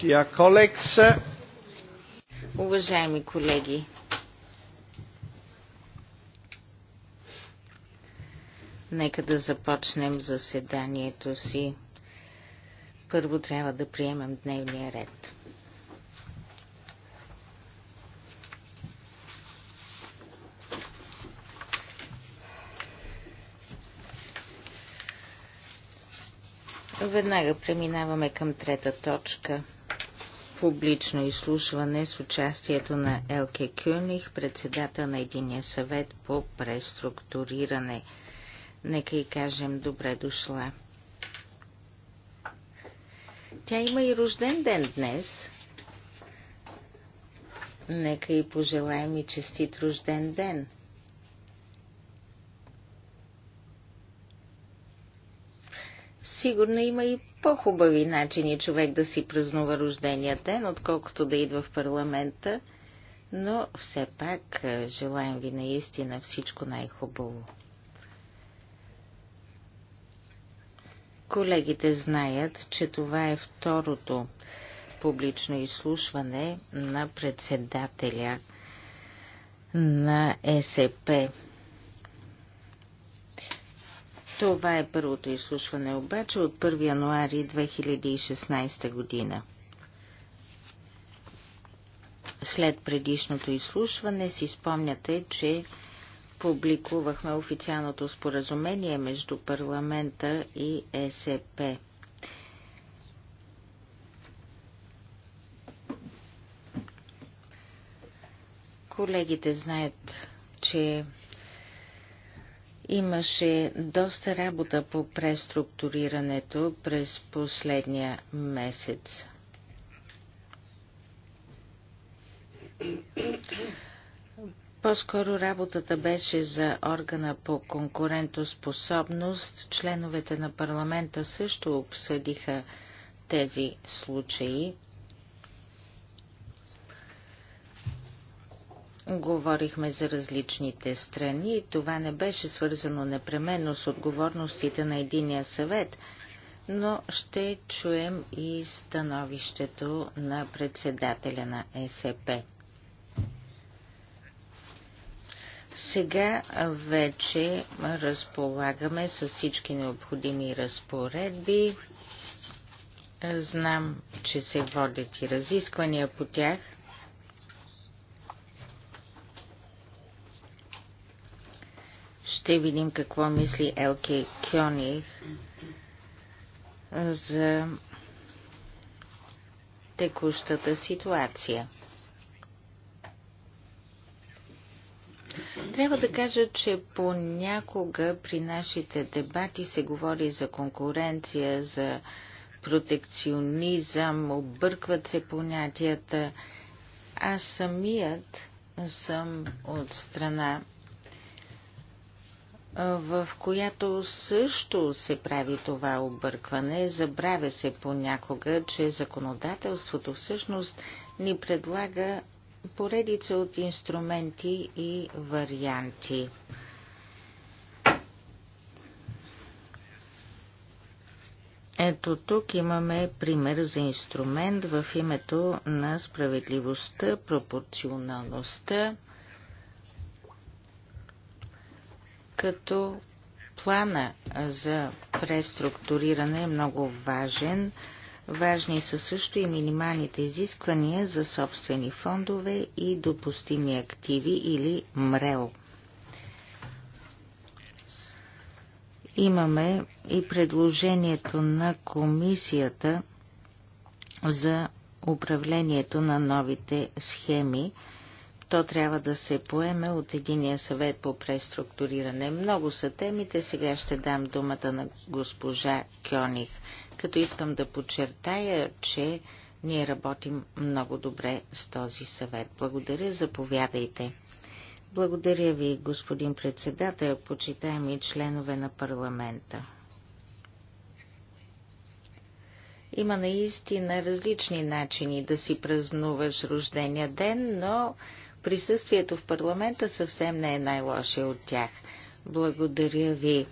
Uh, Уважаеми колеги, нека да започнем заседанието си. Първо трябва да приемем дневния ред. Веднага преминаваме към трета точка. Публично изслушване с участието на Елке Кюних, председател на Единия съвет по преструктуриране. Нека и кажем добре дошла. Тя има и рожден ден днес. Нека и пожелаем и честит рожден ден. Сигурно има и по-хубави начини човек да си празнува рождения ден, отколкото да идва в парламента, но все пак е, желаем ви наистина всичко най-хубаво. Колегите знаят, че това е второто публично изслушване на председателя на е СП. Това е първото изслушване обаче от 1 януари 2016 година. След предишното изслушване си спомняте, че публикувахме официалното споразумение между парламента и е СП. Колегите знаят, че Имаше доста работа по преструктурирането през последния месец. По-скоро работата беше за органа по конкурентоспособност. Членовете на парламента също обсъдиха тези случаи. Говорихме за различните страни и това не беше свързано непременно с отговорностите на единия съвет, но ще чуем и становището на председателя на ЕСП. Сега вече разполагаме с всички необходими разпоредби. Знам, че се водят и разисквания по тях – Ще видим какво мисли Елке Кьоних за текущата ситуация. Трябва да кажа, че понякога при нашите дебати се говори за конкуренция, за протекционизъм, объркват се понятията. Аз самият съм от страна в която също се прави това объркване. Забравя се понякога, че законодателството всъщност ни предлага поредица от инструменти и варианти. Ето тук имаме пример за инструмент в името на справедливостта, пропорционалността като плана за преструктуриране е много важен. Важни са също и минималните изисквания за собствени фондове и допустими активи или МРЕО. Имаме и предложението на комисията за управлението на новите схеми – то трябва да се поеме от единия съвет по преструктуриране. Много са темите. Сега ще дам думата на госпожа Кьоних, като искам да подчертая, че ние работим много добре с този съвет. Благодаря, заповядайте. Благодаря ви, господин председател, почитаеми членове на парламента. Има наистина различни начини да си празнуваш рождения ден, но Присъствието в парламента съвсем не е най лоше от тях. Благодаря ви.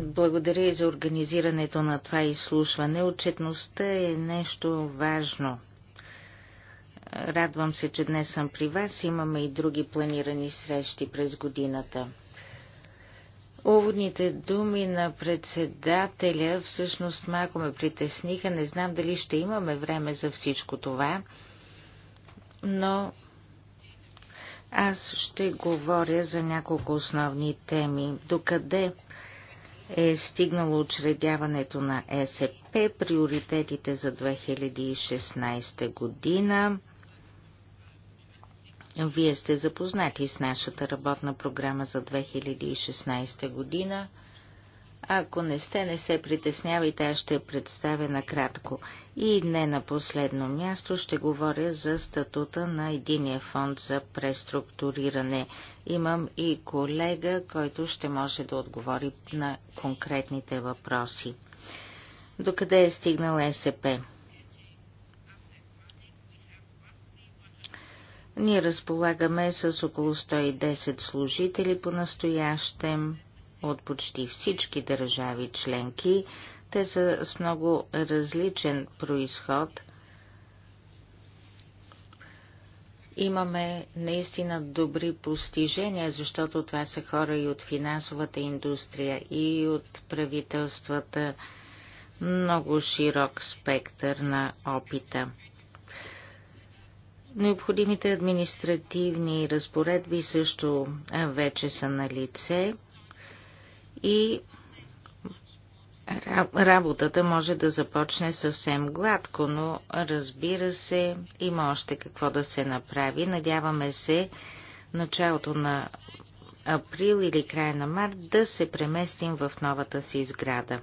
Благодаря и за организирането на това изслушване. Отчетността е нещо важно. Радвам се, че днес съм при вас. Имаме и други планирани срещи през годината. Уводните думи на председателя всъщност малко ме притесниха. Не знам дали ще имаме време за всичко това но аз ще говоря за няколко основни теми. Докъде е стигнало учредяването на СП, приоритетите за 2016 година. Вие сте запознати с нашата работна програма за 2016 година – ако не сте, не се притеснявайте, аз ще представя накратко. И не на последно място ще говоря за статута на Единия фонд за преструктуриране. Имам и колега, който ще може да отговори на конкретните въпроси. Докъде е стигнал СП? Ние разполагаме с около 110 служители по настоящем от почти всички държави членки. Те са с много различен происход. Имаме наистина добри постижения, защото това са хора и от финансовата индустрия, и от правителствата. Много широк спектър на опита. Необходимите административни разпоредби също вече са на лице и работата може да започне съвсем гладко, но разбира се, има още какво да се направи. Надяваме се началото на април или края на март да се преместим в новата си сграда.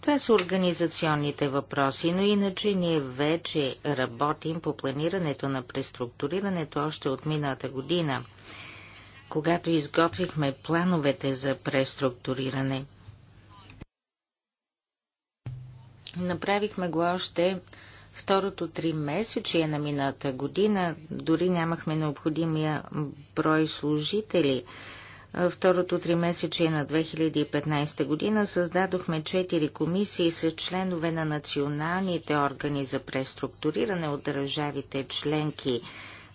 Това са организационните въпроси, но иначе ние вече работим по планирането на преструктурирането още от миналата година когато изготвихме плановете за преструктуриране. Направихме го още второто три месече на мината година. Дори нямахме необходимия брой служители. Второто три месече на 2015 година създадохме четири комисии с членове на националните органи за преструктуриране от държавите членки –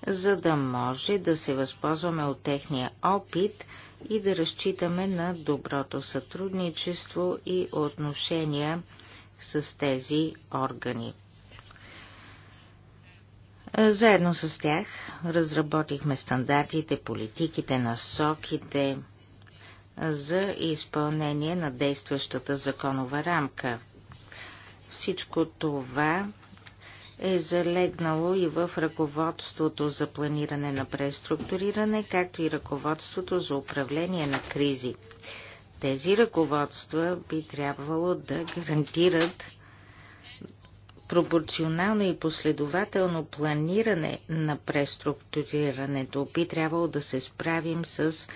за да може да се възползваме от техния опит и да разчитаме на доброто сътрудничество и отношения с тези органи. Заедно с тях разработихме стандартите, политиките, насоките за изпълнение на действащата законова рамка. Всичко това е залегнало и в ръководството за планиране на преструктуриране, както и ръководството за управление на кризи. Тези ръководства би трябвало да гарантират пропорционално и последователно планиране на преструктурирането. Би трябвало да се справим с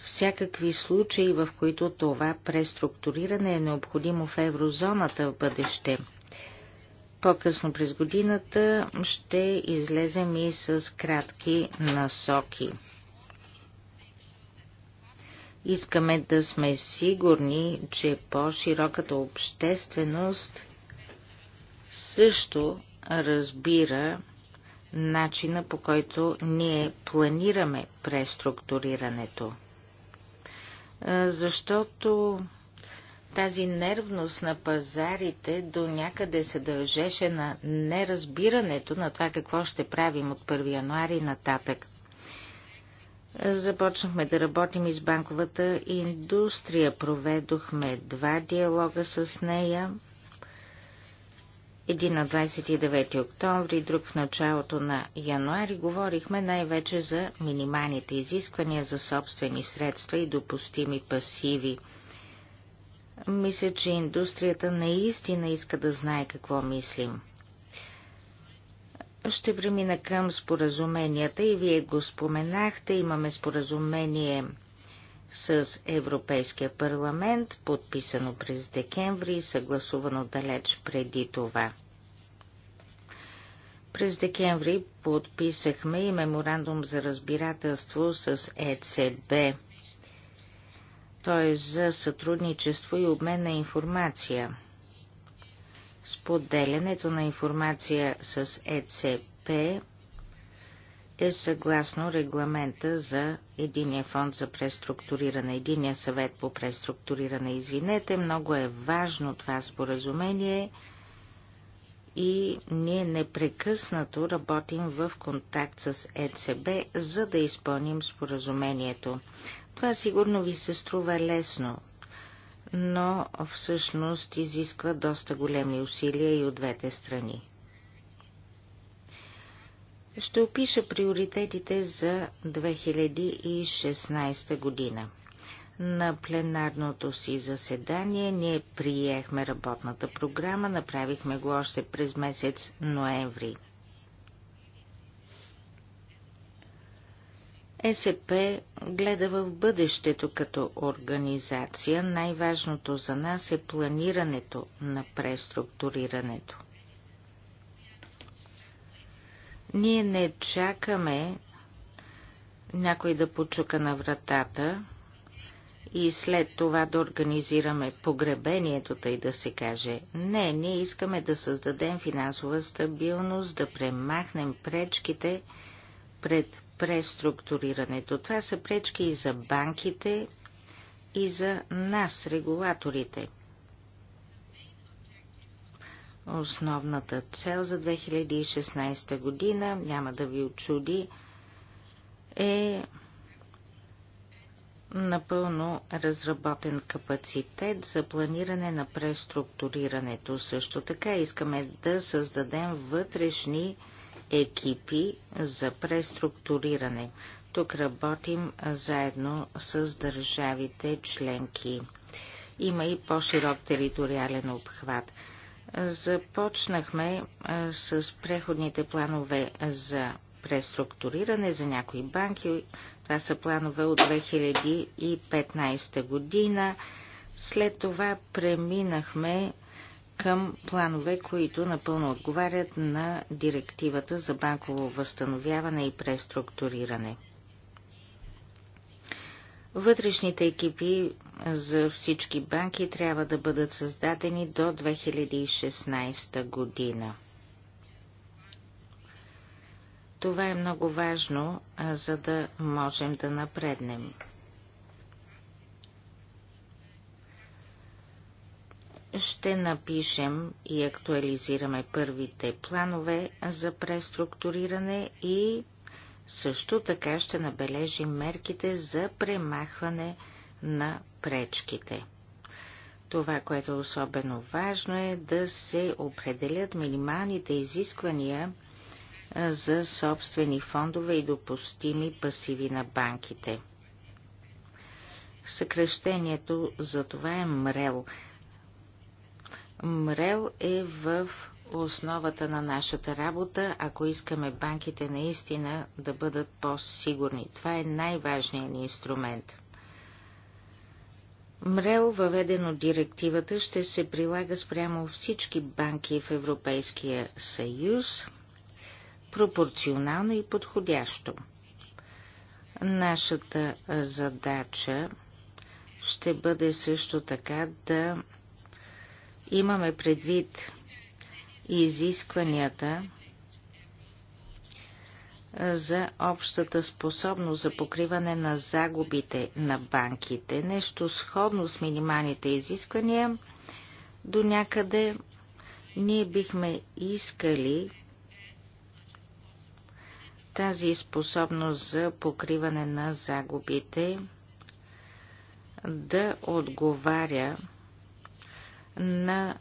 всякакви случаи, в които това преструктуриране е необходимо в еврозоната в бъдеще – по-късно през годината ще излезем и с кратки насоки. Искаме да сме сигурни, че по-широката общественост също разбира начина по който ние планираме преструктурирането. Защото тази нервност на пазарите до някъде се дължеше на неразбирането на това какво ще правим от 1 януари нататък. Започнахме да работим и с банковата индустрия. Проведохме два диалога с нея. Един на 29 октомври, друг в началото на януари. Говорихме най-вече за минималните изисквания за собствени средства и допустими пасиви – мисля, че индустрията наистина иска да знае какво мислим. Ще премина към споразуменията и вие го споменахте. Имаме споразумение с Европейския парламент, подписано през декември и съгласувано далеч преди това. През декември подписахме и меморандум за разбирателство с ЕЦБ. Т.е. за сътрудничество и обмен на информация. Споделянето на информация с ЕЦП е съгласно регламента за Единия фонд за преструктуриране, Единия съвет по преструктуриране. Извинете, много е важно това споразумение и ние непрекъснато работим в контакт с ЕЦБ, за да изпълним споразумението. Това сигурно ви се струва лесно, но всъщност изисква доста големи усилия и от двете страни. Ще опиша приоритетите за 2016 година. На пленарното си заседание ние приехме работната програма, направихме го още през месец ноември – ЕСП гледа в бъдещето като организация. Най-важното за нас е планирането на преструктурирането. Ние не чакаме някой да почука на вратата и след това да организираме погребението, тъй да се каже. Не, ние искаме да създадем финансова стабилност, да премахнем пречките пред преструктурирането. Това са пречки и за банките, и за нас, регулаторите. Основната цел за 2016 година, няма да ви очуди, е напълно разработен капацитет за планиране на преструктурирането. Също така искаме да създадем вътрешни екипи за преструктуриране. Тук работим заедно с държавите членки. Има и по-широк териториален обхват. Започнахме с преходните планове за преструктуриране за някои банки. Това са планове от 2015 година. След това преминахме към планове, които напълно отговарят на директивата за банково възстановяване и преструктуриране. Вътрешните екипи за всички банки трябва да бъдат създадени до 2016 година. Това е много важно, за да можем да напреднем. ще напишем и актуализираме първите планове за преструктуриране и също така ще набележим мерките за премахване на пречките. Това, което е особено важно е да се определят минималните изисквания за собствени фондове и допустими пасиви на банките. Съкрещението за това е МРЕЛ – МРЕЛ е в основата на нашата работа, ако искаме банките наистина да бъдат по-сигурни. Това е най-важният ни инструмент. МРЕЛ, въведено директивата, ще се прилага спрямо всички банки в Европейския съюз, пропорционално и подходящо. Нашата задача ще бъде също така да имаме предвид изискванията за общата способност за покриване на загубите на банките. Нещо сходно с минималните изисквания. До някъде ние бихме искали тази способност за покриване на загубите да отговаря на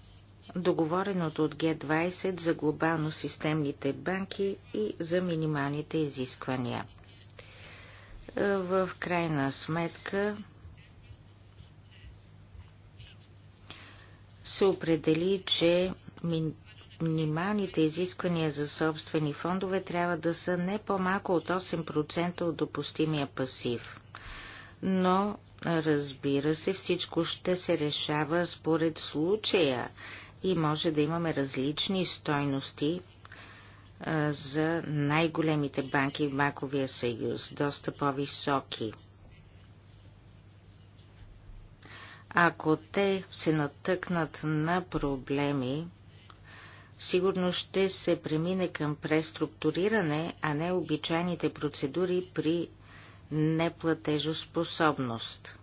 договореното от Г20 за глобално системните банки и за минималните изисквания. В крайна сметка се определи, че минималните изисквания за собствени фондове трябва да са не по-малко от 8% от допустимия пасив. Но Разбира се, всичко ще се решава според случая и може да имаме различни стойности за най-големите банки в Банковия съюз, доста по-високи. Ако те се натъкнат на проблеми, сигурно ще се премине към преструктуриране, а не обичайните процедури при неплатежоспособност.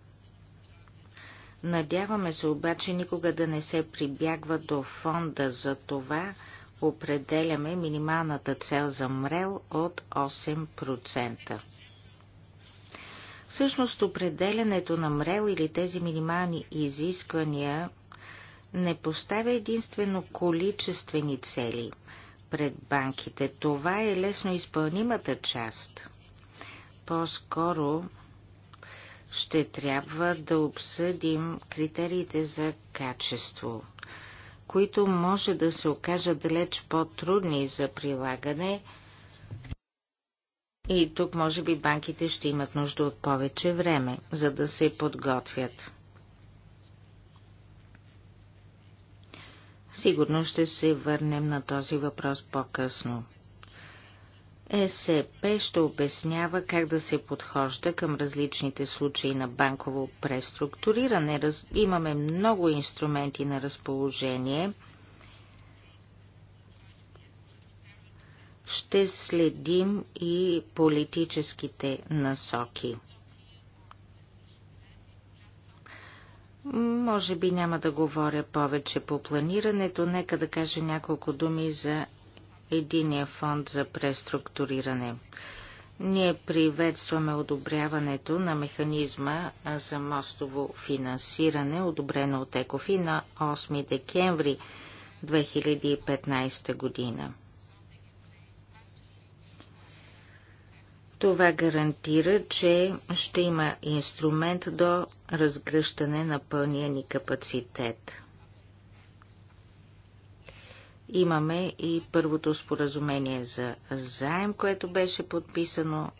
Надяваме се обаче никога да не се прибягва до фонда за това, определяме минималната цел за мрел от 8%. Всъщност определенето на мрел или тези минимални изисквания не поставя единствено количествени цели пред банките. Това е лесно изпълнимата част – по-скоро ще трябва да обсъдим критериите за качество, които може да се окажат далеч по-трудни за прилагане и тук може би банките ще имат нужда от повече време, за да се подготвят. Сигурно ще се върнем на този въпрос по-късно. ЕСП ще обяснява как да се подхожда към различните случаи на банково преструктуриране. Раз... Имаме много инструменти на разположение. Ще следим и политическите насоки. Може би няма да говоря повече по планирането, нека да кажа няколко думи за единия фонд за преструктуриране. Ние приветстваме одобряването на механизма за мостово финансиране, одобрено от ЕКОФИ на 8 декември 2015 година. Това гарантира, че ще има инструмент до разгръщане на пълния ни капацитет. Имаме и първото споразумение за заем, което беше подписано.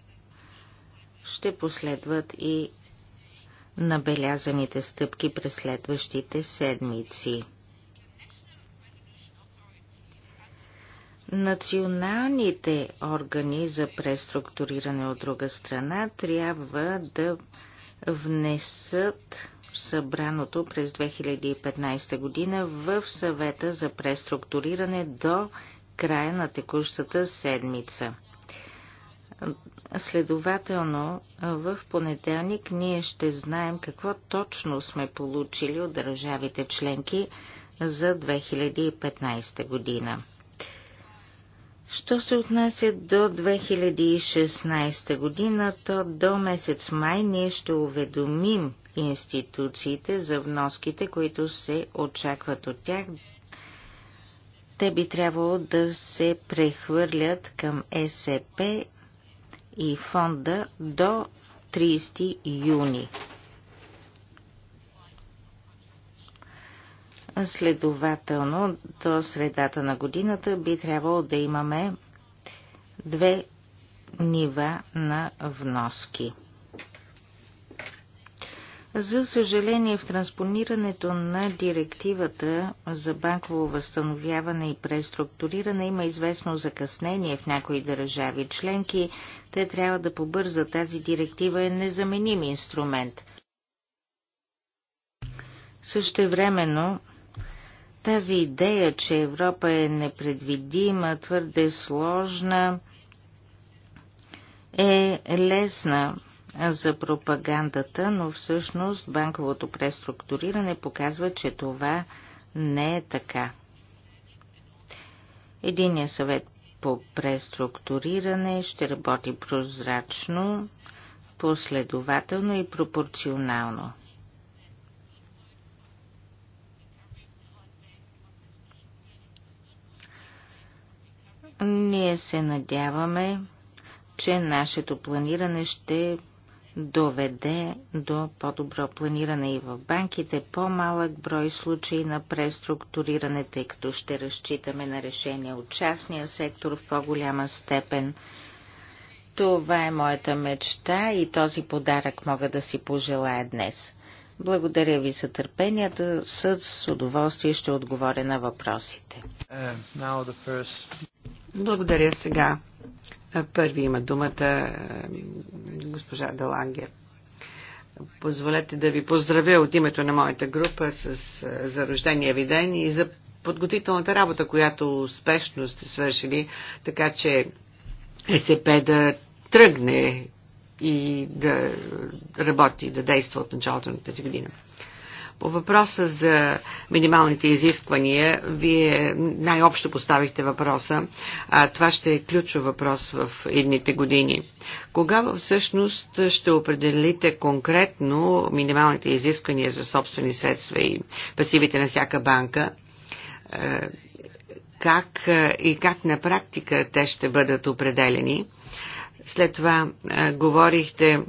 Ще последват и набелязаните стъпки през следващите седмици. Националните органи за преструктуриране от друга страна трябва да внесат събраното през 2015 година в съвета за преструктуриране до края на текущата седмица. Следователно, в понеделник ние ще знаем какво точно сме получили от държавите членки за 2015 година. Що се отнася до 2016 година, то до месец май ние ще уведомим институциите за вноските, които се очакват от тях. Те би трябвало да се прехвърлят към СП и фонда до 30 юни. Следователно, до средата на годината би трябвало да имаме две нива на вноски. За съжаление, в транспонирането на директивата за банково възстановяване и преструктуриране има известно закъснение в някои държави членки. Те трябва да побързат. Тази директива е незаменим инструмент. Същевременно, времено тази идея, че Европа е непредвидима, твърде сложна, е лесна за пропагандата, но всъщност банковото преструктуриране показва, че това не е така. Единият съвет по преструктуриране ще работи прозрачно, последователно и пропорционално. Ние се надяваме, че нашето планиране ще доведе до по-добро планиране и в банките, по-малък брой случаи на преструктуриране, тъй като ще разчитаме на решения от частния сектор в по-голяма степен. Това е моята мечта и този подарък мога да си пожелая днес. Благодаря ви за търпенията, с удоволствие ще отговоря на въпросите. Uh, благодаря сега. Първи има думата госпожа Даланге. Позволете да ви поздравя от името на моята група с, зарождение ви ден и за подготвителната работа, която успешно сте свършили, така че СП да тръгне и да работи, да действа от началото на тази година. По въпроса за минималните изисквания, вие най-общо поставихте въпроса, а това ще е ключов въпрос в едните години. Кога всъщност ще определите конкретно минималните изисквания за собствени средства и пасивите на всяка банка? Е, как е, и как на практика те ще бъдат определени? След това е, говорихте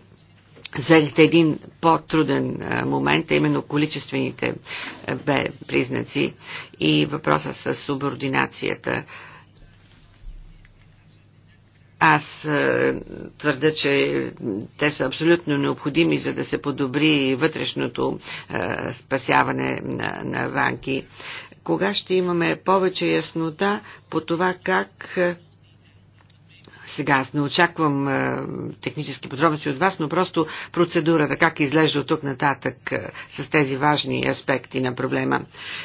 Взехте един по-труден момент, именно количествените бе признаци и въпроса с субординацията. Аз твърда, че те са абсолютно необходими, за да се подобри вътрешното спасяване на, на ванки. Кога ще имаме повече яснота по това как сега аз не очаквам а, е, технически подробности от вас, но просто процедурата, как изглежда от тук нататък а, е, с тези важни аспекти на проблема.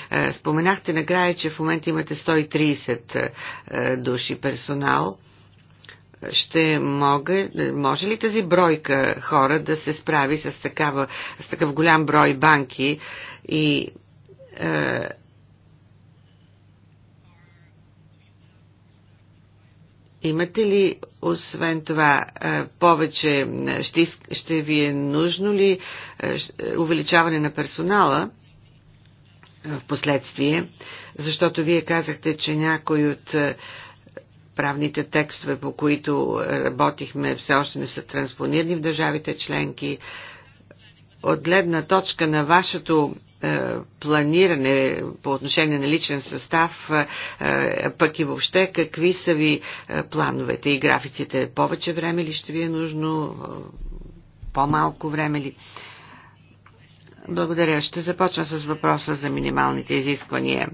А, е, споменахте накрая, че в момента имате 130 а, души персонал ще мога, може ли тази бройка хора да се справи с, такава, с такъв голям брой банки и Имате ли, освен това, повече, ще, ще ви е нужно ли увеличаване на персонала в последствие? Защото вие казахте, че някои от правните текстове, по които работихме, все още не са транспонирани в държавите членки. От гледна точка на вашето е, планиране по отношение на личен състав, е, е, пък и въобще какви са ви плановете и графиците? Повече време ли ще ви е нужно? По-малко време ли? Благодаря. Ще започна с въпроса за минималните изисквания.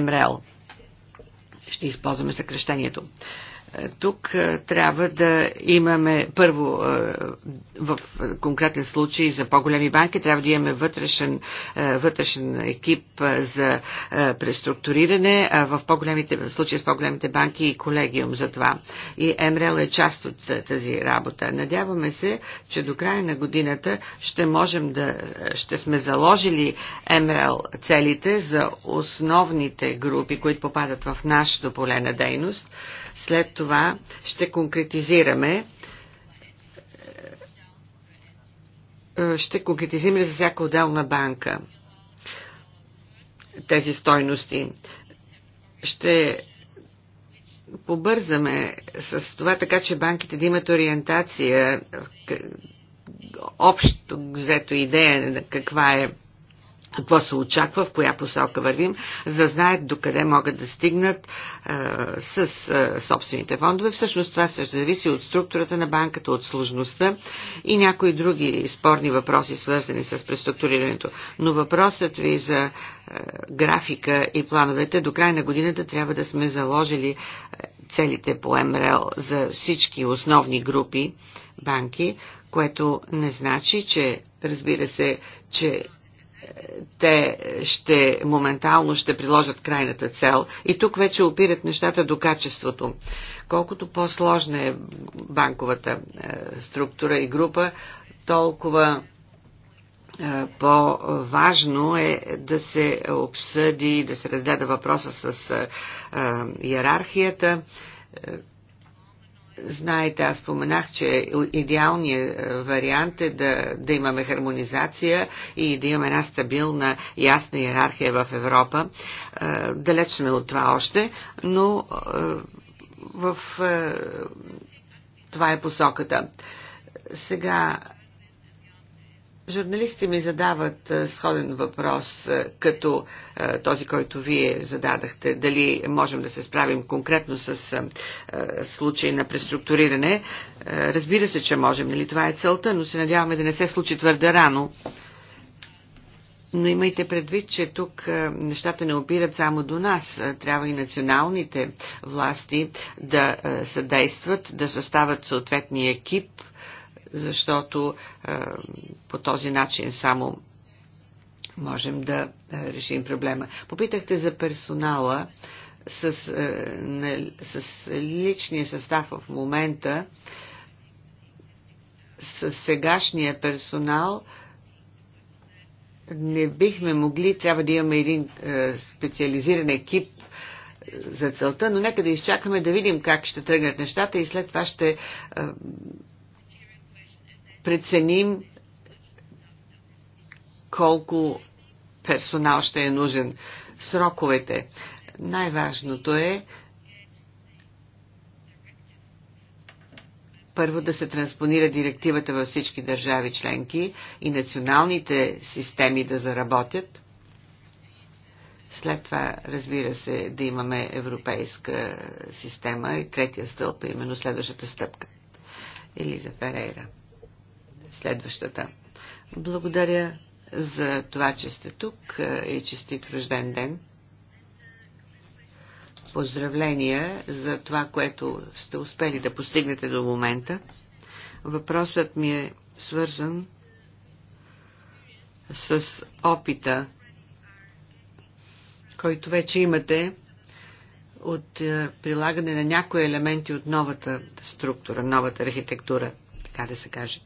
МРЛ. Ще използваме съкрещението. Uh, тук е, трябва да имаме първо е, в конкретен случай за по-големи банки трябва да имаме вътрешен, е, вътрешен екип за преструктуриране, а в по-големите в случаи с по-големите банки и колегиум за това. И МРЛ е част от тази работа. Надяваме се, че до края на годината ще можем да ще сме заложили МРЛ целите за основните групи, които попадат в нашето поле на дейност след това ще конкретизираме е, ще конкретизираме за всяка отделна банка тези стойности. Ще побързаме с това, така че банките да имат ориентация, общо взето идея на каква е какво се очаква, в коя посока вървим, за да знаят докъде могат да стигнат е, с е, собствените фондове. Всъщност това също зависи от структурата на банката, от сложността и някои други спорни въпроси, свързани с преструктурирането. Но въпросът ви за е, графика и плановете до края на годината трябва да сме заложили целите по МРЛ за всички основни групи банки, което не значи, че разбира се, че те ще моментално ще приложат крайната цел. И тук вече опират нещата до качеството. Колкото по-сложна е банковата е, структура и група, толкова е, по-важно е да се обсъди, да се разгледа въпроса с е, иерархията, Знаете, аз споменах, че идеалният е, вариант е да, да имаме хармонизация и да имаме една стабилна, ясна иерархия в Европа. Е, далеч сме от това още, но е, в това е посоката. Сега Журналистите ми задават е, сходен въпрос, е, като е, този, който вие зададахте, дали можем да се справим конкретно с случай на преструктуриране. Разбира се, че можем, нали? Това е целта, но се надяваме да не се случи твърде рано. Но имайте предвид, че тук нещата не опират само до нас. Трябва и националните власти да съдействат, да съставят съответния екип – защото е, по този начин само можем да е, решим проблема. Попитахте за персонала с, е, с личния състав в момента. С сегашния персонал не бихме могли, трябва да имаме един специализиран екип за целта, но нека да изчакаме да видим как ще тръгнат нещата и след това ще преценим колко персонал ще е нужен. Сроковете. Най-важното е първо да се транспонира директивата във всички държави членки и националните системи да заработят. След това, разбира се, да имаме европейска система и третия стълб, е именно следващата стъпка. Елиза Ферейра следващата. Благодаря за това, че сте тук е, и честит рожден ден. Поздравления за това, което сте успели да постигнете до момента. Въпросът ми е свързан с опита, който вече имате от е, прилагане на някои елементи от новата структура, новата архитектура, така да се каже.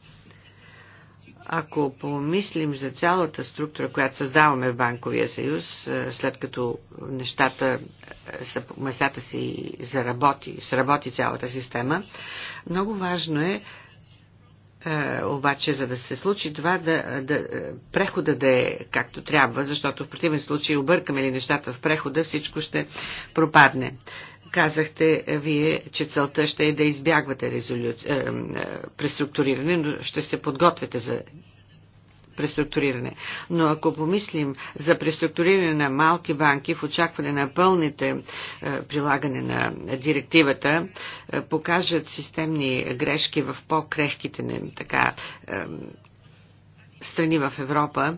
Ако помислим за цялата структура, която създаваме в Банковия съюз, е, след като нещата, е, местата си заработи, сработи цялата система, много важно е, е обаче, за да се случи това, да, да, прехода да е както трябва, защото в противен случай объркаме ли нещата в прехода, всичко ще пропадне. Казахте е, вие, че целта ще е да избягвате резолю... Е, е, преструктуриране, но ще се подготвяте за преструктуриране. Но ако помислим за преструктуриране на малки банки в очакване на пълните прилагане на директивата, покажат системни грешки в по-крехките така, страни в Европа,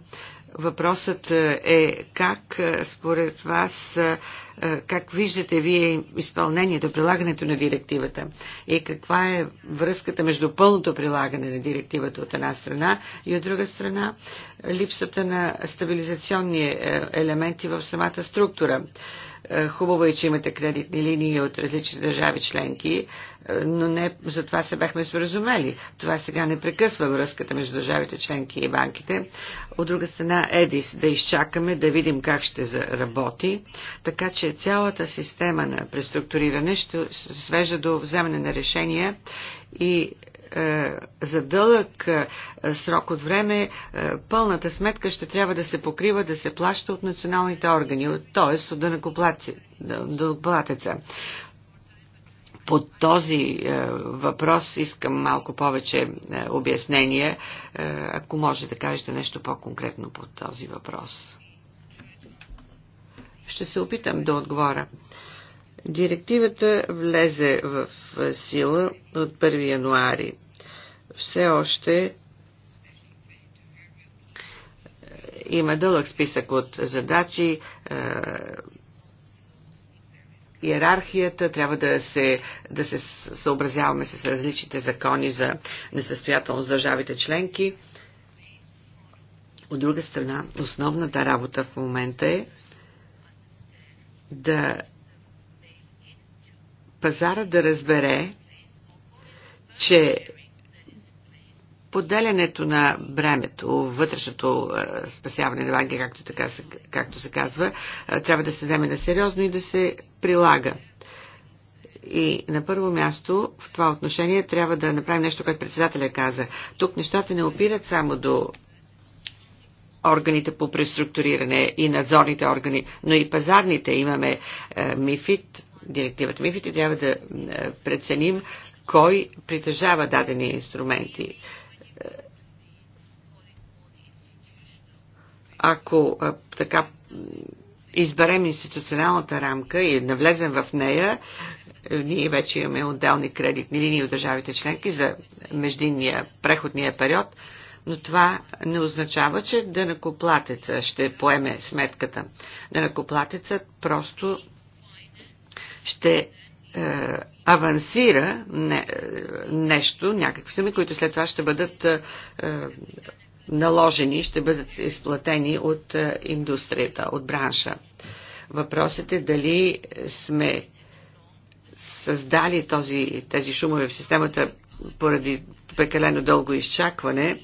Въпросът е, е как е, според вас, е, как виждате вие изпълнението, прилагането на директивата и каква е връзката между пълното прилагане на директивата от една страна и от друга страна липсата на стабилизационни елементи в самата структура. Е, хубаво е, че имате кредитни линии от различни държави членки, е, но не за това се бяхме споразумели. Това сега не прекъсва връзката между държавите членки и банките. От друга страна, ЕДИС, да изчакаме, да видим как ще заработи, така че цялата система на преструктуриране ще свежда до вземане на решения и е, за дълъг е, срок от време е, пълната сметка ще трябва да се покрива, да се плаща от националните органи, т.е. от дънакоплатеца. По този въпрос искам малко повече обяснение, ако може да кажете нещо по-конкретно по този въпрос. Ще се опитам да отговоря. Директивата влезе в сила от 1 януари все още има дълъг списък от задачи, е, иерархията, трябва да се, да се съобразяваме с различните закони за несъстоятелност държавите членки. От друга страна, основната работа в момента е да пазара да разбере, че Поделянето на бремето, вътрешното е, спасяване на Евангелие, както, така се, както се казва, е, трябва да се вземе на сериозно и да се прилага. И на първо място в това отношение трябва да направим нещо, което председателя каза. Тук нещата не опират само до органите по преструктуриране и надзорните органи, но и пазарните. Имаме е, МИФИТ, директивата МИФИТ и трябва да е, преценим кой притежава дадени инструменти ако така изберем институционалната рамка и навлезем в нея, е, ние вече имаме отделни кредитни линии от държавите членки за междинния преходния период, но това не означава, че дънакоплатеца ще поеме сметката. Дънакоплатецът просто ще е, авансира не, е, нещо, някакви суми, които след това ще бъдат е, е, наложени, ще бъдат изплатени от е, индустрията, от бранша. Въпросът е дали сме създали този, тези шумове в системата поради прекалено дълго изчакване.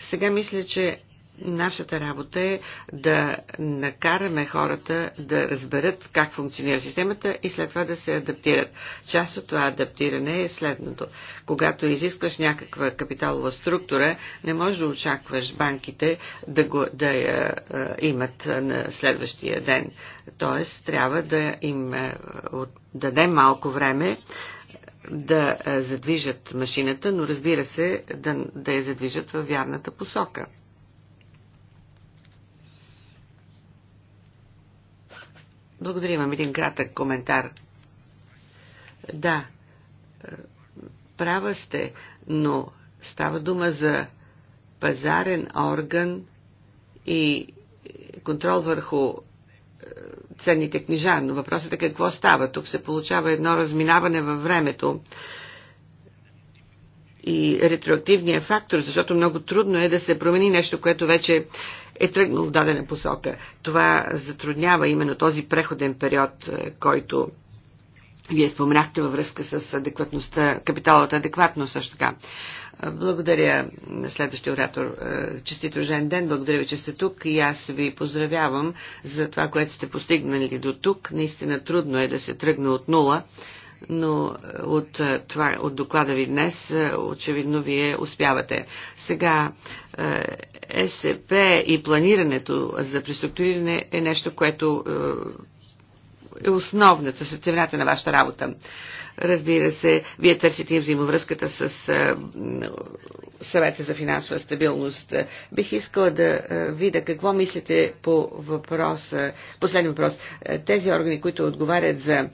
Сега мисля, че Нашата работа е да накараме хората да разберат как функционира системата и след това да се адаптират. Част от това адаптиране е следното. Когато изискваш някаква капиталова структура, не можеш да очакваш банките да, го, да я е, е, имат на следващия ден. Тоест, трябва да им е, дадем малко време да задвижат машината, но разбира се, да, да я задвижат във вярната посока. Благодаря, имам един кратък коментар. Да, е, права сте, но става дума за пазарен орган и контрол върху е, ценните книжа, но въпросът е какво става. Тук се получава едно разминаване във времето и ретроактивния фактор, защото много трудно е да се промени нещо, което вече е тръгнало в дадена посока. Това затруднява именно този преходен период, е, който вие споменахте във връзка с адекватността, капиталата адекватност също така. Е, благодаря на следващия оратор. Е, честит рожден ден. Благодаря ви, че сте тук и аз ви поздравявам за това, което сте постигнали до тук. Наистина трудно е да се тръгне от нула но е, от, е, това, от доклада ви днес е, очевидно вие успявате. Сега СЕП и планирането за преструктуриране е нещо, което е основната сърцевината на вашата работа. Разбира се, вие търсите и взаимовръзката с съвета за финансова стабилност. Бих искала да видя какво мислите по въпроса, последния въпрос. Тези органи, които отговарят за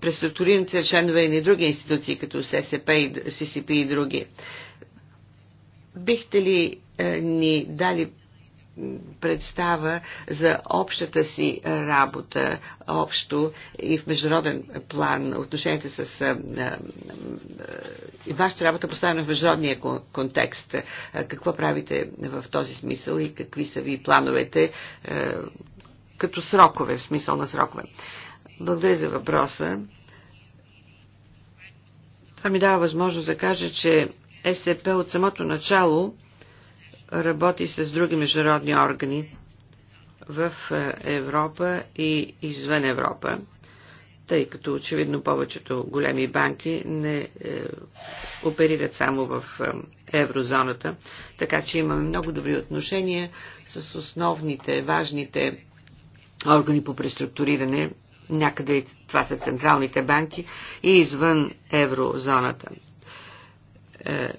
преструктурираните членове и други институции, като ССП и ССП и други, бихте ли ни дали представа за общата си работа, общо и в международен план, отношенията с а, а, а, вашата работа е поставена в международния контекст. Какво правите в този смисъл и какви са ви плановете като срокове, в смисъл на срокове? Благодаря за въпроса. Това ми дава възможност да кажа, че е СП от самото начало работи с други международни органи в е, Европа и извън Европа, тъй като очевидно повечето големи банки не е, оперират само в е, еврозоната, така че имаме много добри отношения с основните, важните органи по преструктуриране, някъде това са централните банки и извън еврозоната. Е, е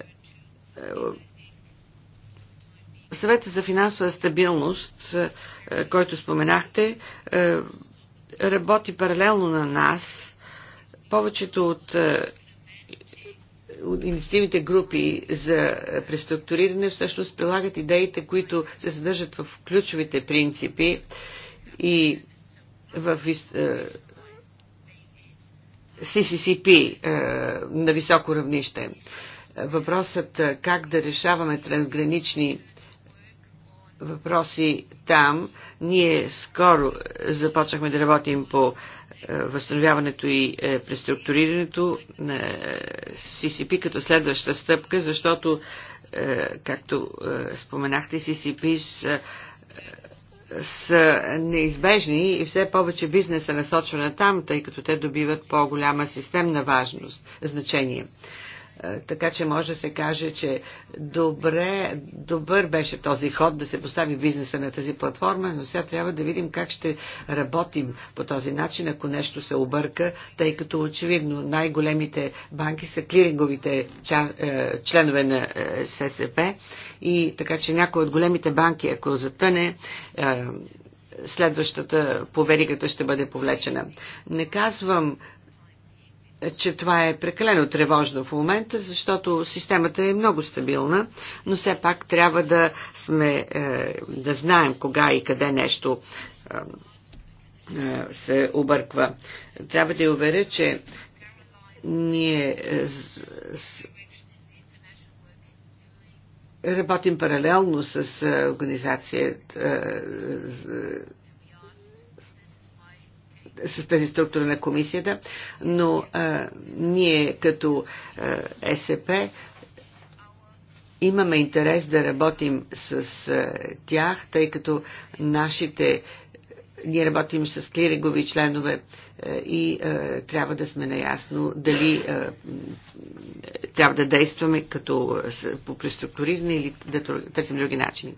Съвета за финансова стабилност, е, е, който споменахте, е, работи паралелно на нас. Повечето от инициативните групи за преструктуриране всъщност прилагат идеите, които се съдържат в ключовите принципи и в CCCP на високо равнище. Въпросът как да решаваме трансгранични въпроси там. Ние скоро започнахме да работим по е, възстановяването и е, преструктурирането на CCP е, като следваща стъпка, защото, както споменахте, CCP са, са неизбежни и все повече бизнеса насочва на там, тъй като те добиват по-голяма системна важност, значение. Е, така че може да се каже, че добре, добър беше този ход да се постави бизнеса на тази платформа, но сега трябва да видим как ще работим по този начин, ако нещо се обърка, тъй като очевидно най-големите банки са клиринговите е, членове на е, ССП и така че някои от големите банки, ако затъне, следващата поверигата ще бъде повлечена. Не казвам че това е прекалено тревожно в момента, защото системата е много стабилна, но все пак трябва да сме, е, да знаем кога и къде нещо е, е, се обърква. Трябва да я уверя, че ние работим паралелно с организацията с тази структура на комисията, но а, ние като а, СП имаме интерес да работим с а, тях, тъй като нашите ние работим с клирегови членове и е, трябва да сме наясно дали е, трябва да действаме като по преструктуриране или да търсим други начини.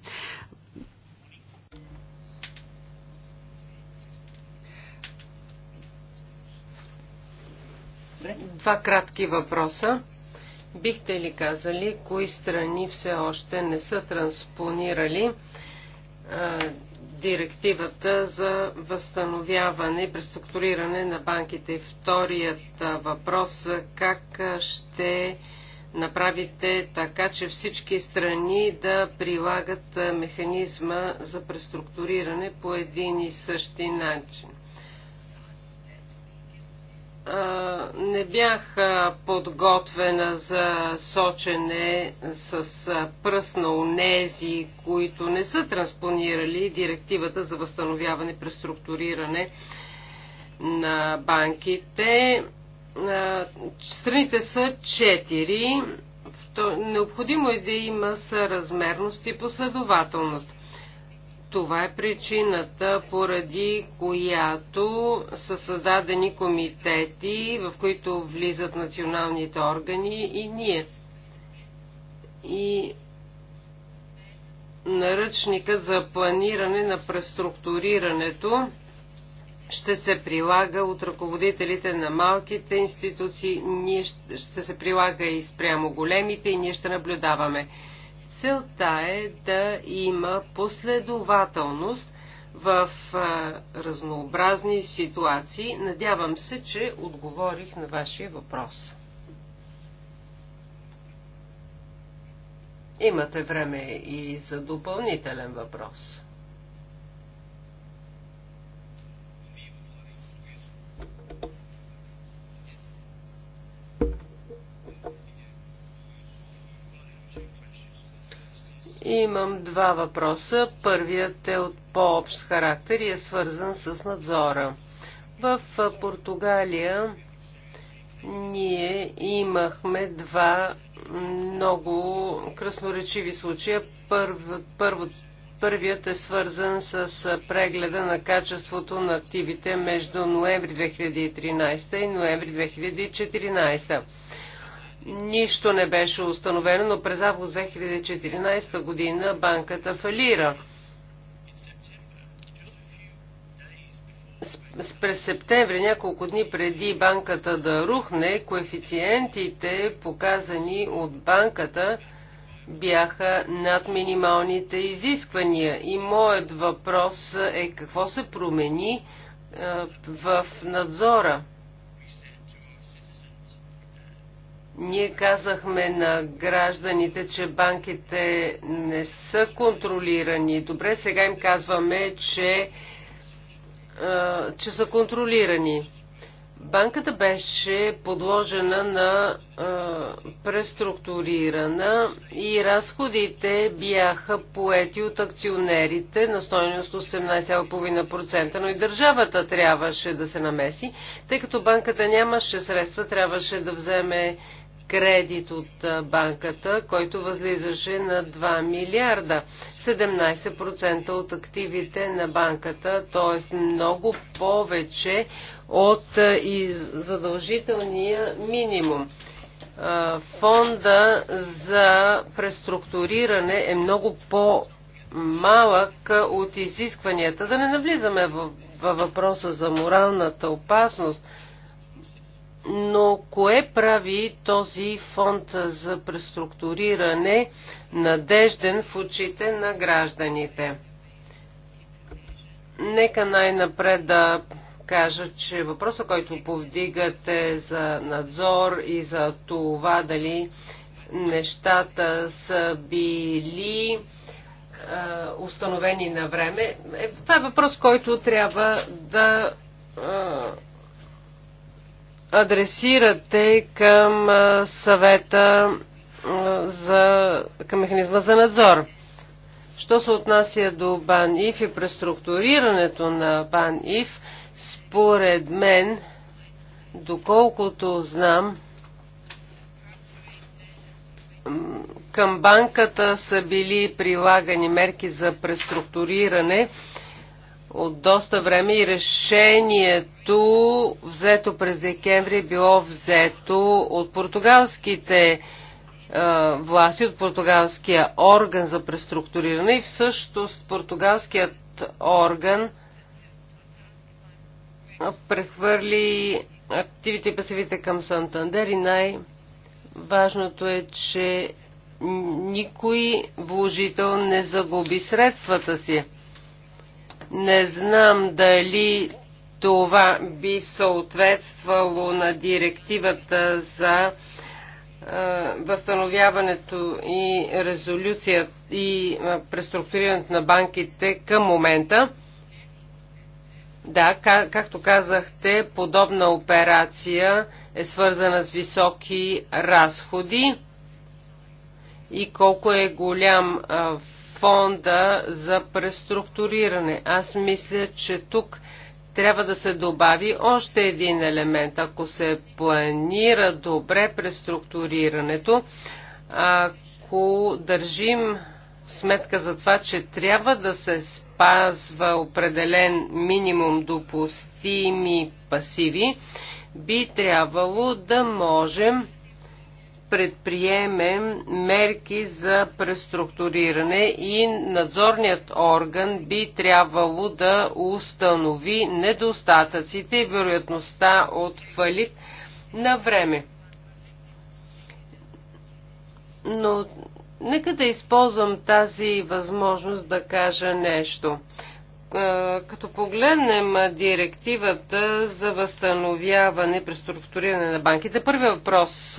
Два кратки въпроса. Бихте ли казали, кои страни все още не са транспонирали а, директивата за възстановяване и преструктуриране на банките? Вторият въпрос, как ще направите така, че всички страни да прилагат механизма за преструктуриране по един и същи начин? не бях подготвена за сочене с пръст на унези, които не са транспонирали директивата за възстановяване и преструктуриране на банките. Страните са четири. Необходимо е да има съразмерност и последователност. Това е причината, поради която са създадени комитети, в които влизат националните органи и ние. И наръчникът за планиране на преструктурирането ще се прилага от ръководителите на малките институции, ние ще се прилага и спрямо големите и ние ще наблюдаваме. Целта е да има последователност в разнообразни ситуации. Надявам се, че отговорих на вашия въпрос. Имате време и за допълнителен въпрос. Имам два въпроса. Първият е от по-общ характер и е свързан с надзора. В Португалия ние имахме два много красноречиви случая. Първо, първо, първият е свързан с прегледа на качеството на активите между ноември 2013 и ноември 2014. Нищо не беше установено, но през август 2014 година банката фалира. през септември, няколко дни преди банката да рухне, коефициентите, показани от банката, бяха над минималните изисквания. И моят въпрос е какво се промени в надзора. Ние казахме на гражданите, че банките не са контролирани. Добре, сега им казваме, че, че са контролирани. Банката беше подложена на преструктурирана и разходите бяха поети от акционерите на стоеност 18,5%, но и държавата трябваше да се намеси, тъй като банката нямаше средства, трябваше да вземе кредит от банката, който възлизаше на 2 милиарда. 17% от активите на банката, т.е. много повече от задължителния минимум. Фонда за преструктуриране е много по- малък от изискванията. Да не навлизаме във въпроса за моралната опасност, но кое прави този фонд за преструктуриране надежден в очите на гражданите? Нека най-напред да кажа, че въпросът, който повдигате за надзор и за това дали нещата са били установени на време, е, това е въпрос, който трябва да адресирате към съвета за, към механизма за надзор. Що се отнася до БАН-ИФ и преструктурирането на БАН-ИФ, според мен, доколкото знам, към банката са били прилагани мерки за преструктуриране – от доста време и решението взето през декември е било взето от португалските е, власти, от португалския орган за преструктуриране и всъщност португалският орган прехвърли активите и пасивите към Сантандер и най-важното е, че никой вложител не загуби средствата си. Не знам дали това би съответствало на директивата за възстановяването и резолюция и преструктурирането на банките към момента. Да, както казахте, подобна операция е свързана с високи разходи и колко е голям фонда за преструктуриране. Аз мисля, че тук трябва да се добави още един елемент. Ако се планира добре преструктурирането, ако държим сметка за това, че трябва да се спазва определен минимум допустими пасиви, би трябвало да можем предприемем мерки за преструктуриране и надзорният орган би трябвало да установи недостатъците и вероятността от фалит на време. Но нека да използвам тази възможност да кажа нещо е, като погледнем директивата за възстановяване, преструктуриране на банките, първият въпрос,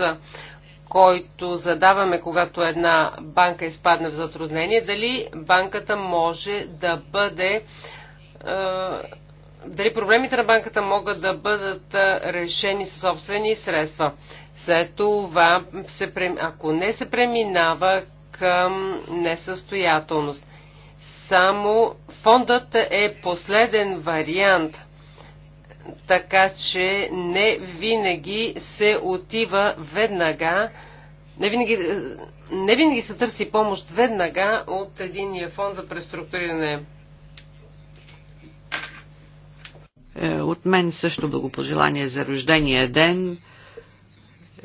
който задаваме, когато една банка изпадне в затруднение, дали банката може да бъде. Е, дали проблемите на банката могат да бъдат е, решени със собствени средства. След това, се, ако не се преминава към несъстоятелност, само фондът е последен вариант – така че не винаги се отива веднага, не винаги, не винаги се търси помощ веднага от единния фонд за преструктуриране. Е, от мен също благопожелание за рождения ден.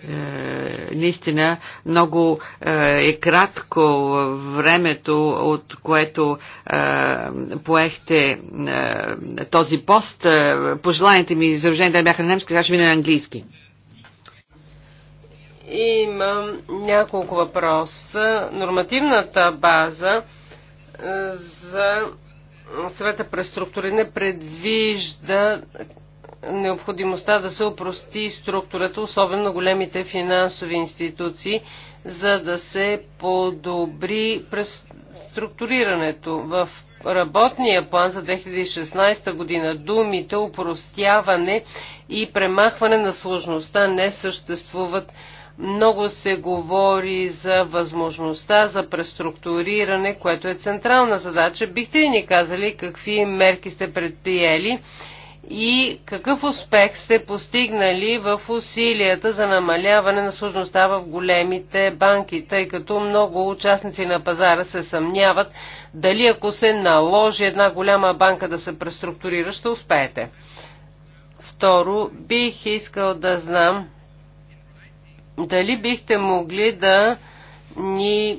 Е, наистина много е, е кратко времето, от което е, поехте този пост. Пожеланите ми изражения да бяха на немски, сега ще мина на английски. Имам няколко въпроса. Нормативната база за съвета преструктуриране предвижда необходимостта да се опрости структурата, особено големите финансови институции, за да се подобри структурирането В работния план за 2016 година думите упростяване и премахване на сложността не съществуват. Много се говори за възможността за преструктуриране, което е централна задача. Бихте ли ни казали какви мерки сте предприели? и какъв успех сте постигнали в усилията за намаляване на сложността в големите банки, тъй като много участници на пазара се съмняват дали ако се наложи една голяма банка да се преструктурира, ще успеете. Второ, бих искал да знам дали бихте могли да ни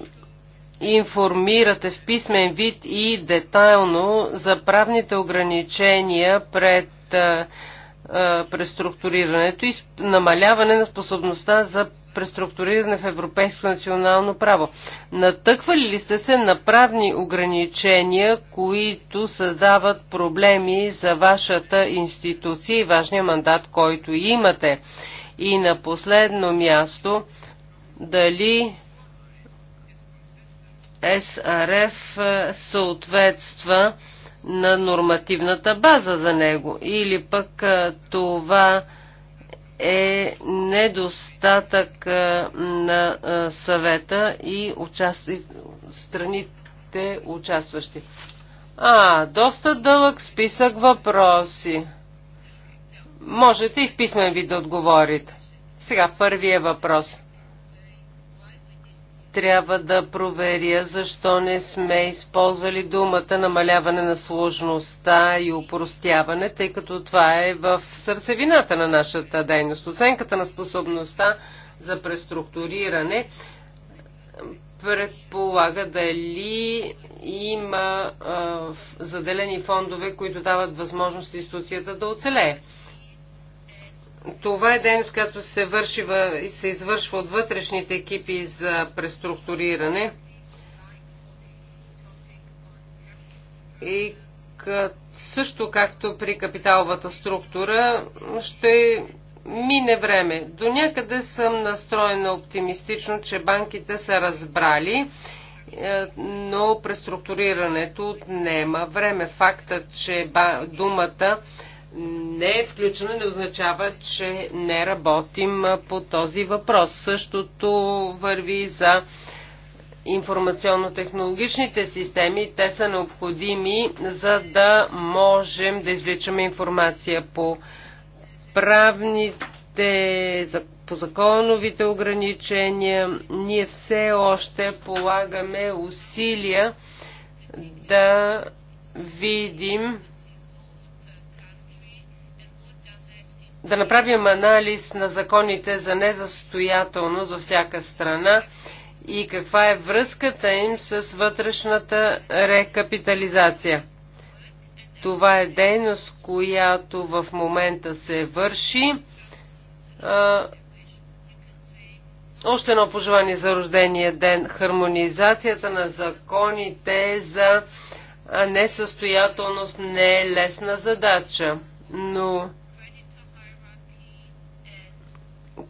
информирате в писмен вид и детайлно за правните ограничения пред преструктурирането и намаляване на способността за преструктуриране в европейско национално право. Натъквали ли сте се на правни ограничения, които създават проблеми за вашата институция и важния мандат, който имате? И на последно място, дали СРФ съответства на нормативната база за него. Или пък това е недостатък на съвета и страните участващи. А, доста дълъг списък въпроси. Можете и в писмен вид да отговорите. Сега първия въпрос трябва да проверя защо не сме използвали думата намаляване на сложността и упростяване, тъй като това е в сърцевината на нашата дейност. Оценката на способността за преструктуриране предполага дали има а, заделени фондове, които дават възможност институцията да оцелее. Това е дейност, която се, върши, се извършва от вътрешните екипи за преструктуриране. И също както при капиталовата структура ще мине време. До някъде съм настроена оптимистично, че банките са разбрали, е, но преструктурирането отнема време. Фактът, че думата не е включено, не означава, че не работим по този въпрос. Същото върви за информационно-технологичните системи. Те са необходими, за да можем да извличаме информация по правните, по законовите ограничения. Ние все още полагаме усилия да видим да направим анализ на законите за незастоятелност за всяка страна и каква е връзката им с вътрешната рекапитализация. Това е дейност, която в момента се върши. Още едно пожелание за рождения ден. Хармонизацията на законите за несъстоятелност не е лесна задача, но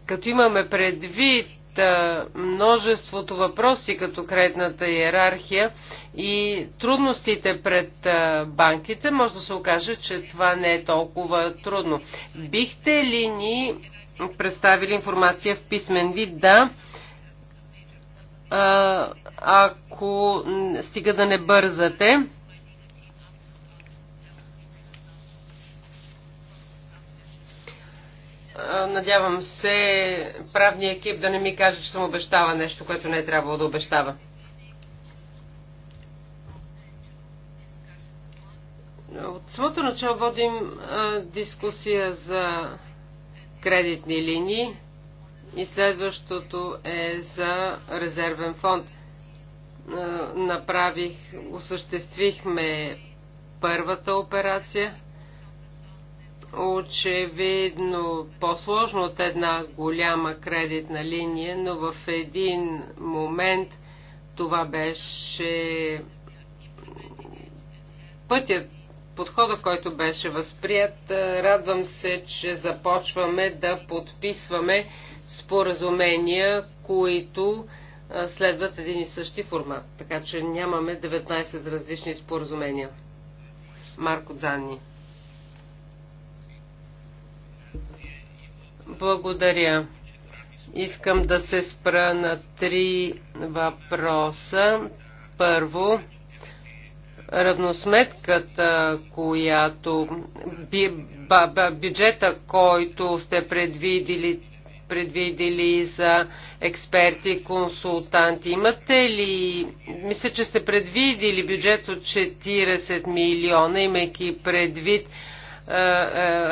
Като имаме предвид множеството въпроси като кредитната иерархия и трудностите пред банките, може да се окаже, че това не е толкова трудно. Бихте ли ни представили информация в писмен вид? Да. А, ако стига да не бързате. Надявам се правния екип да не ми каже, че съм обещава нещо, което не е трябвало да обещава. От самото начало водим а, дискусия за кредитни линии и следващото е за резервен фонд. А, направих, осъществихме първата операция – очевидно по-сложно от една голяма кредитна линия, но в един момент това беше пътят, подхода, който беше възприят. Е, радвам се, че започваме да подписваме споразумения, които е, следват един и същи формат. Така че нямаме 19 различни споразумения. Марко Дзанни. Благодаря. Искам да се спра на три въпроса. Първо, равносметката, която бюджета, който сте предвидили, предвидили за експерти, консултанти. Имате ли, мисля, че сте предвидили бюджет от 40 милиона, имайки предвид е, е,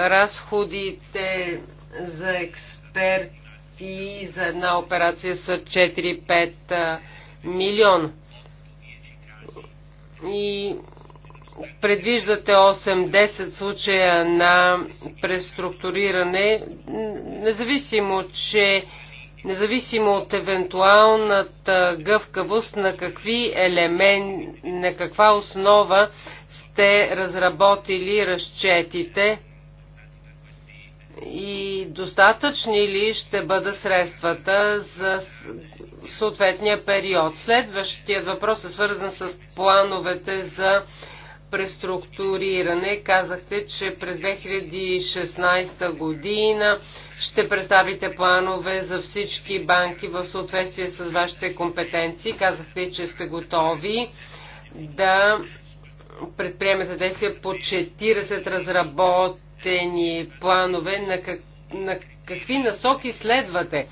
разходите за експерти за една операция са 4-5 милион. И предвиждате 8-10 случая на преструктуриране, независимо, че независимо от евентуалната гъвкавост, на какви елемент, на каква основа сте разработили разчетите и достатъчни ли ще бъдат средствата за съответния период. Следващият въпрос е свързан с плановете за преструктуриране. Казахте, че през 2016 година ще представите планове за всички банки в съответствие с вашите компетенции. Казахте, че сте готови да предприемете действия по 40 разработ бъдещите ни планове, на, как, на какви насоки следвате?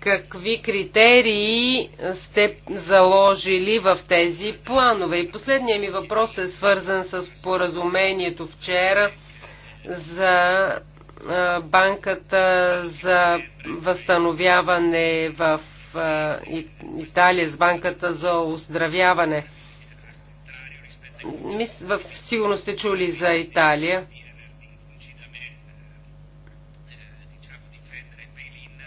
Какви критерии сте заложили в тези планове? И последният ми въпрос е свързан с поразумението вчера за банката за възстановяване в Италия, с банката за оздравяване. сигурно сте чули за Италия.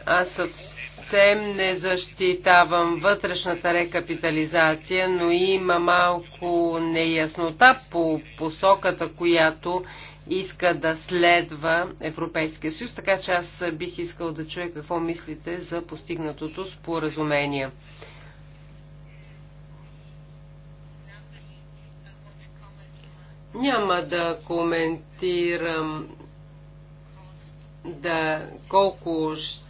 Аз съвсем не защитавам вътрешната рекапитализация, но има малко неяснота по посоката, която иска да следва Европейския съюз, така че аз бих искал да чуя какво мислите за постигнатото споразумение. Няма да коментирам да колко ще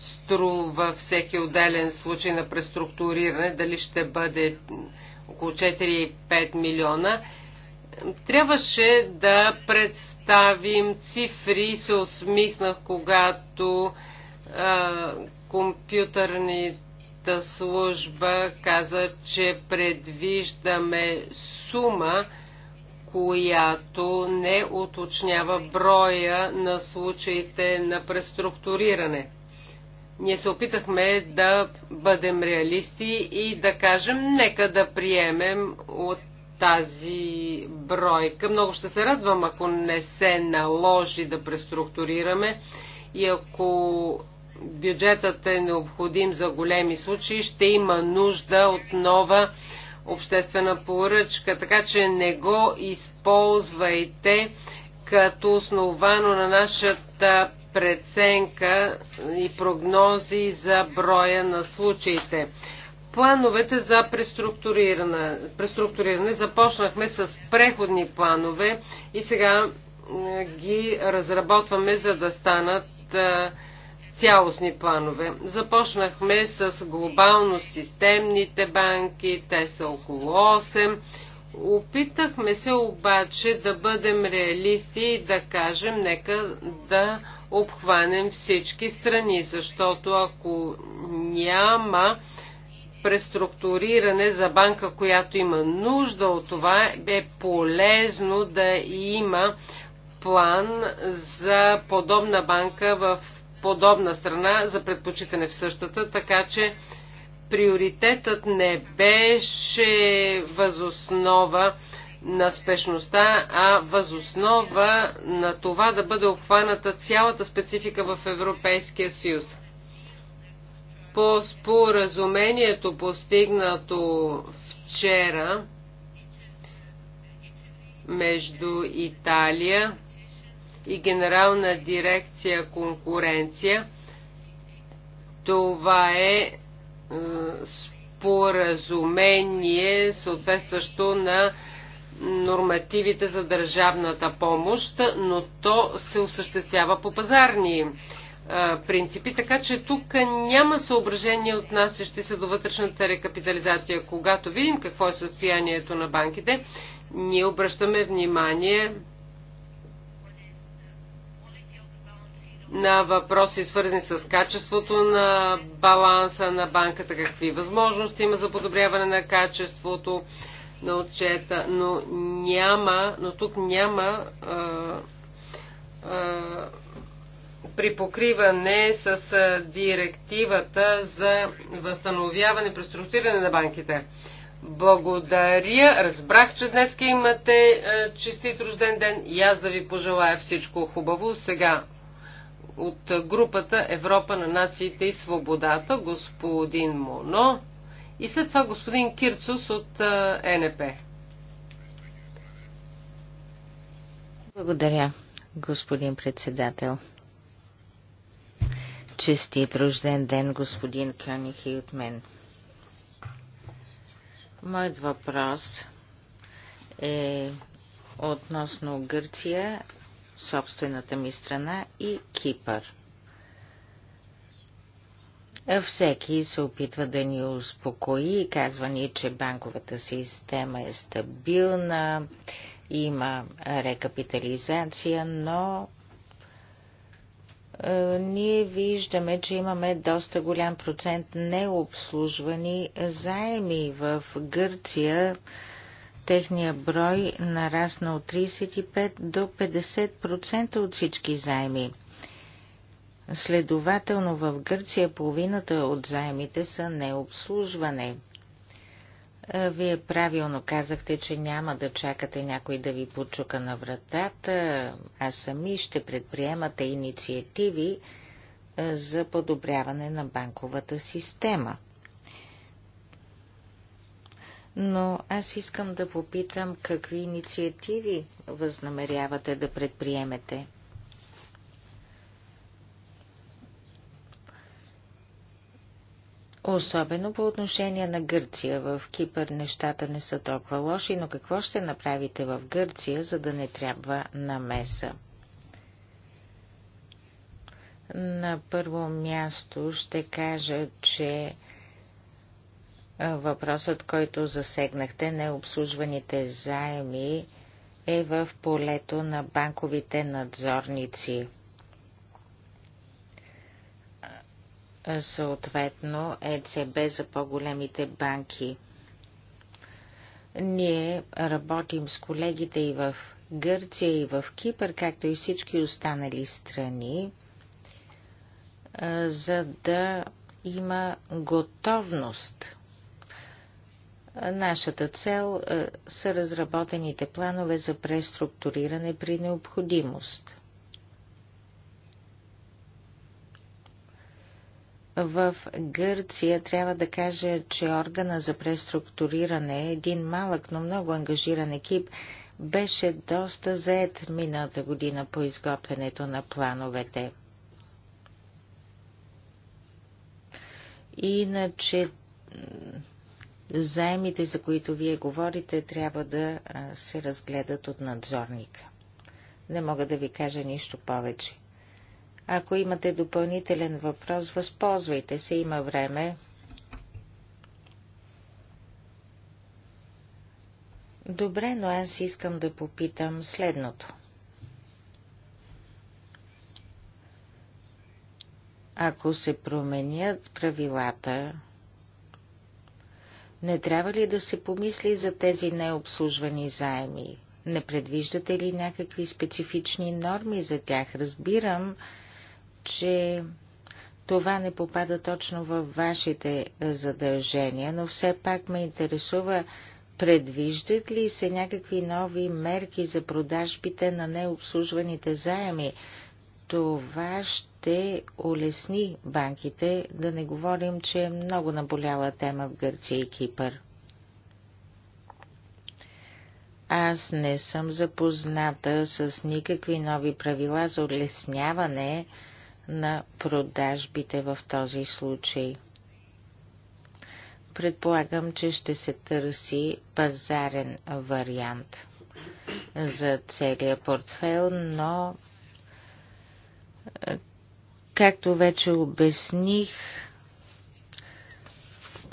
струва всеки отделен случай на преструктуриране, дали ще бъде около 4-5 милиона, трябваше да представим цифри и се усмихнах, когато а, компютърната служба каза, че предвиждаме сума, която не уточнява броя на случаите на преструктуриране. Ние се опитахме да бъдем реалисти и да кажем, нека да приемем от тази бройка. Много ще се радвам, ако не се наложи да преструктурираме и ако бюджетът е необходим за големи случаи, ще има нужда от нова обществена поръчка. Така че не го използвайте като основано на нашата преценка и прогнози за броя на случаите. Плановете за преструктуриране. преструктуриране започнахме с преходни планове и сега ги разработваме, за да станат цялостни планове. Започнахме с глобално системните банки, те са около 8. Опитахме се обаче да бъдем реалисти и да кажем, нека да обхванем всички страни, защото ако няма преструктуриране за банка, която има нужда от това, е полезно да има план за подобна банка в подобна страна за предпочитане в същата, така че приоритетът не беше възоснова на спешността, а възоснова на това да бъде обхваната цялата специфика в Европейския съюз. По споразумението, постигнато вчера между Италия и Генерална дирекция конкуренция, това е, е споразумение, съответстващо на нормативите за държавната помощ, но то се осъществява по пазарни принципи, така че тук няма съображение отнасящи се до вътрешната рекапитализация. Когато видим какво е състоянието на банките, ние обръщаме внимание на въпроси, свързани с качеството на баланса на банката, какви възможности има за подобряване на качеството, на отчета, но няма, но тук няма а, а, припокриване с а, директивата за възстановяване и преструктуриране на банките. Благодаря. Разбрах, че днес имате а, рожден ден и аз да ви пожелая всичко хубаво. Сега от групата Европа на нациите и свободата, господин Моно. И след това господин Кирцус от е НП. Благодаря, господин председател. Честит рожден ден, господин Кьоних и от мен. Моят въпрос е относно Гърция, собствената ми страна и Кипър. Всеки се опитва да ни успокои и казва ни, че банковата система е стабилна, има рекапитализация, но е, ние виждаме, че имаме доста голям процент необслужвани заеми в Гърция. техният брой нарасна от 35 до 50% от всички заеми. Следователно в Гърция половината от заемите са необслужване. Е, вие правилно казахте, че няма да чакате някой да ви почука на вратата, а сами ще предприемате инициативи е, за подобряване на банковата система. Но аз искам да попитам какви инициативи възнамерявате да предприемете. Особено по отношение на Гърция. В Кипър нещата не са толкова лоши, но какво ще направите в Гърция, за да не трябва намеса? На първо място ще кажа, че въпросът, който засегнахте, необслужваните заеми е в полето на банковите надзорници – съответно ЕЦБ за по-големите банки. Ние работим с колегите и в Гърция, и в Кипър, както и всички останали страни, за да има готовност. Нашата цел са разработените планове за преструктуриране при необходимост – В Гърция трябва да кажа, че органа за преструктуриране, един малък, но много ангажиран екип, беше доста заед миналата година по изготвянето на плановете. Иначе заемите, за които вие говорите, трябва да се разгледат от надзорника. Не мога да ви кажа нищо повече. Ако имате допълнителен въпрос, възползвайте се, има време. Добре, но аз искам да попитам следното. Ако се променят правилата, не трябва ли да се помисли за тези необслужвани заеми? Не предвиждате ли някакви специфични норми за тях? Разбирам, че това не попада точно във вашите е, задължения, но все пак ме интересува предвиждат ли се някакви нови мерки за продажбите на необслужваните заеми. Това ще улесни банките, да не говорим, че е много наболяла тема в Гърция и Кипър. Аз не съм запозната с никакви нови правила за улесняване на на продажбите в този случай. Предполагам, че ще се търси пазарен вариант за целия портфел, но е, както вече обясних,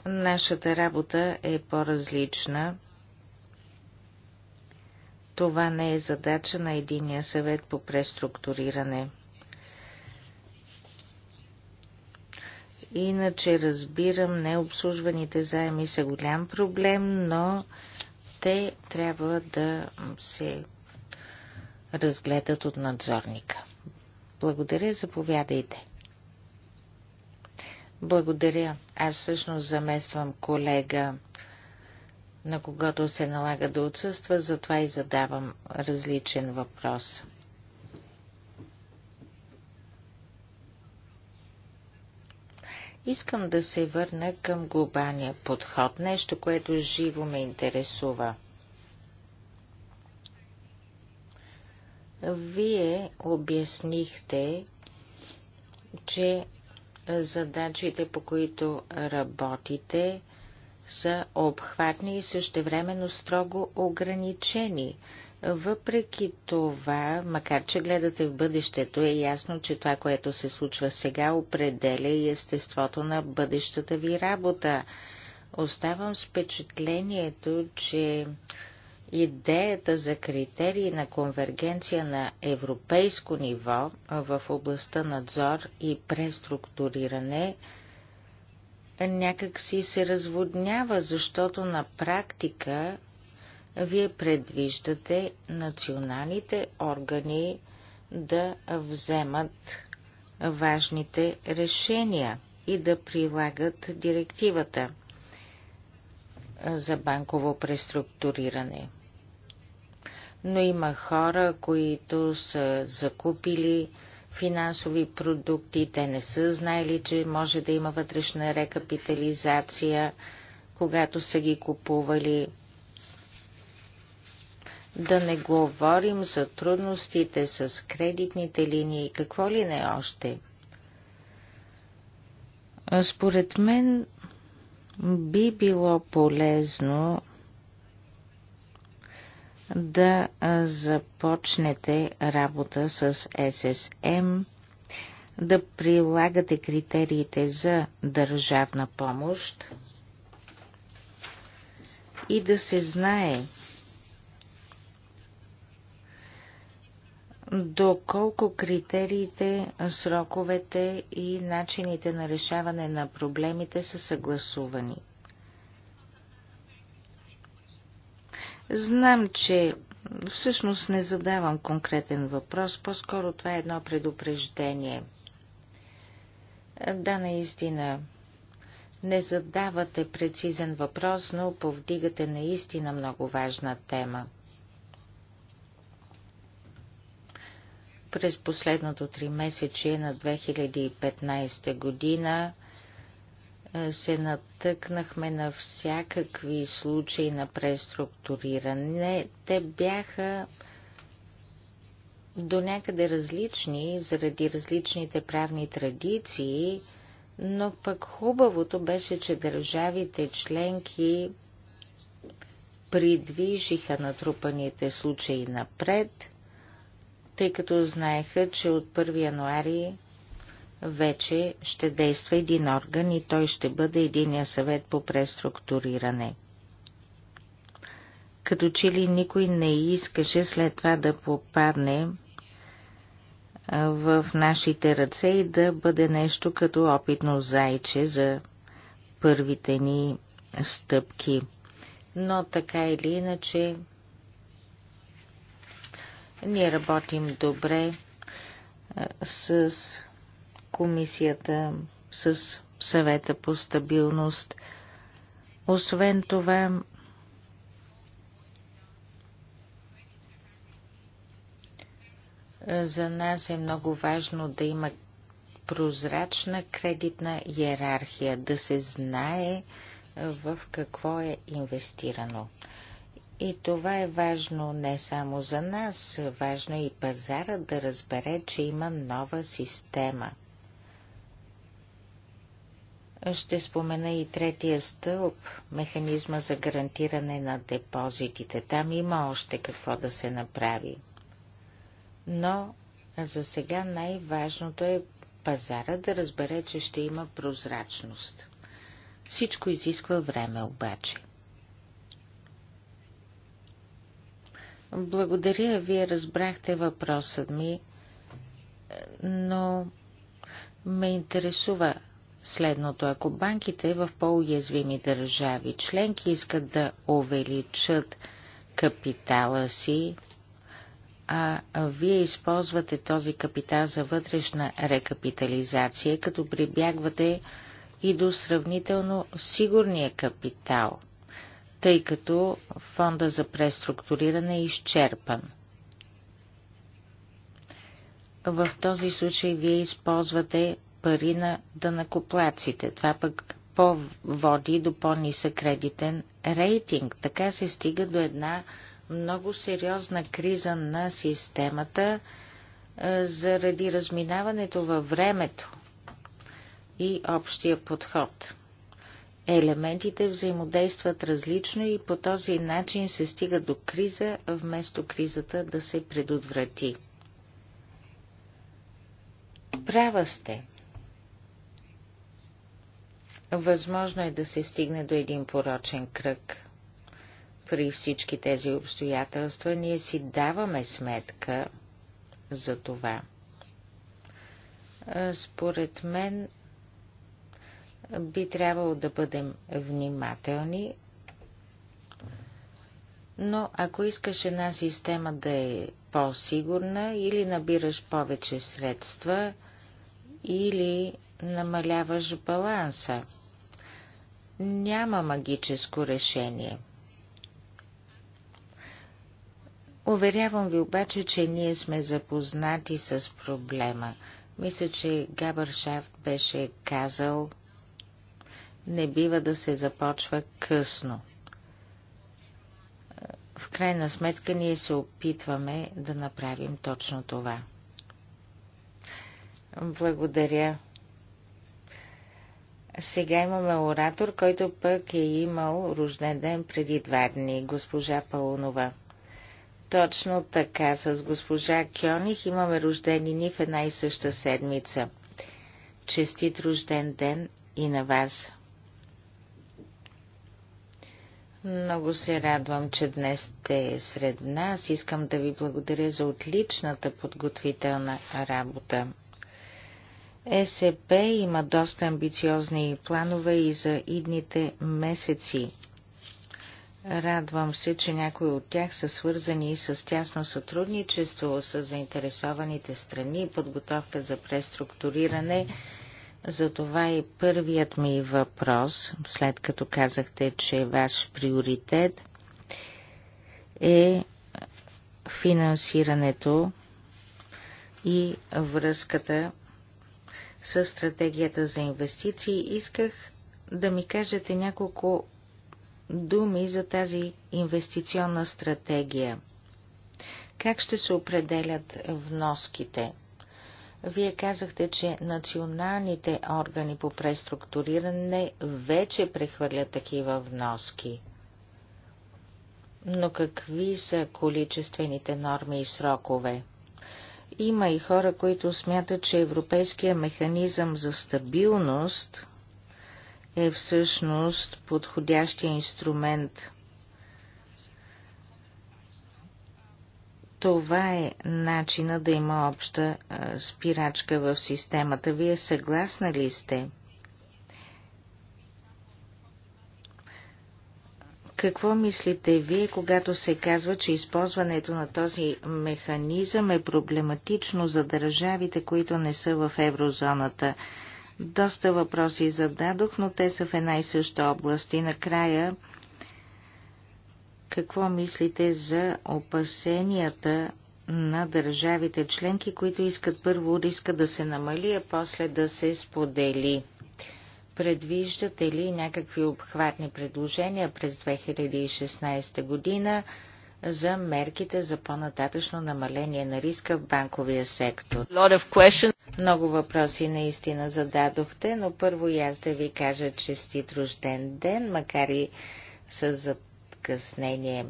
нашата работа е по-различна. Това не е задача на единия съвет по преструктуриране. Иначе разбирам, необслужваните заеми са голям проблем, но те трябва да се разгледат от надзорника. Благодаря, заповядайте. Благодаря. Аз всъщност замествам колега, на когото се налага да отсъства, затова и задавам различен въпрос. Искам да се върна към глобалния подход, нещо, което живо ме интересува. Вие обяснихте, че задачите, по които работите, са обхватни и същевременно строго ограничени – въпреки това, макар че гледате в бъдещето, е ясно, че това, което се случва сега, определя и естеството на бъдещата ви работа. Оставам с впечатлението, че идеята за критерии на конвергенция на европейско ниво в областта надзор и преструктуриране някак си се разводнява, защото на практика вие предвиждате националните органи да вземат важните решения и да прилагат директивата за банково преструктуриране. Но има хора, които са закупили финансови продукти, те не са знаели, че може да има вътрешна рекапитализация, когато са ги купували. Да не говорим за трудностите с кредитните линии и какво ли не още. Според мен би било полезно да започнете работа с ССМ, да прилагате критериите за държавна помощ и да се знае доколко критериите, сроковете и начините на решаване на проблемите са съгласувани. Знам, че всъщност не задавам конкретен въпрос, по-скоро това е едно предупреждение. Да, наистина, не задавате прецизен въпрос, но повдигате наистина много важна тема. През последното три месече на 2015 година е, се натъкнахме на всякакви случаи на преструктуриране. Те бяха до някъде различни заради различните правни традиции, но пък хубавото беше, че държавите членки придвижиха натрупаните случаи напред – тъй като знаеха, че от 1 януари вече ще действа един орган и той ще бъде единия съвет по преструктуриране. Като че ли никой не искаше след това да попадне в нашите ръце и да бъде нещо като опитно зайче за първите ни стъпки. Но така или иначе ние работим добре е, с комисията, с съвета по стабилност. Освен това, за нас е много важно да има прозрачна кредитна иерархия, да се знае в какво е инвестирано. И това е важно не само за нас, важно е и пазара да разбере, че има нова система. Ще спомена и третия стълб, механизма за гарантиране на депозитите. Там има още какво да се направи. Но за сега най-важното е пазара да разбере, че ще има прозрачност. Всичко изисква време обаче. Благодаря, вие разбрахте въпросът ми, но ме интересува следното. Ако банките в по-уязвими държави членки искат да увеличат капитала си, а вие използвате този капитал за вътрешна рекапитализация, като прибягвате и до сравнително сигурния капитал – тъй като фонда за преструктуриране е изчерпан. В този случай вие използвате пари на дънакоплаците. Това пък води до по-нисък кредитен рейтинг. Така се стига до една много сериозна криза на системата е, заради разминаването във времето и общия подход елементите взаимодействат различно и по този начин се стига до криза, вместо кризата да се предотврати. Права сте. Възможно е да се стигне до един порочен кръг. При всички тези обстоятелства ние си даваме сметка за това. Според мен би трябвало да бъдем внимателни, но ако искаш една система да е по-сигурна, или набираш повече средства, или намаляваш баланса. Няма магическо решение. Уверявам ви обаче, че ние сме запознати с проблема. Мисля, че Габършафт беше казал – не бива да се започва късно. В крайна сметка ние се опитваме да направим точно това. Благодаря. Сега имаме оратор, който пък е имал рожден ден преди два дни, госпожа Паунова. Точно така, с госпожа Кьоних имаме рождени ни в една и съща седмица. Честит рожден ден и на вас! Много се радвам, че днес сте сред нас. Искам да ви благодаря за отличната подготвителна работа. Е СЕП има доста амбициозни планове и за идните месеци. Радвам се, че някои от тях са свързани и с тясно сътрудничество с заинтересованите страни, подготовка за преструктуриране, затова и първият ми въпрос, след като казахте, че ваш приоритет е финансирането и връзката с стратегията за инвестиции. Исках да ми кажете няколко думи за тази инвестиционна стратегия. Как ще се определят вноските? Вие казахте, че националните органи по преструктуриране вече прехвърлят такива вноски. Но какви са количествените норми и срокове? Има и хора, които смятат, че Европейския механизъм за стабилност е всъщност подходящия инструмент Това е начина да има обща спирачка в системата. Вие съгласна ли сте? Какво мислите вие, когато се казва, че използването на този механизъм е проблематично за държавите, които не са в еврозоната? Доста въпроси зададох, но те са в една и съща област и накрая какво мислите за опасенията на държавите членки, които искат първо риска да се намали, а после да се сподели? Предвиждате ли някакви обхватни предложения през 2016 година за мерките за по-нататъчно намаление на риска в банковия сектор? Много въпроси наистина зададохте, но първо и аз да ви кажа честит рожден ден, макар и с закъснение.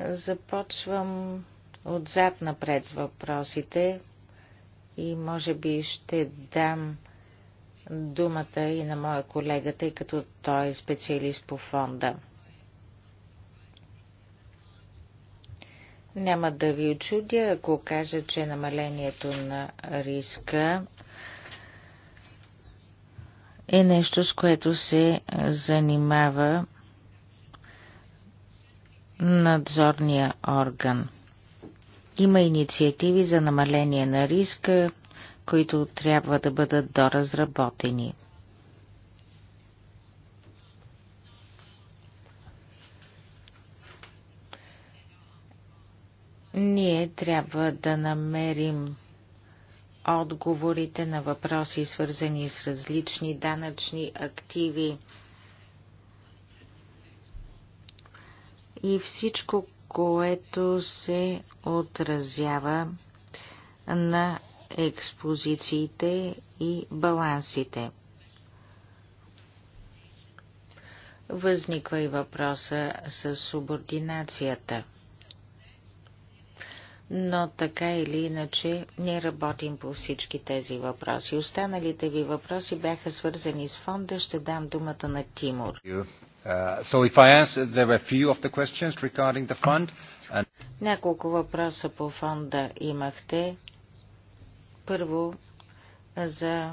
Започвам отзад напред с въпросите и може би ще дам думата и на моя колега, тъй като той е специалист по фонда. Няма да ви очудя, ако кажа, че намалението на риска е нещо, с което се занимава надзорния орган. Има инициативи за намаление на риска, които трябва да бъдат доразработени. Ние трябва да намерим отговорите на въпроси, свързани с различни данъчни активи, и всичко, което се отразява на експозициите и балансите. Възниква и въпроса с субординацията. Но така или иначе, не работим по всички тези въпроси. Останалите ви въпроси бяха свързани с фонда. Ще дам думата на Тимур. Uh, so if I answer, there were few of the questions regarding the fund. Няколко въпроса по фонда имахте. Първо, за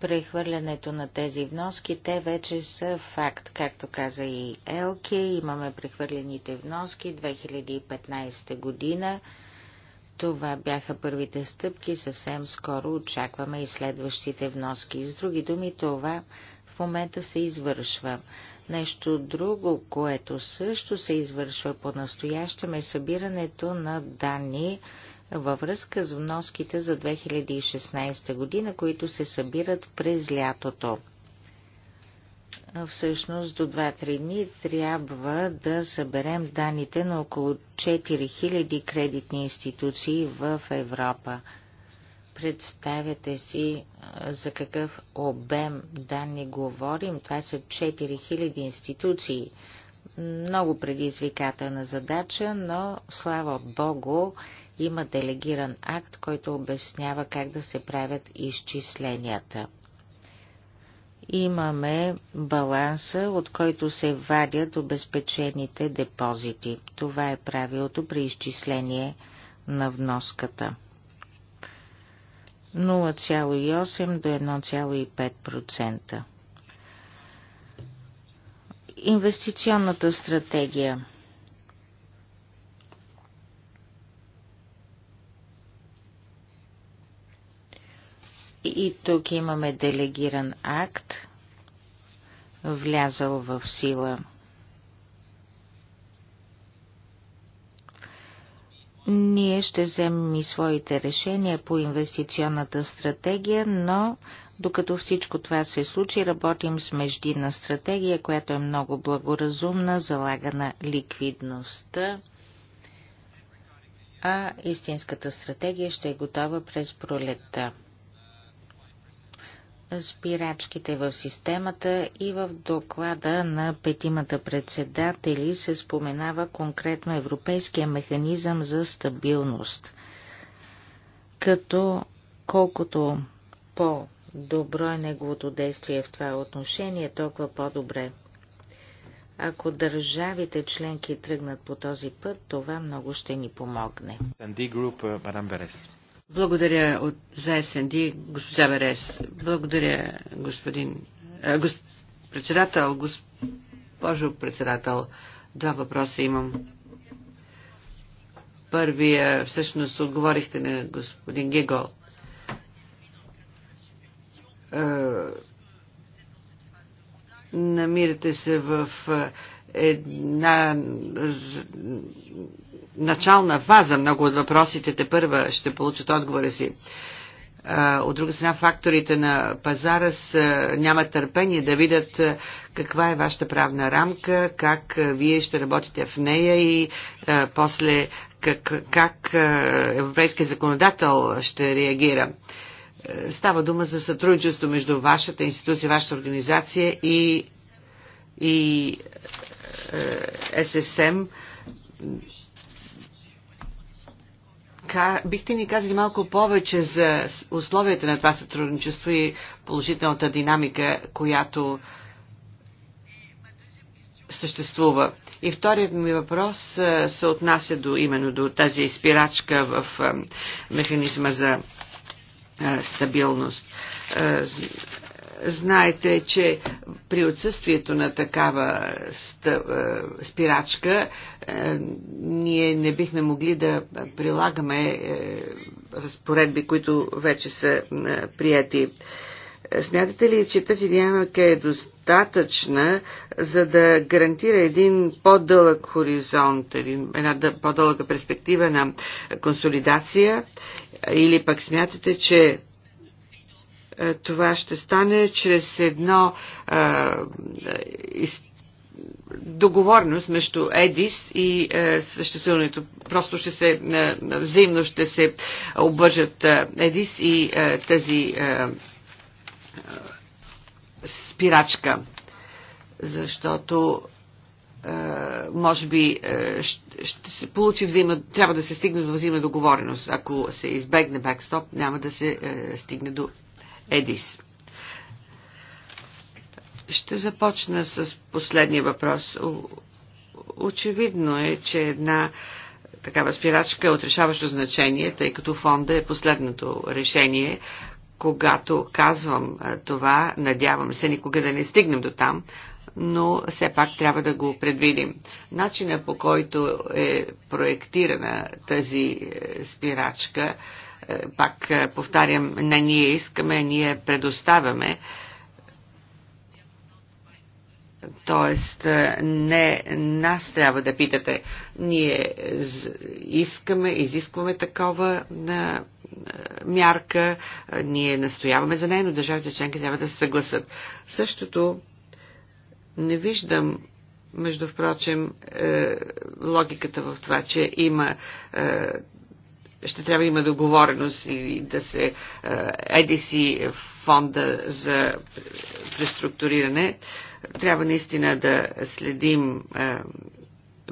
прехвърлянето на тези вноски. Те вече са факт, както каза и Елки. Имаме прехвърлените вноски 2015 година. Това бяха първите стъпки. Съвсем скоро очакваме и следващите вноски. С други думи, това е в момента се извършва. Нещо друго, което също се извършва по-настоящем е събирането на данни във връзка с вноските за 2016 година, които се събират през лятото. Всъщност до 2-3 дни трябва да съберем данните на около 4000 кредитни институции в Европа. Представяте си за какъв обем данни говорим. Това са 4000 институции. Много предизвикателна задача, но слава Богу има делегиран акт, който обяснява как да се правят изчисленията. Имаме баланса, от който се вадят обезпечените депозити. Това е правилото при изчисление на вноската. 0,8 до 1,5%. Инвестиционната стратегия – И тук имаме делегиран акт, влязъл в сила Ние ще вземем и своите решения по инвестиционната стратегия, но докато всичко това се случи, работим с междинна стратегия, която е много благоразумна, залага на ликвидността, а истинската стратегия ще е готова през пролетта спирачките в системата и в доклада на петимата председатели се споменава конкретно Европейския механизъм за стабилност. Като колкото по-добро е неговото действие в това отношение, толкова по-добре. Ако държавите членки тръгнат по този път, това много ще ни помогне. Група, мадам Берес. Благодаря от, за СНД, госпожа Берес. Благодаря, господин е, госп, председател, госпожо председател. Два въпроса имам. Първия, всъщност, отговорихте на господин Гегол. Е, намирате се в една начална фаза. Много от въпросите те първа ще получат отговора си. От друга страна, факторите на пазара с, нямат търпение да видят каква е вашата правна рамка, как вие ще работите в нея и после как, как европейския законодател ще реагира. Става дума за сътрудничество между вашата институция, вашата организация и, и е, ССМ. Бихте ни казали малко повече за условията на това сътрудничество и положителната динамика, която съществува. И вторият ми въпрос е, се отнася до, именно до тази спирачка в е, механизма за стабилност. Знаете, че при отсъствието на такава е, спирачка е, ние не бихме могли да прилагаме е, разпоредби, които вече са прияти. Смятате ли, че тази динамика е достатъчна, за да гарантира един по-дълъг хоризонт, една по-дълга перспектива на консолидация? Или пък смятате, че е, това ще стане чрез едно е, договорност между ЕДИС и е, съществуването. Просто ще се, е, взаимно ще се обържат е, ЕДИС и е, тази е, е, спирачка. Защото е, може би е, ще, ще се получи взаимно, трябва да се стигне до взаимна договореност. Ако се избегне бекстоп, няма да се е, стигне до ЕДИС. Ще започна с последния въпрос. Очевидно е, че една такава спирачка е от решаващо значение, тъй като фонда е последното решение. Когато казвам това, надявам се никога да не стигнем до там, но все пак трябва да го предвидим. Начина по който е проектирана тази е, спирачка, е, пак е, повтарям, не ние искаме, ние предоставяме. Тоест, не нас трябва да питате. Ние искаме, изискваме такова на мярка, ние настояваме за нея, но държавите членки трябва да се съгласат. Същото не виждам, между впрочем, е, логиката в това, че има е, ще трябва има договореност и да се е, еди си фонда за преструктуриране. Трябва наистина да следим е,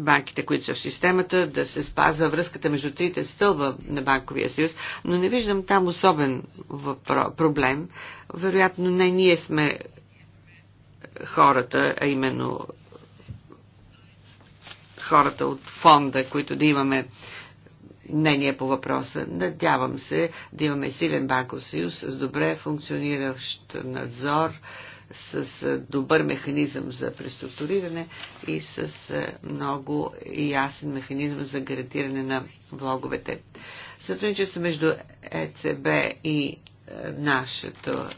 банките, които са в системата, да се спазва връзката между трите стълба на Банковия съюз, но не виждам там особен въпро- проблем. Вероятно не ние сме хората, а именно хората от фонда, които да имаме мнение по въпроса. Надявам се да имаме силен банков съюз с добре функциониращ надзор, с добър механизъм за преструктуриране и с много ясен механизъм за гарантиране на влоговете. Сътрудничество между ЕЦБ и нашата,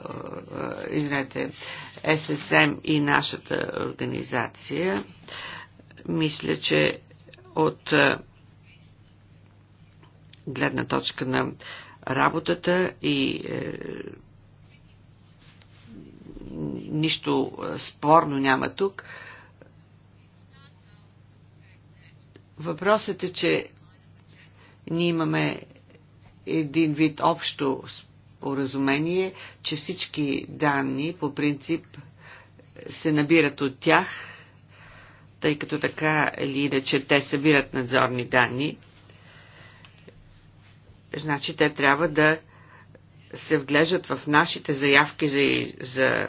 е, извинете, ССМ и нашата организация. Мисля, че от е, гледна точка на работата и е, нищо спорно няма тук. Въпросът е, че ние имаме един вид общо споразумение, че всички данни по принцип се набират от тях, тъй като така или иначе те събират надзорни данни. Значи те трябва да се вглеждат в нашите заявки за, за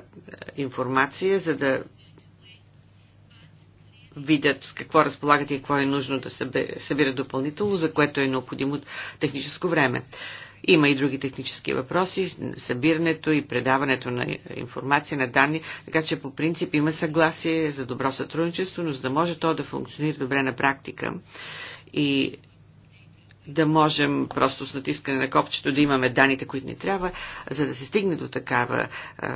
информация, за да видят с какво разполагат и какво е нужно да събират допълнително, за което е необходимо техническо време. Има и други технически въпроси, събирането и предаването на информация, на данни, така че по принцип има съгласие за добро сътрудничество, но за да може то да функционира добре на практика и да можем просто с натискане на копчето да имаме данните, които ни трябва, за да се стигне до такава е,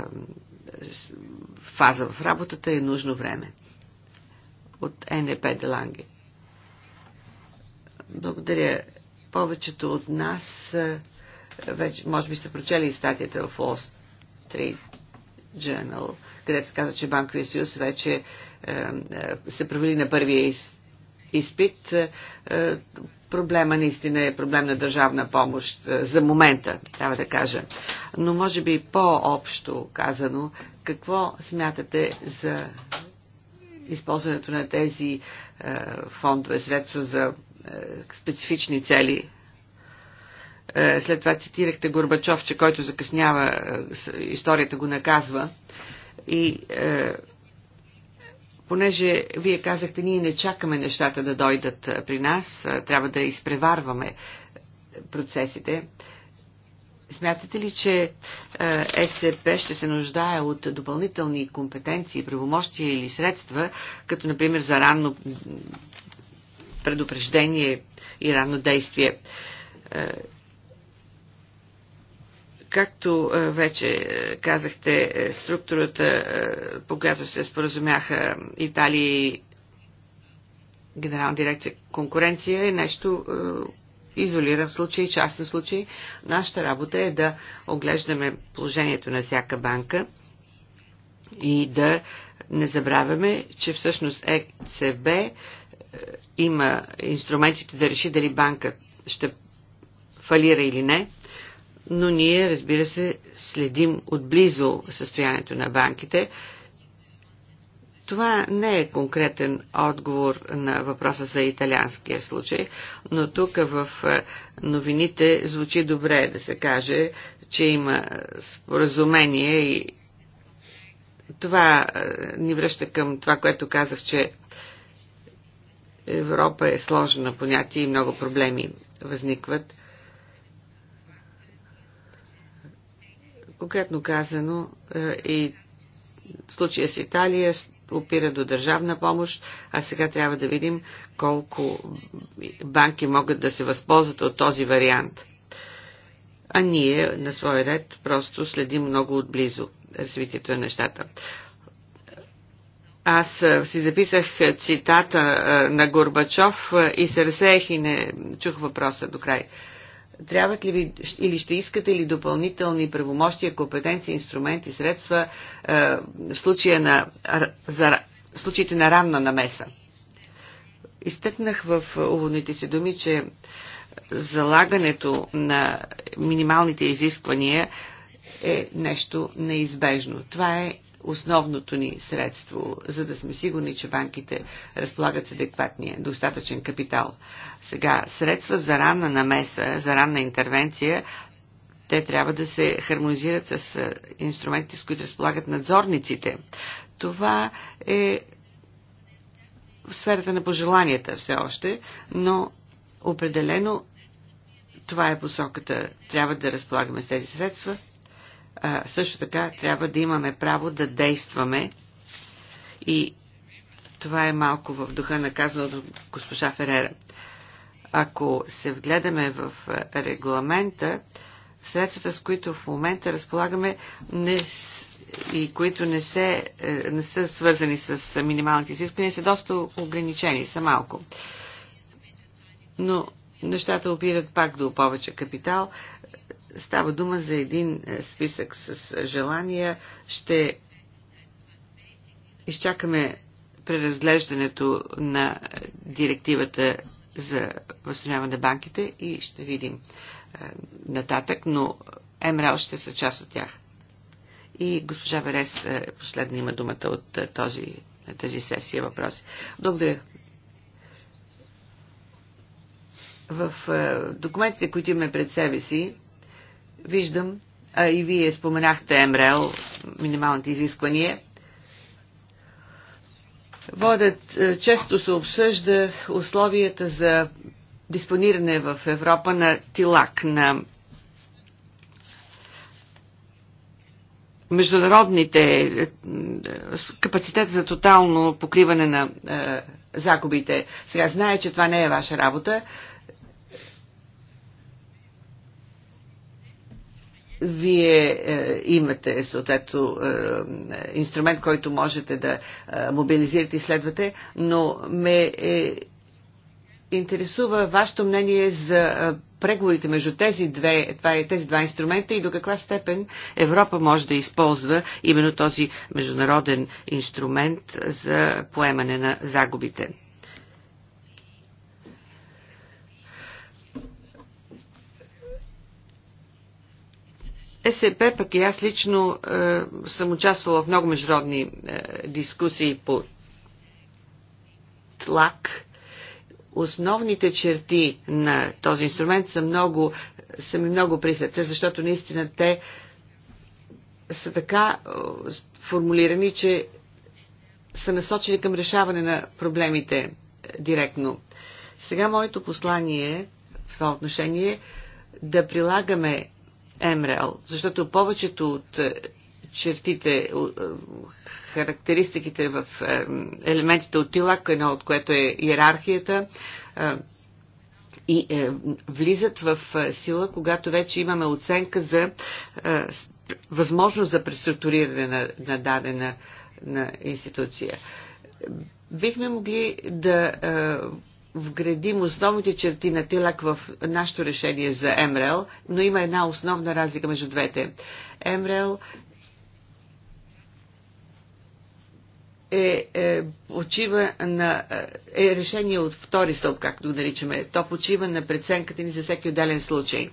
фаза в работата е нужно време. От НЕП Деланге. Благодаря. Повечето от нас вече, може би сте прочели статията в Wall Street Journal, където се казва, че Банковия съюз вече е, е, се провели на първия изпит. Е, проблема наистина е проблем на държавна помощ за момента, трябва да кажа. Но може би по-общо казано, какво смятате за използването на тези фондове, средства за специфични цели е, след това цитирахте Горбачов, че който закъснява, е, историята го наказва. И е, понеже вие казахте, ние не чакаме нещата да дойдат при нас, трябва да изпреварваме процесите. Смятате ли, че СЕП ще се нуждае от допълнителни компетенции, правомощия или средства, като например за ранно предупреждение и ранно действие? Както е, вече е, казахте, е, структурата, по която се споразумяха Италия и Генерална дирекция конкуренция е нещо изолиран случай, частен случай. Нашата работа е да оглеждаме положението на всяка банка и да не забравяме, че всъщност ЕЦБ има инструментите да реши дали банка ще фалира или не но ние, разбира се, следим отблизо състоянието на банките. Това не е конкретен отговор на въпроса за италианския случай, но тук в е, новините звучи добре да се каже, че има споразумение и това е, ни връща към това, което казах, че Европа е сложна понятие и много проблеми възникват – Конкретно казано е, и случая с Италия опира до държавна помощ, а сега трябва да видим колко банки могат да се възползват от този вариант. А ние на свой ред просто следим много отблизо развитието на нещата. Аз е, си записах цитата е, на Горбачов и се разсеях и не чух въпроса до край трябват ли ви или ще искате ли допълнителни правомощия, компетенции, инструменти, средства е, в, случая на, за, в случаите на ранна намеса? Изтъкнах в уводните си думи, че залагането на минималните изисквания е нещо неизбежно. Това е основното ни средство, за да сме сигурни, че банките разполагат с адекватния, достатъчен капитал. Сега, средства за ранна намеса, за ранна интервенция, те трябва да се хармонизират с инструментите, с които разполагат надзорниците. Това е в сферата на пожеланията все още, но определено това е посоката. Трябва да разполагаме с тези средства а, също така трябва да имаме право да действаме и това е малко в духа на казаното госпожа Ферера. Ако се вгледаме в регламента, средствата, с които в момента разполагаме не, и които не, се, е, не са свързани с минималните изисквания, са доста ограничени, са малко. Но нещата опират пак до повече капитал, Става дума за един е, списък с е, желания. Ще изчакаме преразглеждането на е, директивата за възстановяване на банките и ще видим нататък, но МРЛ ще са част от тях. И госпожа Верес последна има думата от този, тази сесия въпроси. Благодаря. В документите, които имаме пред себе си, Виждам, а и вие споменахте МРЛ, минималните изисквания. Водят, е, често се обсъжда условията за диспониране в Европа на тилак, на международните е, капацитет за тотално покриване на е, загубите. Сега знае, че това не е ваша работа, вие е, имате съответно е, инструмент, който можете да е, мобилизирате и следвате, но ме е, интересува вашето мнение за е, преговорите между тези, две, това е, тези два инструмента и до каква степен Европа може да използва именно този международен инструмент за поемане на загубите. ЕСП, пък и аз лично е, съм участвала в много международни е, дискусии по тлак. Основните черти на този инструмент са, много, са ми много при сърце, защото наистина те са така е, формулирани, че са насочени към решаване на проблемите е, директно. Сега моето послание в това отношение е да прилагаме МРЛ, защото повечето от е, чертите, е, е, характеристиките в елементите от ТИЛАК, едно от което е иерархията, и влизат в сила, когато вече имаме оценка за възможност за преструктуриране на, на дадена на институция. Бихме могли да вградим основните черти на Тилак в нашето решение за МРЛ, но има една основна разлика между двете. МРЛ е, е, почива на, е, е решение от втори стълб, както го наричаме. То почива на преценката ни за всеки отделен случай.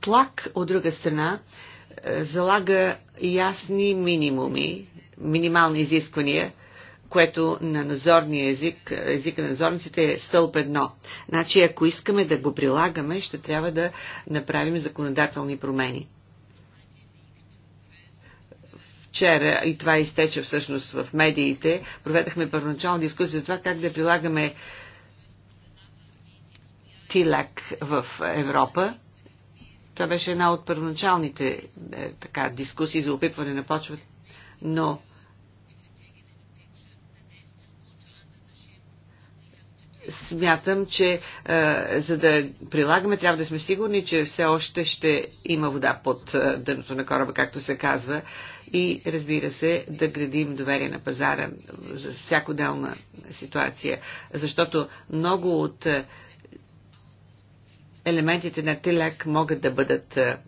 Тлак, от друга страна, е, залага ясни минимуми, минимални изисквания – което на назорния език, езика на надзорниците е стълб едно. Значи, ако искаме да го прилагаме, ще трябва да направим законодателни промени. Вчера, и това изтече всъщност в медиите, проведахме първоначална дискусия за това как да прилагаме ТИЛАК в Европа. Това беше една от първоначалните е, така, дискусии за опитване на почвата, но смятам, че а, е, за да прилагаме, трябва да сме сигурни, че все още ще има вода под а, е, дъното на кораба, както се казва, и разбира се, да градим доверие на пазара за всяко делна ситуация, защото много от а, е, елементите на телек могат да бъдат а,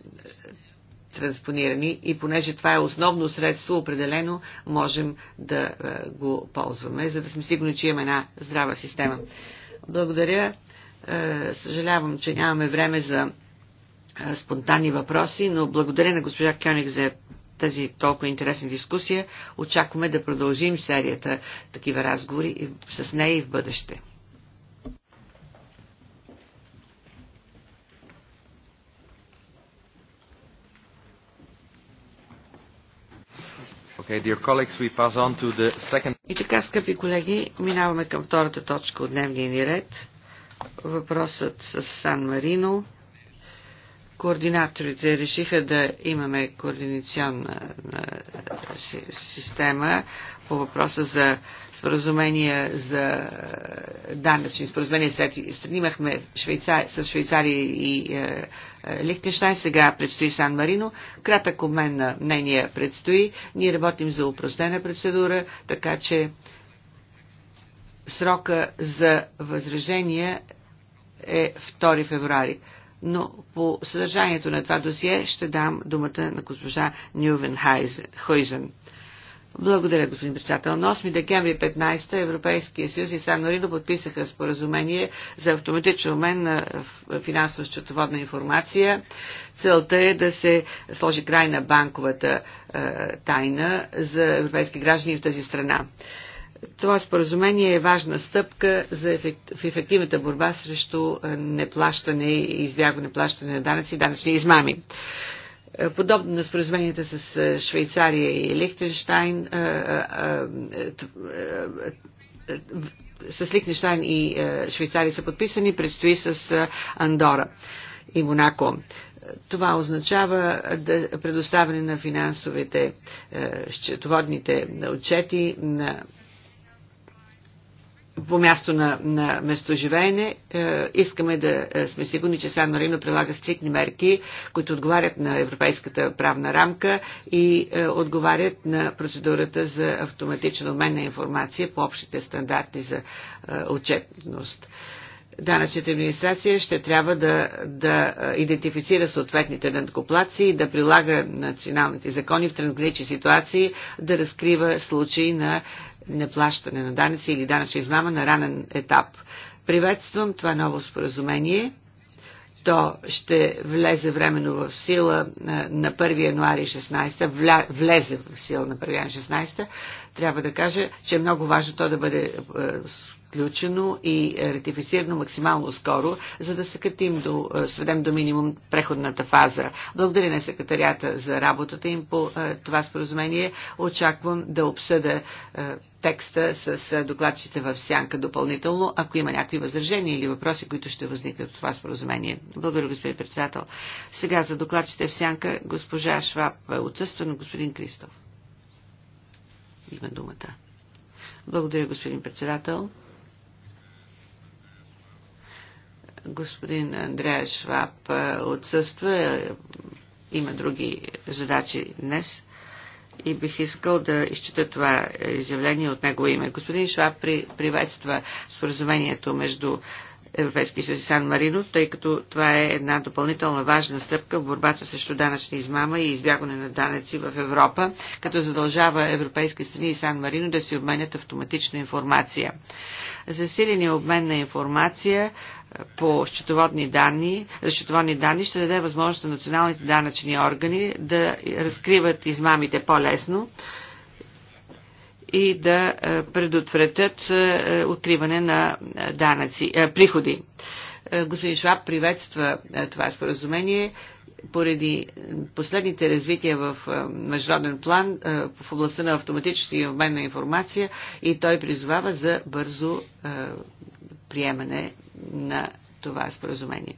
транспонирани и понеже това е основно средство, определено можем да е, го ползваме, за да сме сигурни, че имаме една здрава система. Благодаря. Е, съжалявам, че нямаме време за е, спонтанни въпроси, но благодаря на госпожа Кьоник за тази толкова интересна дискусия. Очакваме да продължим серията такива разговори с нея и в бъдеще. И така, скъпи колеги, минаваме към втората точка от дневния ни ред. Въпросът с Сан Марино. Координаторите решиха да имаме координационна система по въпроса за споразумения за данъчни споразумения След, Имахме Швейца, с Швейцария и е, Лихтенштайн, сега предстои Сан Марино. Кратък обмен на мнения предстои. Ние работим за упростена процедура, така че срока за възражения е 2 февруари но по съдържанието на това досие ще дам думата на госпожа Нювен Хойзен. Благодаря, господин председател. На 8 декември 15 Европейския съюз и Сан Марино подписаха споразумение за автоматичен обмен на финансово-счетоводна информация. Целта е да се сложи край на банковата е, тайна за европейски граждани в тази страна. Това споразумение е важна стъпка за ефект, в ефективната борба срещу неплащане и избягване плащане на данъци и данъчни измами. Подобно на споразуменията с Швейцария и Лихтенштайн, с Лихтенштайн и Швейцария са подписани, предстои с Андора и Монако. Това означава да предоставяне на финансовите счетоводните отчети на по място на, на местоживеене. Е, искаме да е, сме сигурни, че Сан Марино прилага стрикни мерки, които отговарят на европейската правна рамка и е, отговарят на процедурата за автоматичен обмен на информация по общите стандарти за е, отчетност. Е, данъчната администрация ще трябва да, да идентифицира съответните дънкоплаци, да прилага националните закони в трансгранични ситуации, да разкрива случаи на неплащане на данъци или данъчна измама на ранен етап. Приветствам това ново споразумение. То ще влезе временно в сила на 1 януари 16, влезе в сила на 1 януари 16. Трябва да кажа, че е много важно то да бъде включено и ратифицирано максимално скоро, за да съкратим до, е, сведем до минимум преходната фаза. Благодаря на секретарията за работата им по е, това споразумение. Очаквам да обсъда е, текста с докладчите в сянка допълнително, ако има някакви възражения или въпроси, които ще възникнат от това споразумение. Благодаря, господин председател. Сега за докладчите в сянка госпожа Шваб отсъства на господин Кристоф. Има думата. Благодаря, господин председател. Господин Андрея Шваб отсъства. Има други задачи днес и бих искал да изчита това изявление от него име. Господин Шваб приветства споразумението между Европейския съюз и Сан Марино, тъй като това е една допълнителна важна стъпка в борбата срещу данъчна измама и избягване на данъци в Европа, като задължава европейски страни и Сан Марино да си обменят автоматично информация. Засиления обмен на информация по счетоводни данни, за счетоводни данни ще даде възможност на националните данъчни органи да разкриват измамите по-лесно и да е, предотвратят е, е, откриване на данъци, приходи. Господин Шваб приветства това споразумение поради последните развития в международен план в областта на автоматически обмен на информация и той призовава за бързо приемане на това споразумение.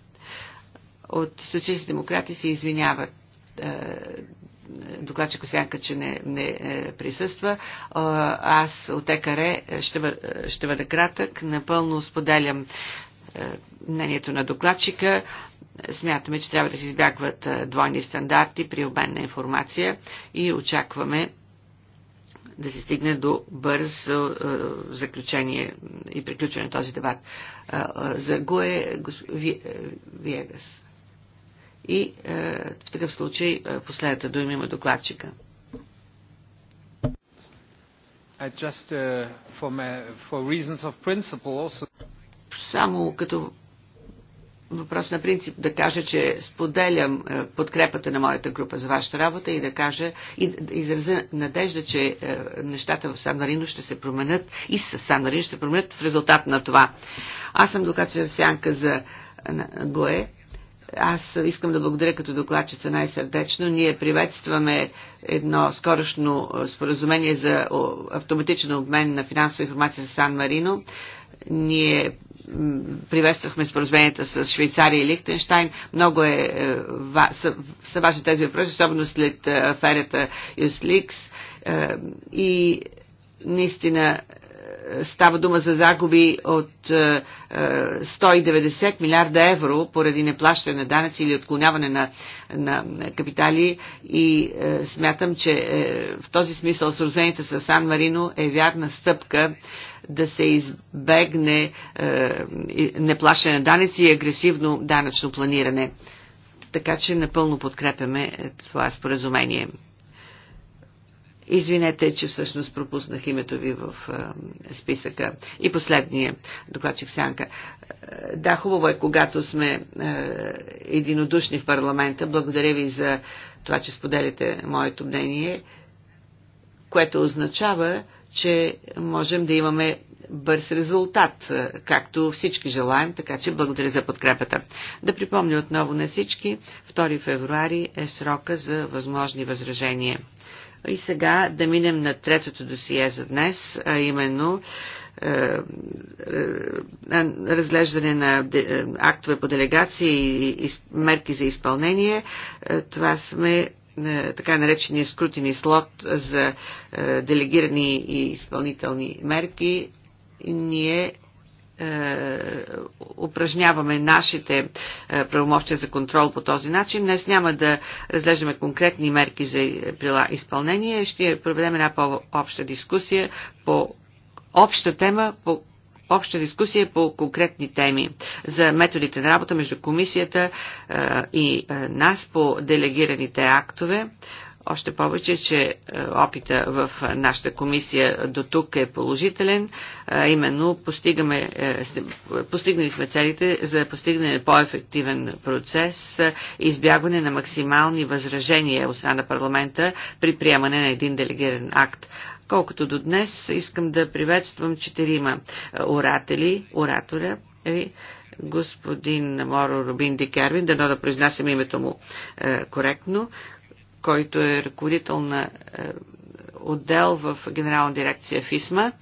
От социалисти демократи се извиняват докладчика сянка, че не, не е, присъства. Аз от ЕКР е, ще, бъ, е, ще бъда кратък. Напълно споделям мнението на докладчика. Смятаме, че трябва да се избягват двойни стандарти при обмен на информация и очакваме да се стигне до бърз заключение и приключване на този дебат. За Гое Виегас и е, в такъв случай е, последната дума има докладчика. Е, Само като въпрос на принцип да кажа, че споделям подкрепата на моята група за вашата работа и да кажа и да изразя надежда, че нещата в Сан Марино ще се променят и с Сан Марино ще променят в резултат на това. Аз съм докача сянка за Гое аз искам да благодаря като докладчица най-сърдечно. Ние приветстваме едно скорошно споразумение за автоматичен обмен на финансова информация с Сан Марино. Ние приветствахме споразуменията с Швейцария и Лихтенштайн. Много е, е са, са важни тези въпроси, особено след аферата Юсликс. Е, и наистина става дума за загуби от 190 е, е, милиарда евро поради неплащане на данъци или отклоняване на, на капитали и е, смятам, че в този смисъл сразумението с Сан Марино е вярна стъпка да се избегне неплащане на данъци и агресивно данъчно планиране. Така че напълно подкрепяме това споразумение. Извинете, че всъщност пропуснах името ви в списъка. И последния докладчик Сянка. Да, хубаво е, когато сме единодушни в парламента. Благодаря ви за това, че споделите моето мнение, което означава, че можем да имаме бърз резултат, както всички желаем, така че благодаря за подкрепата. Да припомня отново на всички, 2 февруари е срока за възможни възражения. И сега да минем на третото досие за днес, а именно е, е, е, разглеждане на актове по делегации и мерки за изпълнение. Това сме така наречения скрутини слот за делегирани и изпълнителни мерки. Ние е, упражняваме нашите е, правомощия за контрол по този начин. Днес няма да разглеждаме конкретни мерки за е, изпълнение. Ще проведем една по-обща дискусия по обща тема, по обща дискусия по конкретни теми за методите на работа между комисията и нас по делегираните актове. Още повече, че е, опита в е, нашата комисия до тук е положителен. Е, именно постигаме, постигнали сме целите за постигане на по-ефективен процес, избягване на максимални възражения от страна на парламента при приемане на един делегиран акт. Колкото до днес, искам да приветствам четирима оратели, оратора, господин Моро Рубин Дикервин, дано да произнасям името му е, коректно, който е ръководител на е, отдел в Генерална дирекция ФИСМА,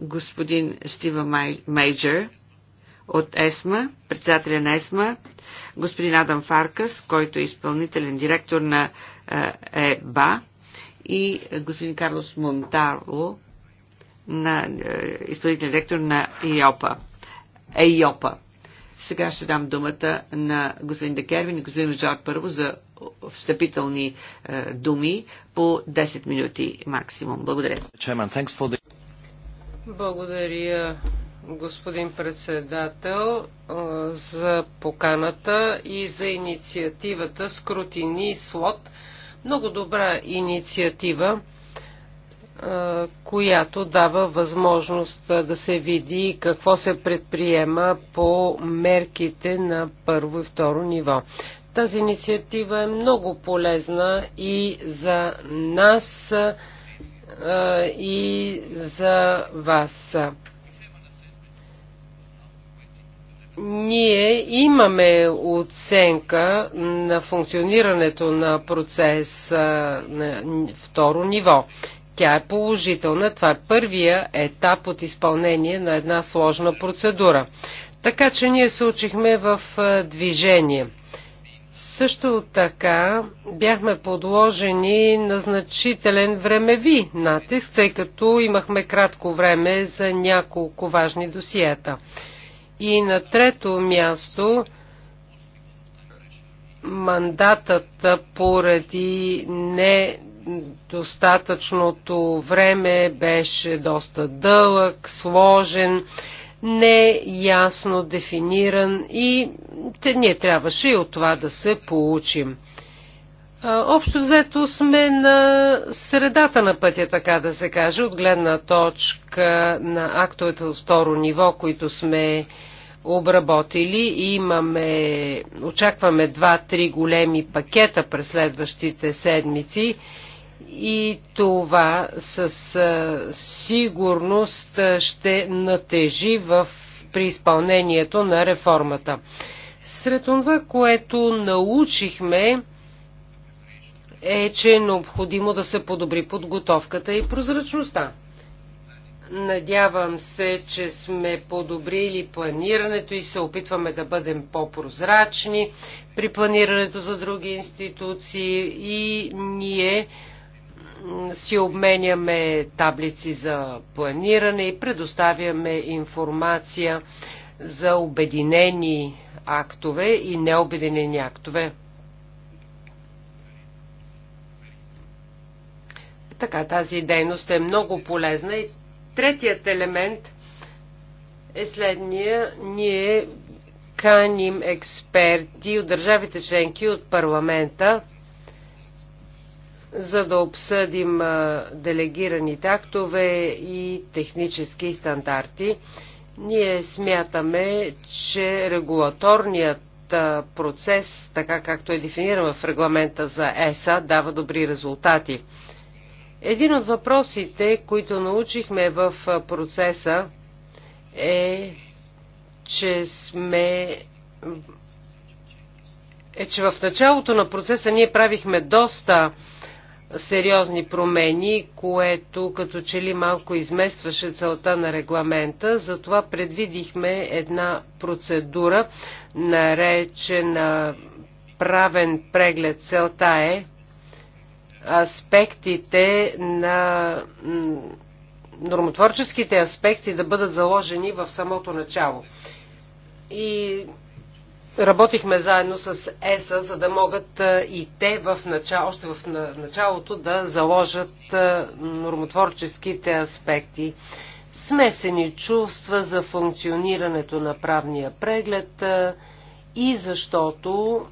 господин Стива Мейджер от ЕСМА, председателя на ЕСМА, господин Адам Фаркас, който е изпълнителен директор на е, ЕБА и господин Карлос Монтарло, на, е, изпълнителен директор на ИОПА. ЕИОПА. Сега ще дам думата на господин Декервин и господин Жор първо за встъпителни е, думи по 10 минути максимум. Благодаря. Благодаря, господин председател, е, за поканата и за инициативата Скрутини Слот. Много добра инициатива която дава възможност да се види какво се предприема по мерките на първо и второ ниво. Тази инициатива е много полезна и за нас, и за вас. Ние имаме оценка на функционирането на процес на второ ниво. Тя е положителна. Това е първия етап от изпълнение на една сложна процедура. Така че ние се учихме в движение. Също така бяхме подложени на значителен времеви натиск, тъй като имахме кратко време за няколко важни досиета. И на трето място мандатът поради не достатъчното време беше доста дълъг, сложен, неясно дефиниран и ние трябваше и от това да се получим. Общо взето сме на средата на пътя, така да се каже, от гледна точка на актовете от второ ниво, които сме обработили. Имаме, очакваме два-три големи пакета през следващите седмици и това със сигурност ще натежи в, при изпълнението на реформата. Сред това, което научихме, е, че е необходимо да се подобри подготовката и прозрачността. Надявам се, че сме подобрили планирането и се опитваме да бъдем по-прозрачни при планирането за други институции и ние си обменяме таблици за планиране и предоставяме информация за обединени актове и необединени актове. Така, тази дейност е много полезна. И третият елемент е следния. Ние каним експерти от държавите членки, от парламента, за да обсъдим делегираните актове и технически стандарти. Ние смятаме, че регулаторният процес, така както е дефиниран в регламента за ЕСА, дава добри резултати. Един от въпросите, които научихме в процеса е, че сме е, че в началото на процеса ние правихме доста сериозни промени, което като че ли малко изместваше целта на регламента. Затова предвидихме една процедура, наречена правен преглед. Целта е аспектите на нормотворческите аспекти да бъдат заложени в самото начало. И Работихме заедно с ЕСА, за да могат и те в начало, още в началото да заложат нормотворческите аспекти. Смесени чувства за функционирането на правния преглед и защото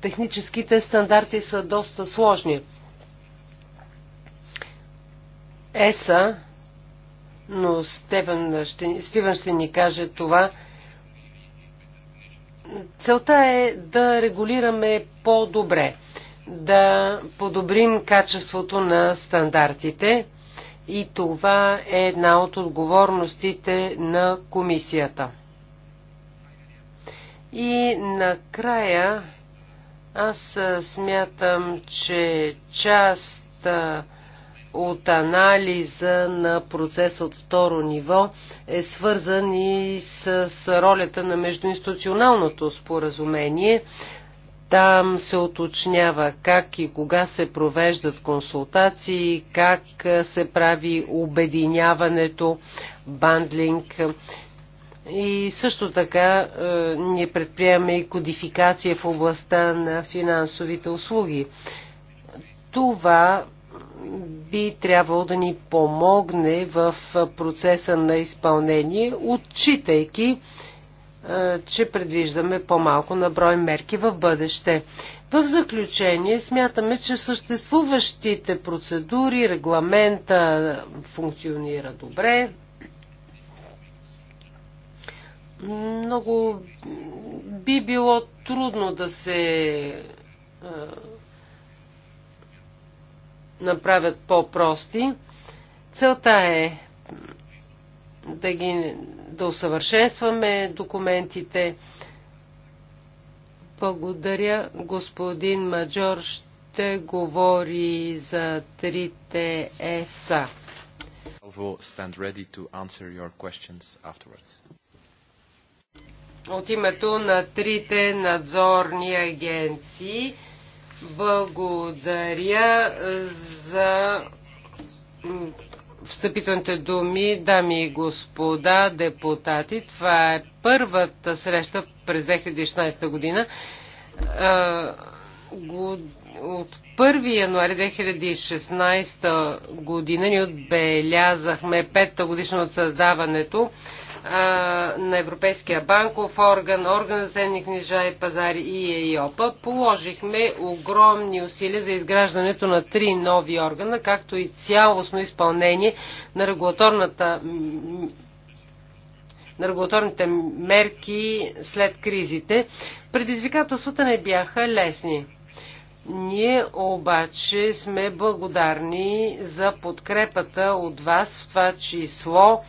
техническите стандарти са доста сложни. ЕСА, но Стивен ще, Стивен ще ни каже това, Целта е да регулираме по-добре, да подобрим качеството на стандартите и това е една от отговорностите на комисията. И накрая аз смятам, че част от анализа на процес от второ ниво е свързан и с, с ролята на междуинституционалното споразумение. Там се уточнява как и кога се провеждат консултации, как се прави обединяването, бандлинг. И също така е, ние предприемаме и кодификация в областта на финансовите услуги. Това би трябвало да ни помогне в процеса на изпълнение, отчитайки, е, че предвиждаме по-малко на брой мерки в бъдеще. В заключение смятаме, че съществуващите процедури, регламента функционира добре. Много би било трудно да се е, направят по-прости. Целта е да, ги, да усъвършенстваме документите. Благодаря, господин Маджор ще говори за трите ЕСА. От името на трите надзорни агенции благодаря за встъпителните думи, дами и господа депутати. Това е първата среща през 2016 година. От 1 януари 2016 година ни отбелязахме петта годишна от създаването на Европейския банков орган, орган за ценни книжа и пазари и ЕИОП, положихме огромни усилия за изграждането на три нови органа, както и цялостно изпълнение на регулаторната на регулаторните мерки след кризите. Предизвикателствата не бяха лесни. Ние обаче сме благодарни за подкрепата от вас в това число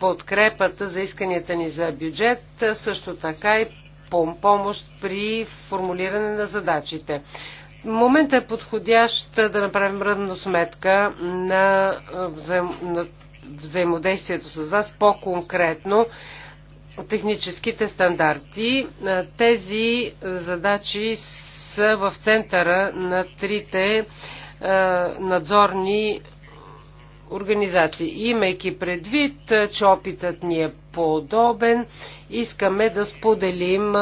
подкрепата за исканията ни за бюджет, също така и помощ при формулиране на задачите. Моментът е подходящ да направим равносметка на, взаим, на взаимодействието с вас, по-конкретно техническите стандарти. Тези задачи са в центъра на трите надзорни организации. Имайки предвид, че опитът ни е подобен, искаме да споделим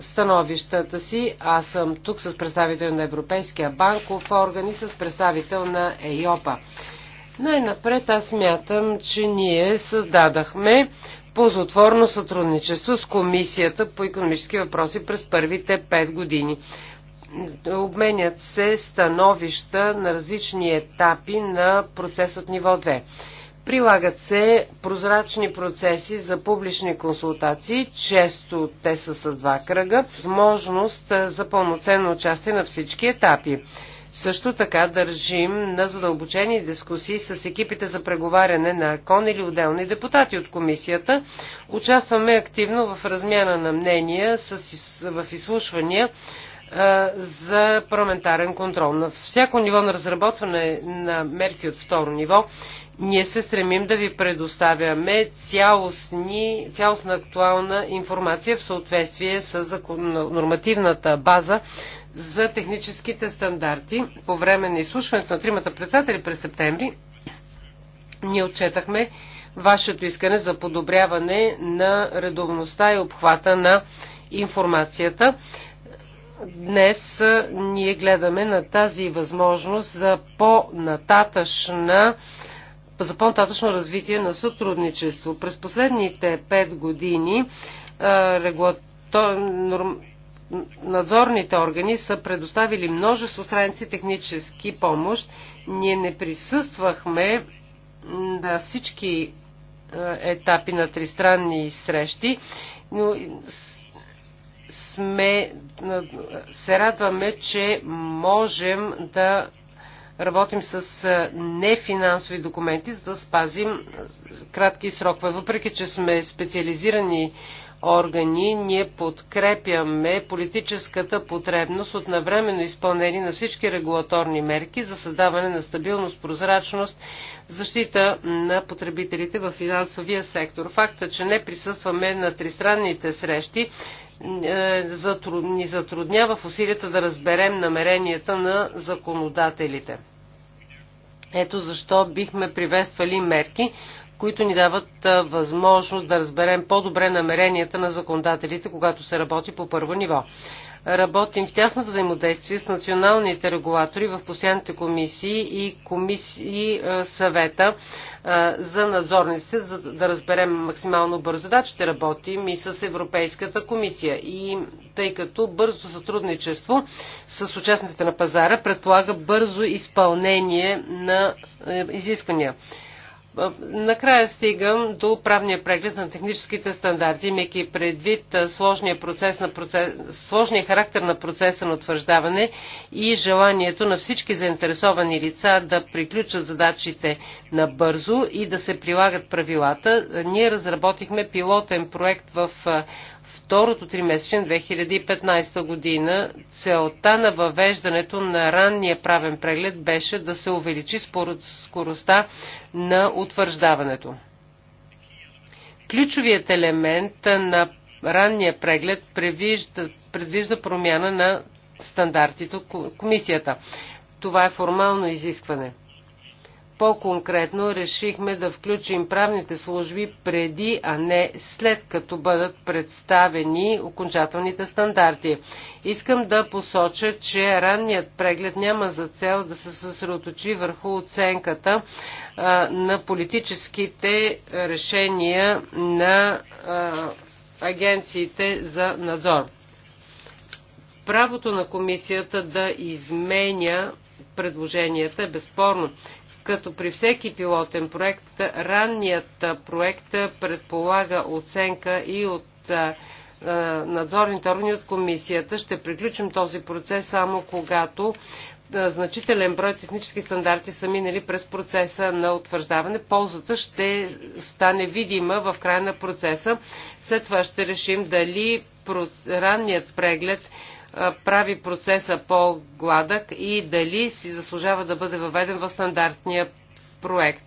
становищата си. Аз съм тук с представител на Европейския банков орган и с представител на ЕЙОПА. Най-напред аз мятам, че ние създадахме ползотворно сътрудничество с Комисията по економически въпроси през първите пет години. Обменят се становища на различни етапи на процес от ниво 2. Прилагат се прозрачни процеси за публични консултации, често те са с два кръга, възможност за пълноценно участие на всички етапи. Също така държим на задълбочени дискусии с екипите за преговаряне на КОН или отделни депутати от комисията. Участваме активно в размяна на мнения с, в изслушвания за парламентарен контрол. На всяко ниво на разработване на мерки от второ ниво, ние се стремим да ви предоставяме цялостни, цялостна актуална информация в съответствие с нормативната база за техническите стандарти. По време на изслушването на тримата председатели през септември ние отчетахме вашето искане за подобряване на редовността и обхвата на информацията. Днес ние гледаме на тази възможност за по-нататъчна за по-нататъчно развитие на сътрудничество. През последните 5 години надзорните органи са предоставили множество страници технически помощ. Ние не присъствахме на всички етапи на тристранни срещи, но сме, се радваме, че можем да работим с нефинансови документи, за да спазим кратки срокове. Въпреки, че сме специализирани органи, ние подкрепяме политическата потребност от навременно изпълнение на всички регулаторни мерки за създаване на стабилност, прозрачност, защита на потребителите в финансовия сектор. Факта, че не присъстваме на тристранните срещи, е, ни затруднява в усилията да разберем намеренията на законодателите. Ето защо бихме приветствали мерки, които ни дават възможност да разберем по-добре намеренията на законодателите, когато се работи по първо ниво. Работим в тясно взаимодействие с националните регулатори в постоянните комисии и комисии съвета за надзорниците, за да разберем максимално бързо. Да, ще работим и с Европейската комисия. И тъй като бързо сътрудничество с участниците на пазара предполага бързо изпълнение на е, изисквания. Накрая стигам до правния преглед на техническите стандарти, имайки предвид сложния, процес на процес, сложния характер на процеса на утвърждаване и желанието на всички заинтересовани лица да приключат задачите набързо и да се прилагат правилата. Ние разработихме пилотен проект в второто три на 2015 година целта на въвеждането на ранния правен преглед беше да се увеличи скоростта на утвърждаването. Ключовият елемент на ранния преглед предвижда, предвижда промяна на стандартите комисията. Това е формално изискване. По-конкретно решихме да включим правните служби преди, а не след като бъдат представени окончателните стандарти. Искам да посоча, че ранният преглед няма за цел да се съсредоточи върху оценката а, на политическите решения на а, агенциите за надзор. Правото на комисията да изменя предложенията е безспорно като при всеки пилотен проект, ранният проект предполага оценка и от надзорните органи от комисията. Ще приключим този процес само когато значителен брой технически стандарти са минали през процеса на утвърждаване. Ползата ще стане видима в края на процеса. След това ще решим дали ранният преглед прави процеса по-гладък и дали си заслужава да бъде въведен в стандартния проект.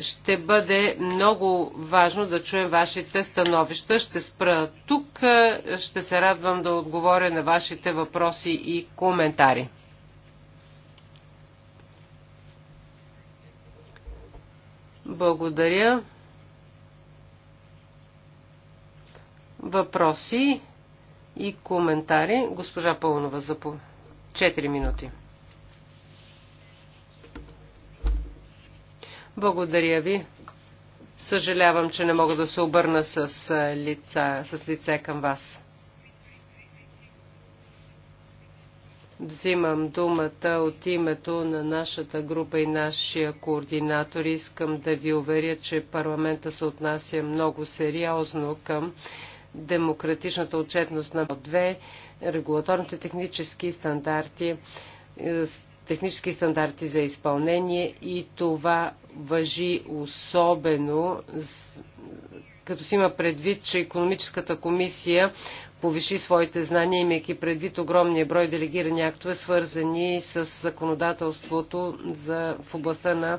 Ще бъде много важно да чуем вашите становища. Ще спра тук. Ще се радвам да отговоря на вашите въпроси и коментари. Благодаря. Въпроси? и коментари. Госпожа Пълнова за 4 минути. Благодаря ви. Съжалявам, че не мога да се обърна с, лица, с лице към вас. Взимам думата от името на нашата група и нашия координатор. Искам да ви уверя, че парламента се отнася много сериозно към демократичната отчетност на 2, регулаторните технически стандарти, е, технически стандарти за изпълнение и това въжи особено, като си има предвид, че економическата комисия повиши своите знания, имайки предвид огромния брой делегирани актове, свързани с законодателството за, в областта на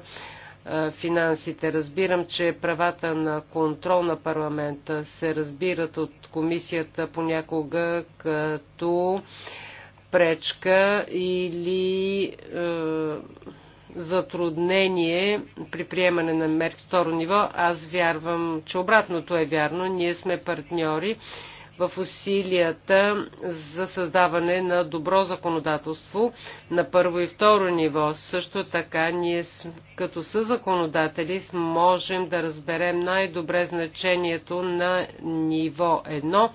е, финансите. Разбирам, че правата на контрол на парламента се разбират от комисията понякога като пречка или е, затруднение при приемане на мерки второ ниво. Аз вярвам, че обратното е вярно. Ние сме партньори в усилията за създаване на добро законодателство на първо и второ ниво. Също така ние като съзаконодатели можем да разберем най-добре значението на ниво 1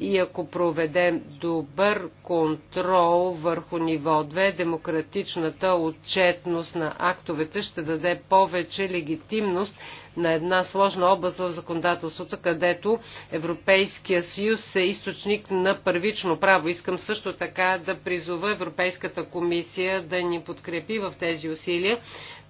и ако проведем добър контрол върху ниво 2, демократичната отчетност на актовете ще даде повече легитимност на една сложна област в законодателството, където Европейския съюз е източник на първично право. Искам също така да призова Европейската комисия да ни подкрепи в тези усилия,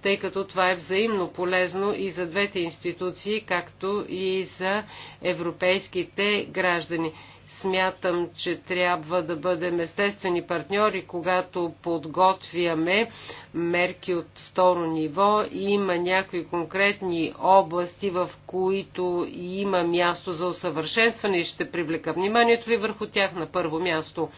тъй като това е взаимно полезно и за двете институции, както и за европейските граждани. Смятам, че трябва да бъдем естествени партньори, когато подготвяме мерки от второ ниво и има някои конкретни области, в които има място за усъвършенстване и ще привлека вниманието ви върху тях на първо място.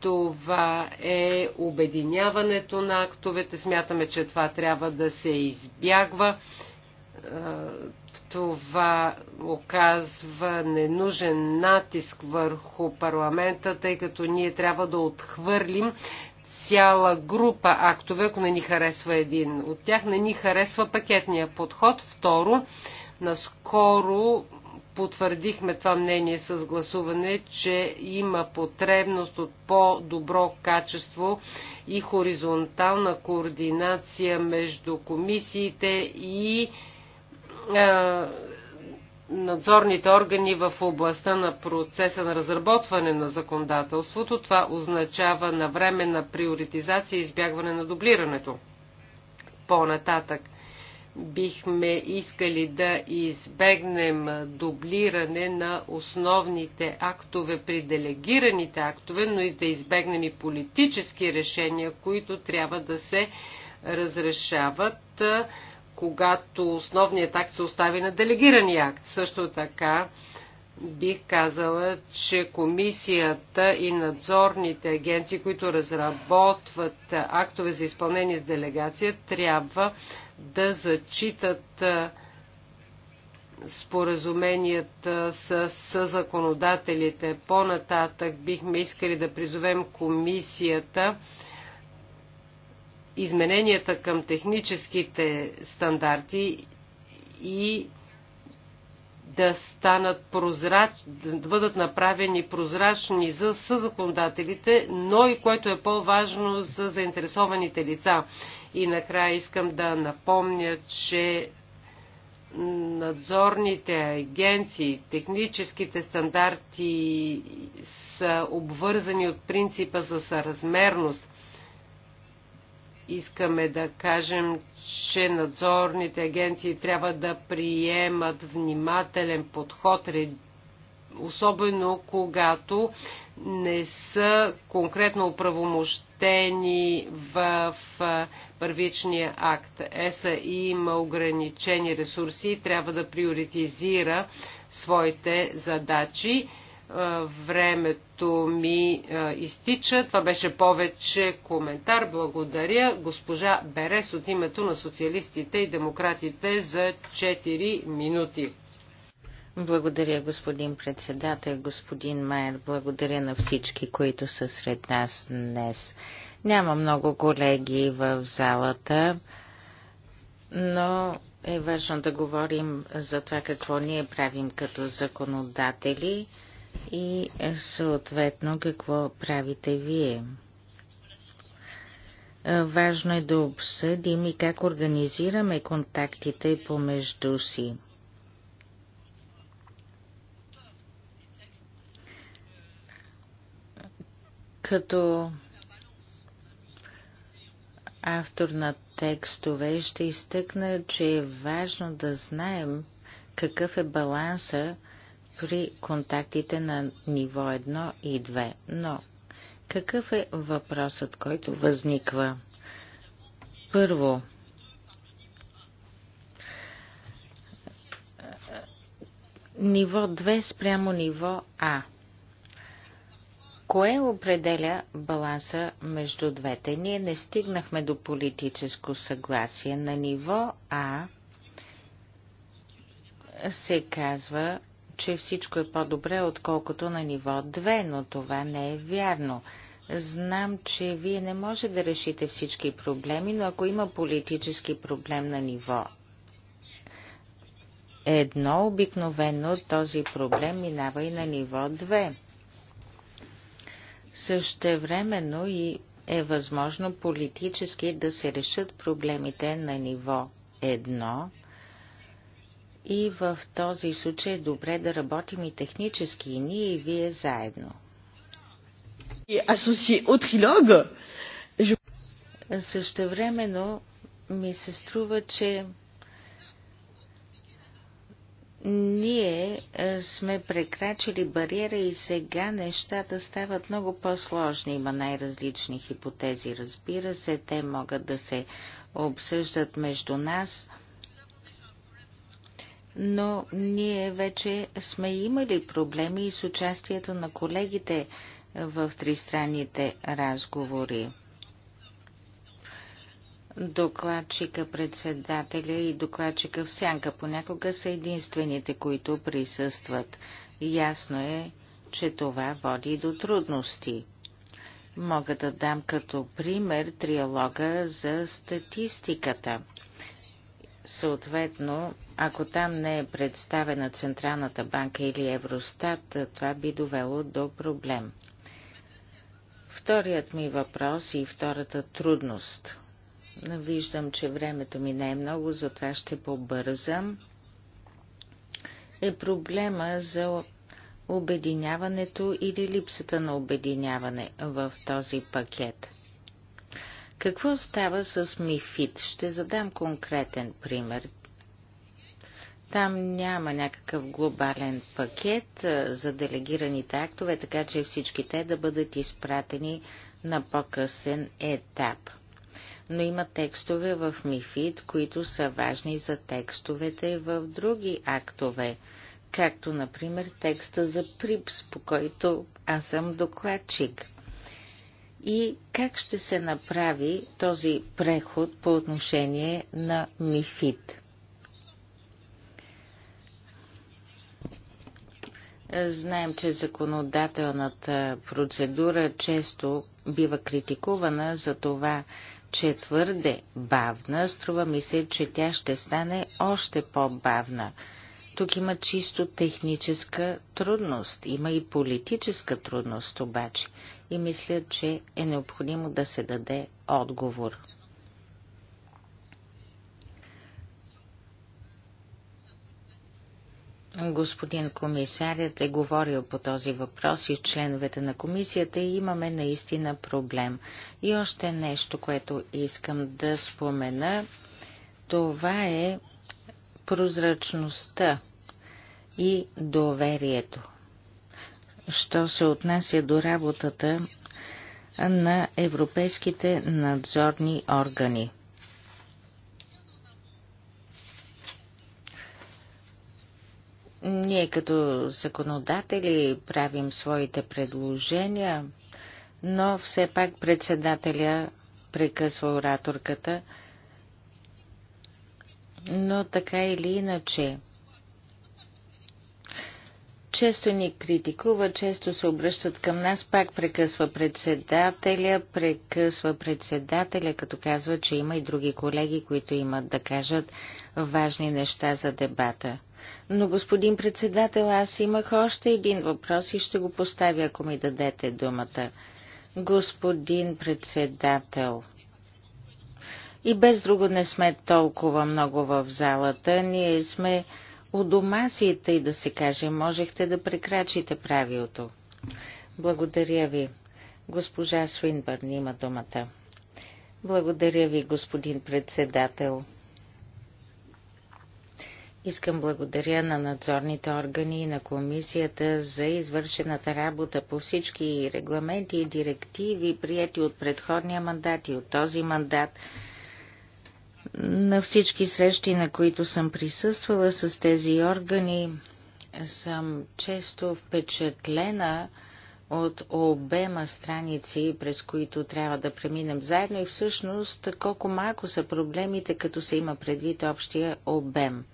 Това е обединяването на актовете. Смятаме, че това трябва да се избягва е, това оказва ненужен натиск върху парламента, тъй като ние трябва да отхвърлим цяла група актове, ако не ни харесва един от тях, не ни харесва пакетния подход. Второ, наскоро потвърдихме това мнение с гласуване, че има потребност от по-добро качество и хоризонтална координация между комисиите и е, надзорните органи в областта на процеса на разработване на законодателството. Това означава навременна приоритизация и избягване на дублирането. По-нататък бихме искали да избегнем дублиране на основните актове при делегираните актове, но и да избегнем и политически решения, които трябва да се разрешават е, когато основният акт се остави на делегирания акт. Също така бих казала, че комисията и надзорните агенции, които разработват актове за изпълнение с делегация, трябва да зачитат споразуменията с, с законодателите. По-нататък бихме искали да призовем комисията измененията към техническите стандарти и да станат прозрач, да бъдат направени прозрачни за съзаконодателите, но и което е по-важно за заинтересованите лица. И накрая искам да напомня, че надзорните агенции, техническите стандарти са обвързани от принципа за съразмерност. Искаме да кажем, че надзорните агенции трябва да приемат внимателен подход, особено когато не са конкретно оправомощени в първичния акт. ЕСА има ограничени ресурси и трябва да приоритизира своите задачи времето ми изтича. Това беше повече коментар. Благодаря госпожа Берес от името на социалистите и демократите за 4 минути. Благодаря, господин председател, господин Майер. Благодаря на всички, които са сред нас днес. Няма много колеги в залата, но е важно да говорим за това какво ние правим като законодатели – и е, съответно какво правите вие. Е, важно е да обсъдим и как организираме контактите помежду си. Като автор на текстове ще изтъкна, че е важно да знаем какъв е баланса при контактите на ниво 1 и 2. Но какъв е въпросът, който възниква? Първо, ниво 2 спрямо ниво А. Кое определя баланса между двете? Ние не стигнахме до политическо съгласие. На ниво А се казва, че всичко е по-добре, отколкото на ниво 2, но това не е вярно. Знам, че вие не може да решите всички проблеми, но ако има политически проблем на ниво едно, обикновено този проблем минава и на ниво 2. Същевременно и е възможно политически да се решат проблемите на ниво едно. И в този случай е добре да работим и технически, и ние, и вие заедно. Също от Същевременно ми се струва, че ние е, сме прекрачили бариера и сега нещата стават много по-сложни. Има най-различни хипотези, разбира се. Те могат да се обсъждат между нас – но ние вече сме имали проблеми и с участието на колегите в тристранните разговори. Докладчика, председателя и докладчика в сянка понякога са единствените, които присъстват. Ясно е, че това води до трудности. Мога да дам като пример триалога за статистиката – Съответно, ако там не е представена Централната банка или Евростат, това би довело до проблем. Вторият ми въпрос и втората трудност. Виждам, че времето ми не е много, затова ще побързам. Е проблема за обединяването или липсата на обединяване в този пакет – какво става с МИФИТ? Ще задам конкретен пример. Там няма някакъв глобален пакет за делегираните актове, така че всички те да бъдат изпратени на по-късен етап. Но има текстове в МИФИД, които са важни за текстовете в други актове, както например текста за ПРИПС, по който аз съм докладчик – и как ще се направи този преход по отношение на МИФИД. Знаем, че законодателната процедура често бива критикувана за това, че е твърде бавна. Струва ми се, че тя ще стане още по-бавна. Тук има чисто техническа трудност, има и политическа трудност обаче и мисля, че е необходимо да се даде отговор. Господин комисарят е говорил по този въпрос и членовете на комисията и имаме наистина проблем. И още нещо, което искам да спомена, това е прозрачността и доверието. Що се отнася до работата на европейските надзорни органи. Ние като законодатели правим своите предложения, но все пак председателя прекъсва ораторката. Но така или иначе, често ни критикува, често се обръщат към нас, пак прекъсва председателя, прекъсва председателя, като казва, че има и други колеги, които имат да кажат важни неща за дебата. Но, господин председател, аз имах още един въпрос и ще го поставя, ако ми дадете думата. Господин председател, и без друго не сме толкова много в залата, ние сме у дома си, и тъй да се каже, можехте да прекрачите правилото. Благодаря ви. Госпожа Свинбърн има думата. Благодаря ви, господин председател. Искам благодаря на надзорните органи и на комисията за извършената работа по всички регламенти и директиви, прияти от предходния мандат и от този мандат. На всички срещи, на които съм присъствала с тези органи, съм често впечатлена от обема страници, през които трябва да преминем заедно и всъщност колко малко са проблемите, като се има предвид общия обем.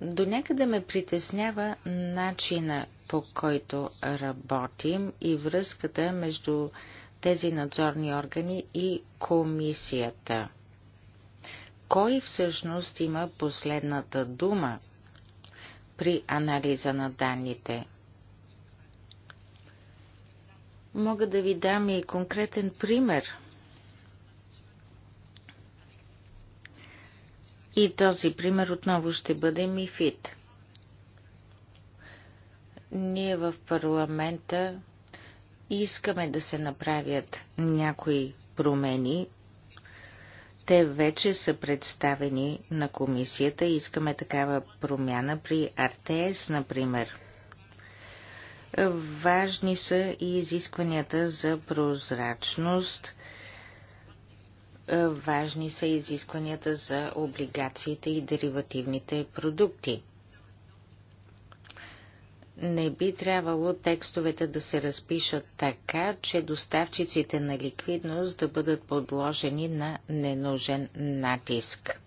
До някъде ме притеснява начина по който работим и връзката между тези надзорни органи и комисията кой всъщност има последната дума при анализа на данните. Мога да ви дам и конкретен пример. И този пример отново ще бъде МИФИД. Ние в парламента искаме да се направят някои промени те вече са представени на комисията. Искаме такава промяна при РТС, например. Важни са и изискванията за прозрачност. Важни са изискванията за облигациите и деривативните продукти не би трябвало текстовете да се разпишат така, че доставчиците на ликвидност да бъдат подложени на ненужен натиск.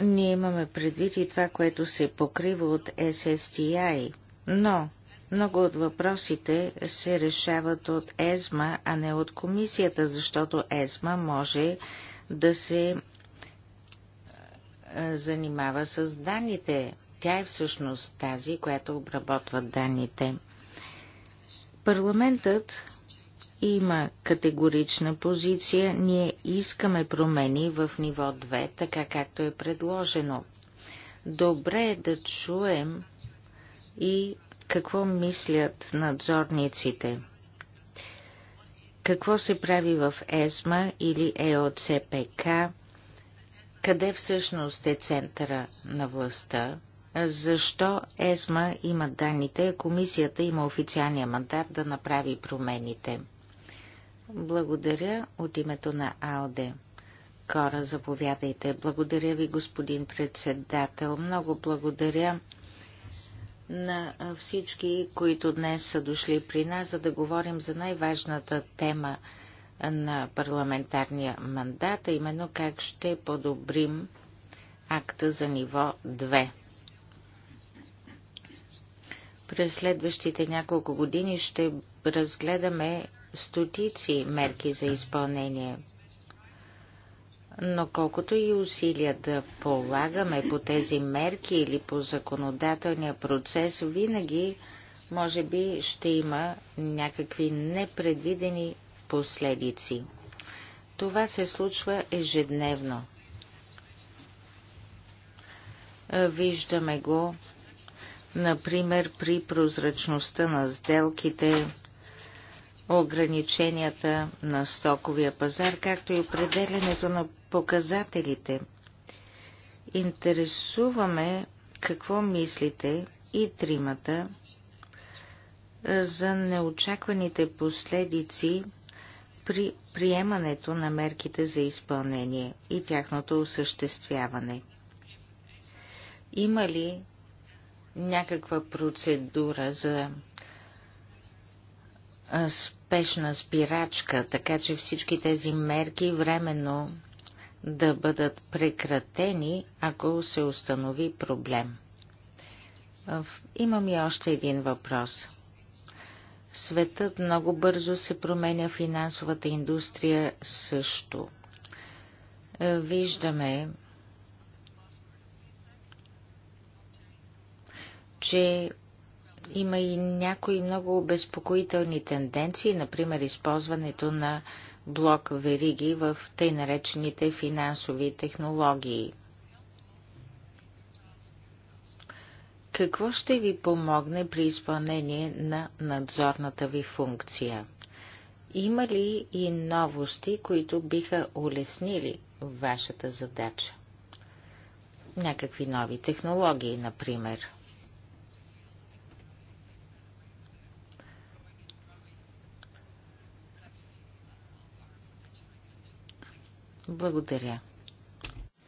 Ние имаме предвид и това, което се покрива от SSTI, но много от въпросите се решават от ЕСМА, а не от комисията, защото ЕСМА може да се занимава с данните тя е всъщност тази, която обработва данните. Парламентът има категорична позиция. Ние искаме промени в ниво 2, така както е предложено. Добре е да чуем и какво мислят надзорниците. Какво се прави в ЕСМА или ЕОЦПК? Къде всъщност е центъра на властта? защо ЕСМА има данните, а комисията има официалния мандат да направи промените. Благодаря от името на АОДЕ. Кора, заповядайте. Благодаря ви, господин председател. Много благодаря на всички, които днес са дошли при нас, за да говорим за най-важната тема на парламентарния мандат, а именно как ще подобрим акта за ниво 2. През следващите няколко години ще разгледаме стотици мерки за изпълнение. Но колкото и усилия да полагаме по тези мерки или по законодателния процес, винаги може би ще има някакви непредвидени последици. Това се случва ежедневно. Виждаме го например при прозрачността на сделките, ограниченията на стоковия пазар, както и определенето на показателите. Интересуваме какво мислите и тримата за неочакваните последици при приемането на мерките за изпълнение и тяхното осъществяване. Има ли някаква процедура за спешна спирачка, така че всички тези мерки временно да бъдат прекратени, ако се установи проблем. Имам и още един въпрос. Светът много бързо се променя, финансовата индустрия също. Виждаме че има и някои много обезпокоителни тенденции, например използването на блок вериги в тъй наречените финансови технологии. Какво ще ви помогне при изпълнение на надзорната ви функция? Има ли и новости, които биха улеснили вашата задача? Някакви нови технологии, например. Благодаря.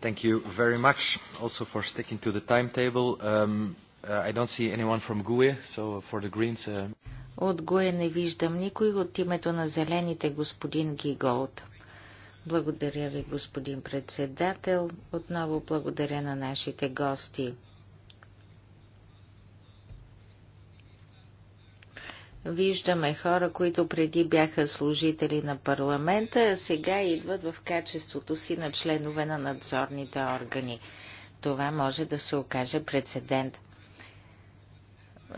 Thank you very much also for sticking to the timetable. Um, uh, I don't see anyone from GUE, so for the Greens... Uh... От ГУЕ e не виждам никой от името на зелените, господин Гиголд. Благодаря ви, господин председател. Отново благодаря на нашите гости. Виждаме хора, които преди бяха служители на парламента, а сега идват в качеството си на членове на надзорните органи. Това може да се окаже прецедент.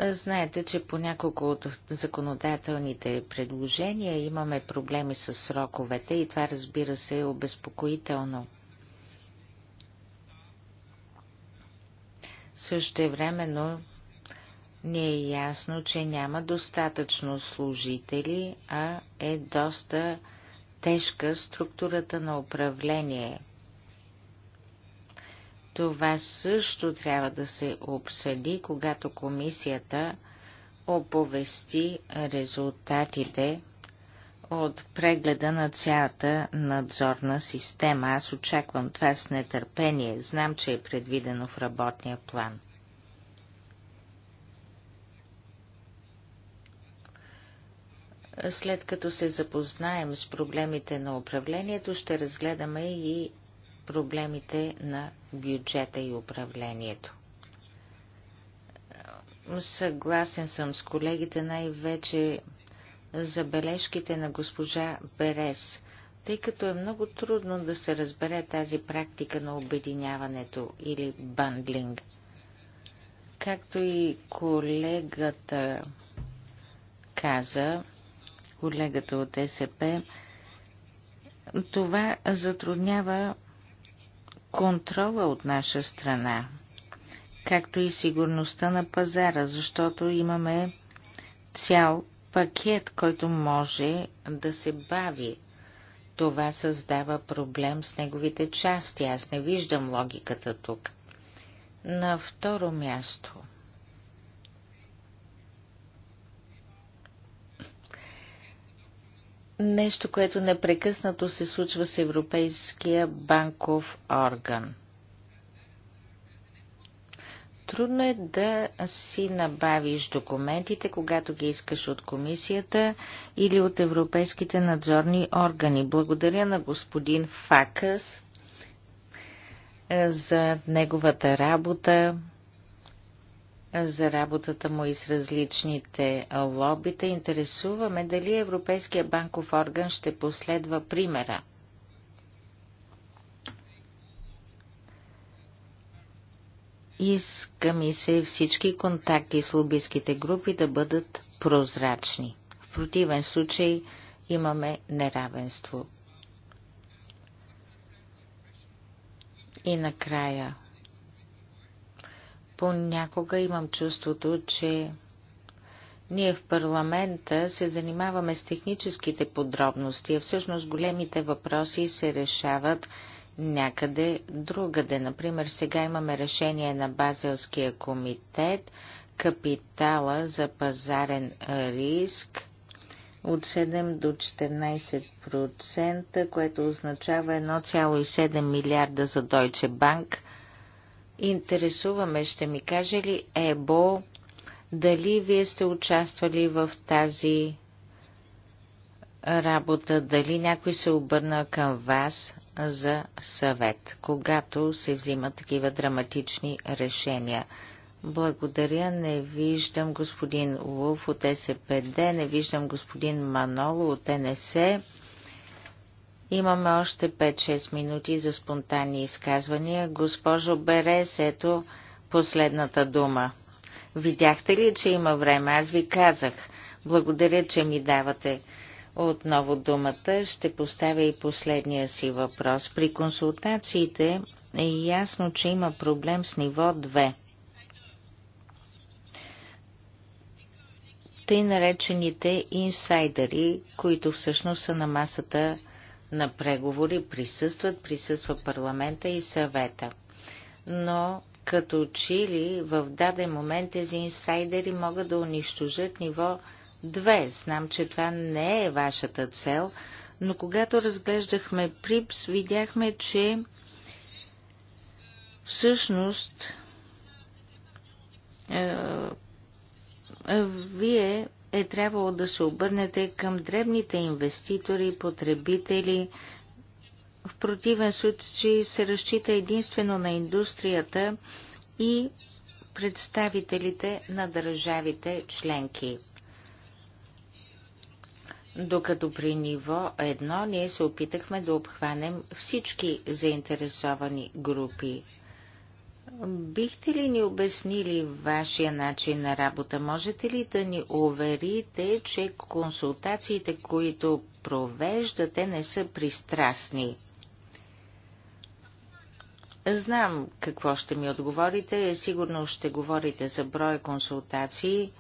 Знаете, че по няколко от законодателните предложения имаме проблеми с сроковете и това разбира се е обезпокоително. Също Същевременно ни е ясно, че няма достатъчно служители, а е доста тежка структурата на управление. Това също трябва да се обсъди, когато комисията оповести резултатите от прегледа на цялата надзорна система. Аз очаквам това с нетърпение. Знам, че е предвидено в работния план. След като се запознаем с проблемите на управлението, ще разгледаме и проблемите на бюджета и управлението. Съгласен съм с колегите най-вече забележките на госпожа Берес, тъй като е много трудно да се разбере тази практика на обединяването или бандлинг. Както и колегата каза, колегата от СП, това затруднява контрола от наша страна, както и сигурността на пазара, защото имаме цял пакет, който може да се бави. Това създава проблем с неговите части. Аз не виждам логиката тук. На второ място. Нещо, което непрекъснато се случва с Европейския банков орган. Трудно е да си набавиш документите, когато ги искаш от комисията или от европейските надзорни органи. Благодаря на господин Факъс е, за неговата работа за работата му и с различните лобита. Интересуваме дали Европейския банков орган ще последва примера. Иска ми се всички контакти с лобистските групи да бъдат прозрачни. В противен случай имаме неравенство. И накрая Понякога имам чувството, че ние в парламента се занимаваме с техническите подробности, а всъщност големите въпроси се решават някъде другаде. Например, сега имаме решение на Базелския комитет, капитала за пазарен риск от 7 до 14%, което означава 1,7 милиарда за Deutsche Bank интересуваме, ще ми каже ли Ебо, дали вие сте участвали в тази работа, дали някой се обърна към вас за съвет, когато се взимат такива драматични решения. Благодаря, не виждам господин Лув от СПД, не виждам господин Маноло от НСЕ. Имаме още 5-6 минути за спонтанни изказвания. Госпожо Берес, ето последната дума. Видяхте ли, че има време? Аз ви казах. Благодаря, че ми давате отново думата. Ще поставя и последния си въпрос. При консултациите е ясно, че има проблем с ниво 2. Тъй наречените инсайдери, които всъщност са на масата на преговори присъстват, присъства парламента и съвета. Но като чили в даден момент тези инсайдери могат да унищожат ниво 2. Знам, че това не е вашата цел, но когато разглеждахме ПРИПС, видяхме, че всъщност е, вие е трябвало да се обърнете към дребните инвеститори, потребители. В противен случай се разчита единствено на индустрията и представителите на държавите членки. Докато при ниво едно ние се опитахме да обхванем всички заинтересовани групи Бихте ли ни обяснили вашия начин на работа? Можете ли да ни уверите, че консултациите, които провеждате, не са пристрастни? Знам какво ще ми отговорите. Сигурно ще говорите за брой консултации,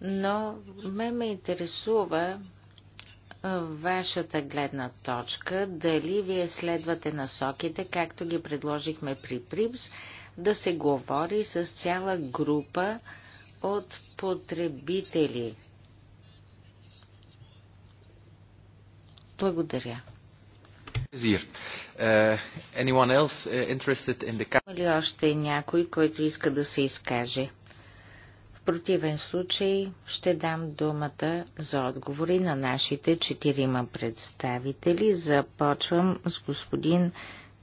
но ме ме интересува вашата гледна точка, дали вие следвате насоките, както ги предложихме при ПРИПС, да се говори с цяла група от потребители. Благодаря. Е, е, Има ли още някой, който иска да се изкаже? противен случай ще дам думата за отговори на нашите четирима представители. Започвам с господин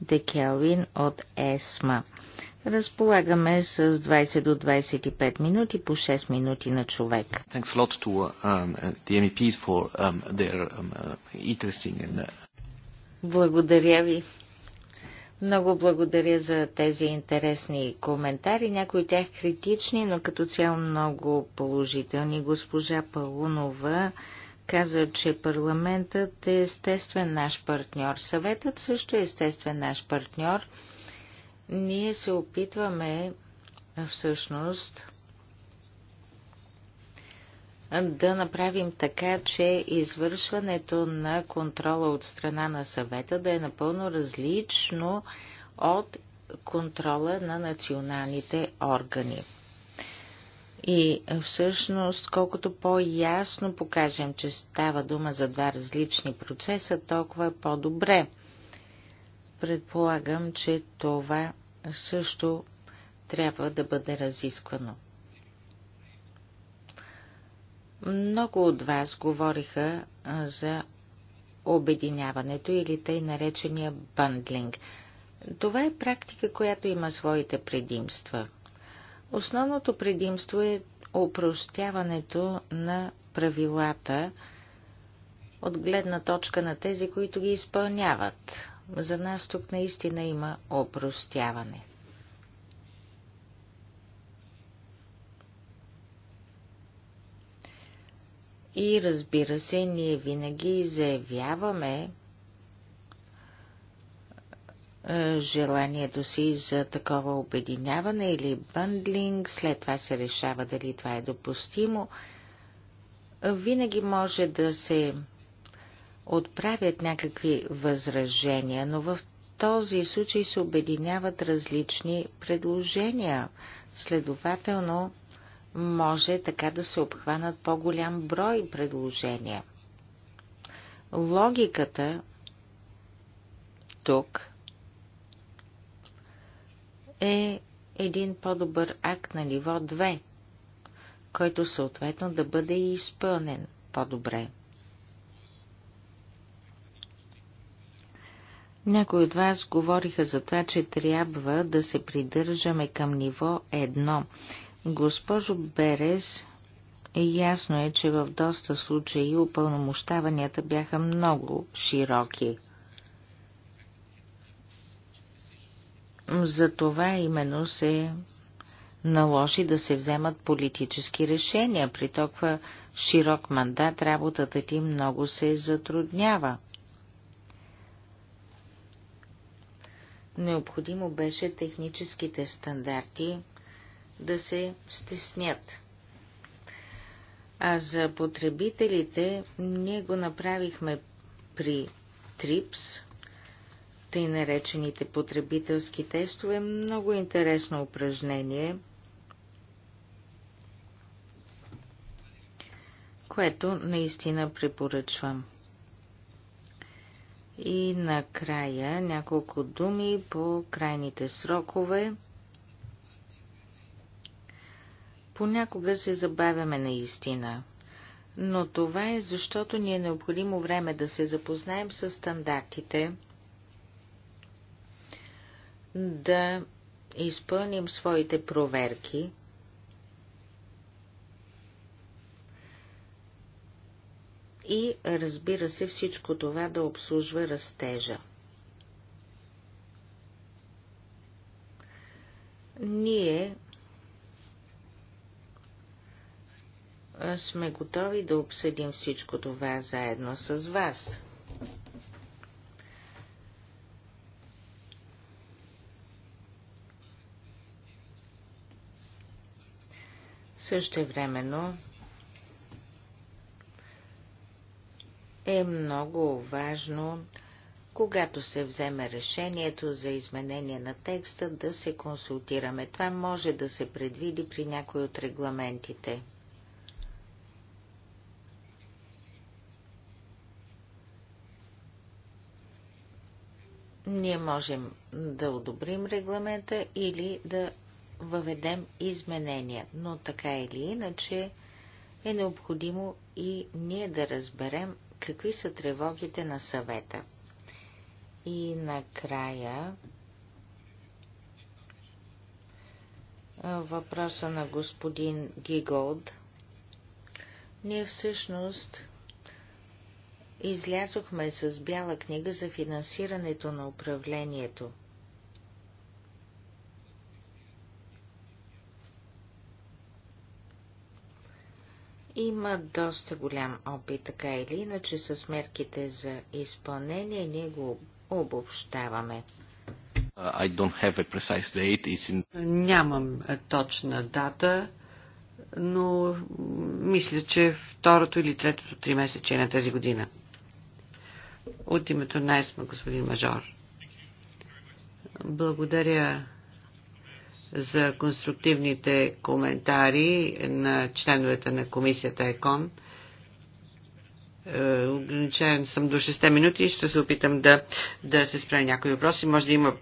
Декелвин от ЕСМА. Разполагаме с 20 до 25 минути по 6 минути на човек. Благодаря ви много благодаря за тези интересни коментари, някои от тях критични, но като цяло много положителни. Госпожа Палунова каза, че парламентът е естествен наш партньор. Съветът също е естествен наш партньор. Ние се опитваме всъщност да направим така, че извършването на контрола от страна на съвета да е напълно различно от контрола на националните органи. И всъщност, колкото по-ясно покажем, че става дума за два различни процеса, толкова е по-добре. Предполагам, че това също трябва да бъде разисквано. Много от вас говориха за обединяването или тъй наречения бандлинг. Това е практика, която има своите предимства. Основното предимство е упростяването на правилата от гледна точка на тези, които ги изпълняват. За нас тук наистина има опростяване. И разбира се, ние винаги заявяваме е, желанието си за такова обединяване или бандлинг, след това се решава дали това е допустимо. Винаги може да се отправят някакви възражения, но в този случай се обединяват различни предложения. Следователно, може така да се обхванат по-голям брой предложения. Логиката тук е един по-добър акт на ниво 2, който съответно да бъде и изпълнен по-добре. Някои от вас говориха за това, че трябва да се придържаме към ниво Госпожо Берес, ясно е, че в доста случаи упълномощаванията бяха много широки. За това именно се наложи да се вземат политически решения. При толкова широк мандат работата ти много се затруднява. Необходимо беше техническите стандарти да се стеснят. А за потребителите ние го направихме при ТРИПС, тъй наречените потребителски тестове. Много интересно упражнение, което наистина препоръчвам. И накрая няколко думи по крайните срокове – Понякога се забавяме наистина, но това е защото ни е необходимо време да се запознаем с стандартите, да изпълним своите проверки, и разбира се всичко това да обслужва растежа. Ние Е, сме готови да обсъдим всичко това заедно с вас. Същевременно е много важно, когато се вземе решението за изменение на текста, да се консултираме. Това може да се предвиди при някои от регламентите. Ние можем да одобрим регламента или да въведем изменения, но така или иначе е необходимо и ние да разберем какви са тревогите на съвета. И накрая въпроса на господин Гиголд. Ние всъщност излязохме с бяла книга за финансирането на управлението. Има доста голям опит, така или иначе, с мерките за изпълнение. Ние го обобщаваме. Uh, I don't have a precise date. It's in... Нямам е, точна дата, но мисля, че второто или третото три месече е на тази година. От името на ЕСМА, господин Мажор. Благодаря за конструктивните коментари на членовете на комисията ЕКОН. Е, ограничен съм до 6 минути и ще се опитам да, да се спра някои въпроси. Може да има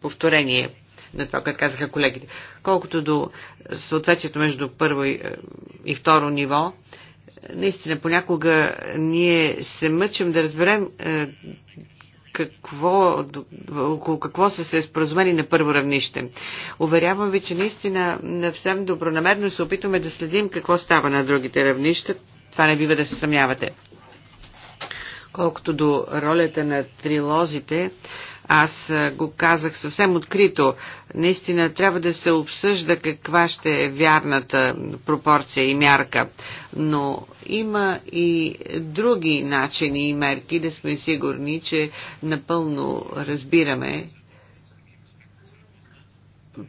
повторение на това, което казаха колегите. Колкото до съответствието между първо и, е, и второ ниво, Наистина, понякога ние се мъчим да разберем е, какво, около какво са се споразумени на първо равнище. Уверявам ви, че наистина съвсем добронамерно се опитваме да следим какво става на другите равнища. Това не бива да се съмнявате. Колкото до ролята на трилозите, аз го казах съвсем открито. Наистина трябва да се обсъжда каква ще е вярната пропорция и мярка. Но има и други начини и мерки да сме сигурни, че напълно разбираме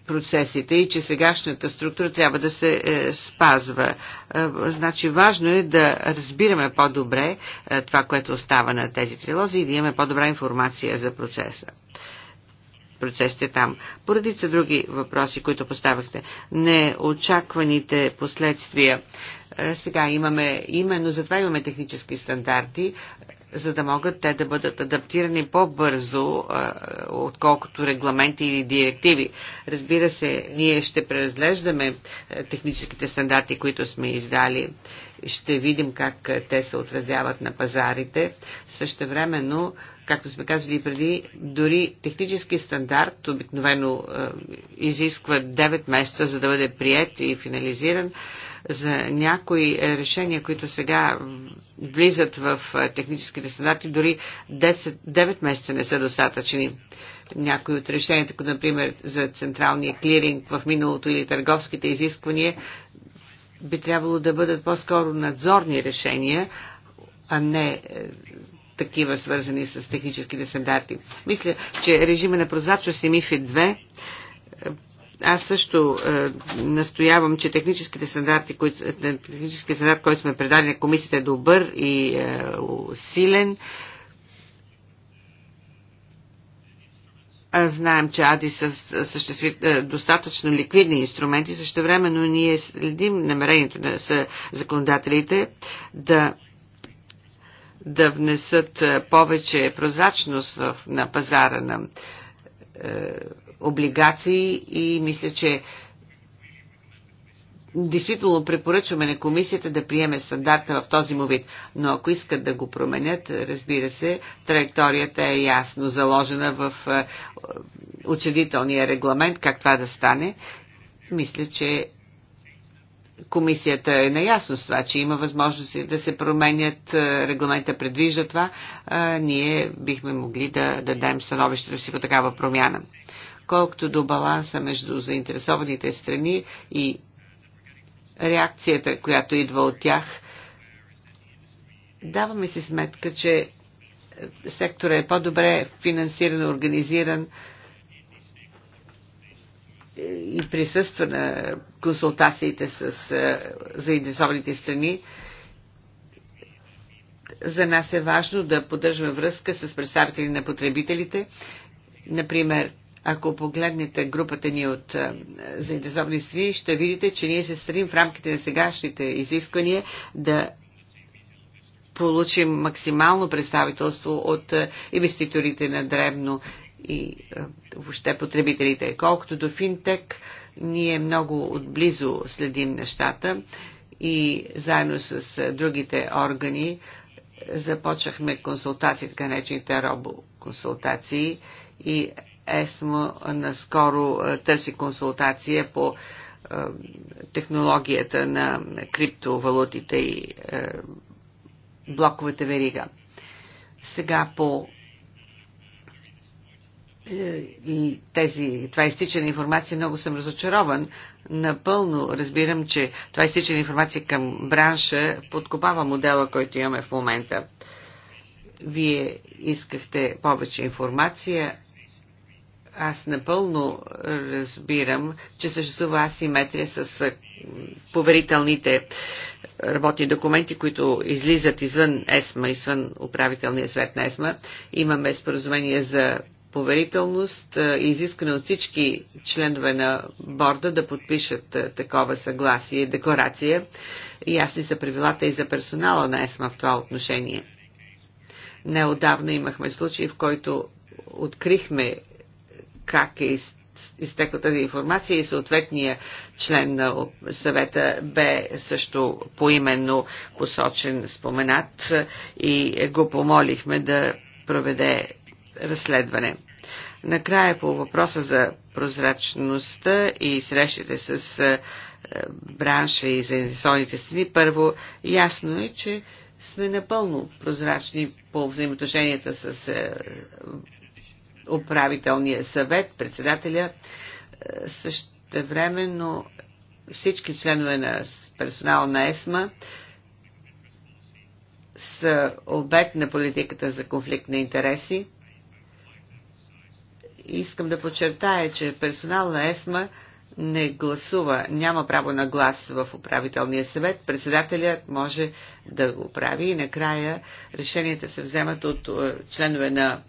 процесите и че сегашната структура трябва да се е, спазва. Е, значи важно е да разбираме по-добре е, това, което остава на тези трилози и да имаме по-добра информация за процеса процесите там. са други въпроси, които поставяхте. Неочакваните последствия. Е, сега имаме, именно затова имаме технически стандарти, за да могат те да бъдат адаптирани по-бързо, отколкото регламенти или директиви. Разбира се, ние ще преразглеждаме техническите стандарти, които сме издали. Ще видим как те се отразяват на пазарите. Същевременно, както сме казали преди, дори технически стандарт обикновено изисква 9 месеца, за да бъде прият и финализиран за някои е, решения, които сега влизат в е, техническите стандарти, дори 10, 9 месеца не са достатъчни. Някои от решенията, като например за централния клиринг в миналото или търговските изисквания, би трябвало да бъдат по-скоро надзорни решения, а не е, такива свързани с техническите стандарти. Мисля, че режима на прозрачност и МИФИ 2 аз също е, настоявам, че техническите стандарти, които, е, технически стандарт, който сме предали на комисията е добър и е, силен. знаем, че АДИ са съществи, е, достатъчно ликвидни инструменти, също но ние следим намерението на законодателите да да внесат е, повече прозрачност на пазара на облигации и мисля, че действително препоръчваме на комисията да приеме стандарта в този му вид. Но ако искат да го променят, разбира се, траекторията е ясно заложена в е, учредителния регламент, как това да стане. Мисля, че комисията е наясно с това, че има възможности да се променят, е, регламента предвижда това, ние бихме могли да дадем становището си по такава промяна колкото до баланса между заинтересованите страни и реакцията, която идва от тях, даваме си сметка, че сектора е по-добре финансиран, организиран и присъства на консултациите с е, заинтересованите страни. За нас е важно да поддържаме връзка с представители на потребителите. Например, ако погледнете групата ни от е, заинтересовани страни, ще видите, че ние се стремим в рамките на сегашните изисквания да получим максимално представителство от е, инвеститорите на дребно и е, въобще потребителите. Колкото до финтек, ние много отблизо следим нещата и заедно с другите органи започнахме консултации, така наречените робоконсултации и ЕСМО наскоро е, търси консултация по е, технологията на криптовалутите и е, блоковата верига. Сега по и тези, това изтичане информация много съм разочарован. Напълно разбирам, че това изтичане информация към бранша подкопава модела, който имаме в момента. Вие искахте повече информация. Аз напълно разбирам, че съществува асиметрия с поверителните работни документи, които излизат извън ЕСМА, извън управителния свет на ЕСМА. Имаме споразумение за поверителност и изискване от всички членове на борда да подпишат такова съгласие, декларация. Ясни са правилата и за персонала на ЕСМА в това отношение. Неодавна имахме случай, в който открихме как е изтекла тази информация и съответния член на съвета бе също поименно посочен, споменат и го помолихме да проведе разследване. Накрая по въпроса за прозрачността и срещите с е, бранша и заинтересованите страни, първо ясно е, че сме напълно прозрачни по взаимоотношенията с е, управителния съвет, председателя. Е, Също времено всички членове на персонал на ЕСМА са обект на политиката за конфликт на интереси. Искам да подчертая, че персонал на ЕСМА не гласува, няма право на глас в управителния съвет. Председателят може да го прави и накрая решенията се вземат от е, членове на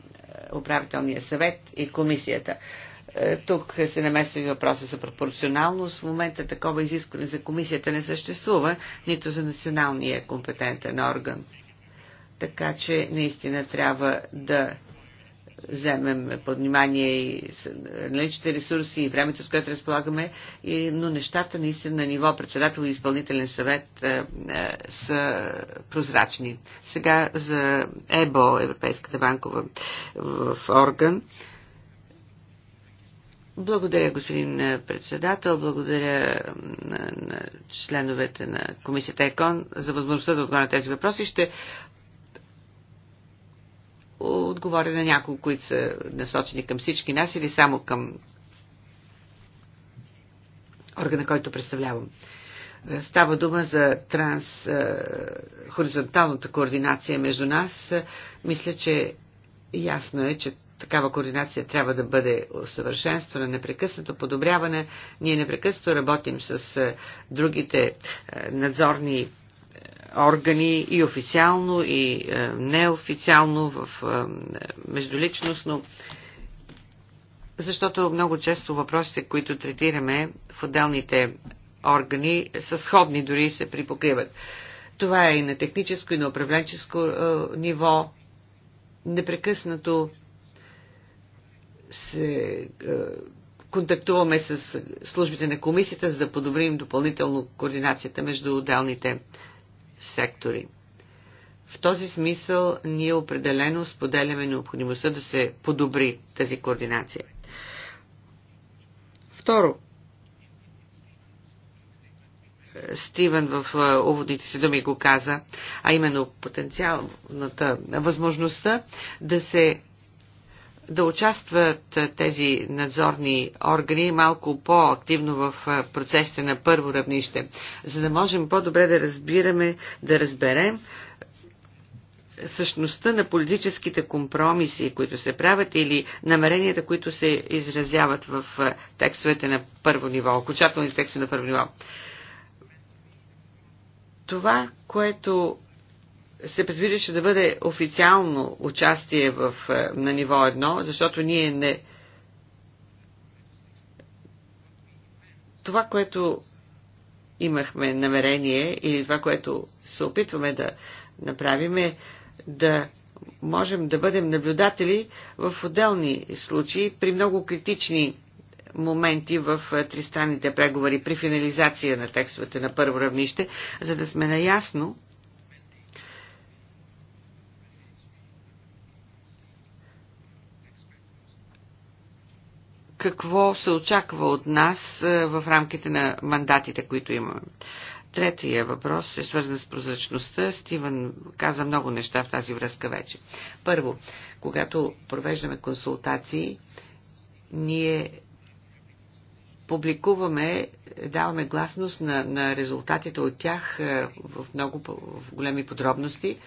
управителния съвет и комисията. Е, тук се намесва и въпроса за пропорционалност. В момента такова изискване за комисията не съществува, нито за националния компетентен орган. Така че наистина трябва да вземем под внимание и наличните ресурси и времето, с което разполагаме, и, но нещата наистина на ниво председател и изпълнителен съвет е, е, са прозрачни. Сега за ЕБО, Европейската банкова в, в орган. Благодаря, господин е, председател. Благодаря е, на, на членовете на комисията ЕКОН за възможността да отговоря на тези въпроси. Ще отговоря на няколко, които са насочени към всички нас или само към органа, който представлявам. Става дума за транс, хоризонталната координация между нас. Мисля, че ясно е, че такава координация трябва да бъде усъвършенствана, непрекъснато подобряване. Ние непрекъснато работим с другите е, надзорни органи и официално, и е, неофициално, в е, междуличностно. Защото много често въпросите, които третираме в отделните органи, са сходни, дори се припокриват. Това е и на техническо, и на управленческо е, ниво. Непрекъснато се е, контактуваме с службите на комисията, за да подобрим допълнително координацията между отделните сектори. В този смисъл ние определено споделяме необходимостта да се подобри тази координация. Второ, Стивен в уводните си думи го каза, а именно потенциалната възможността да се да участват тези надзорни органи малко по-активно в процесите на първо равнище, за да можем по-добре да разбираме, да разберем същността на политическите компромиси, които се правят или намеренията, които се изразяват в текстовете на първо ниво, окончателните текстове на първо ниво. Това, което се предвиждаше да бъде официално участие в, е, на ниво едно, защото ние не. Това, което имахме намерение или това, което се опитваме да направим е да можем да бъдем наблюдатели в отделни случаи при много критични моменти в е, тристранните преговори при финализация на текстовете на първо равнище, за да сме наясно какво се очаква от нас е, в рамките на мандатите, които имаме. Третия въпрос е свързан с прозрачността. Стивен каза много неща в тази връзка вече. Първо, когато провеждаме консултации, ние публикуваме, даваме гласност на, на резултатите от тях е, в много в големи подробности.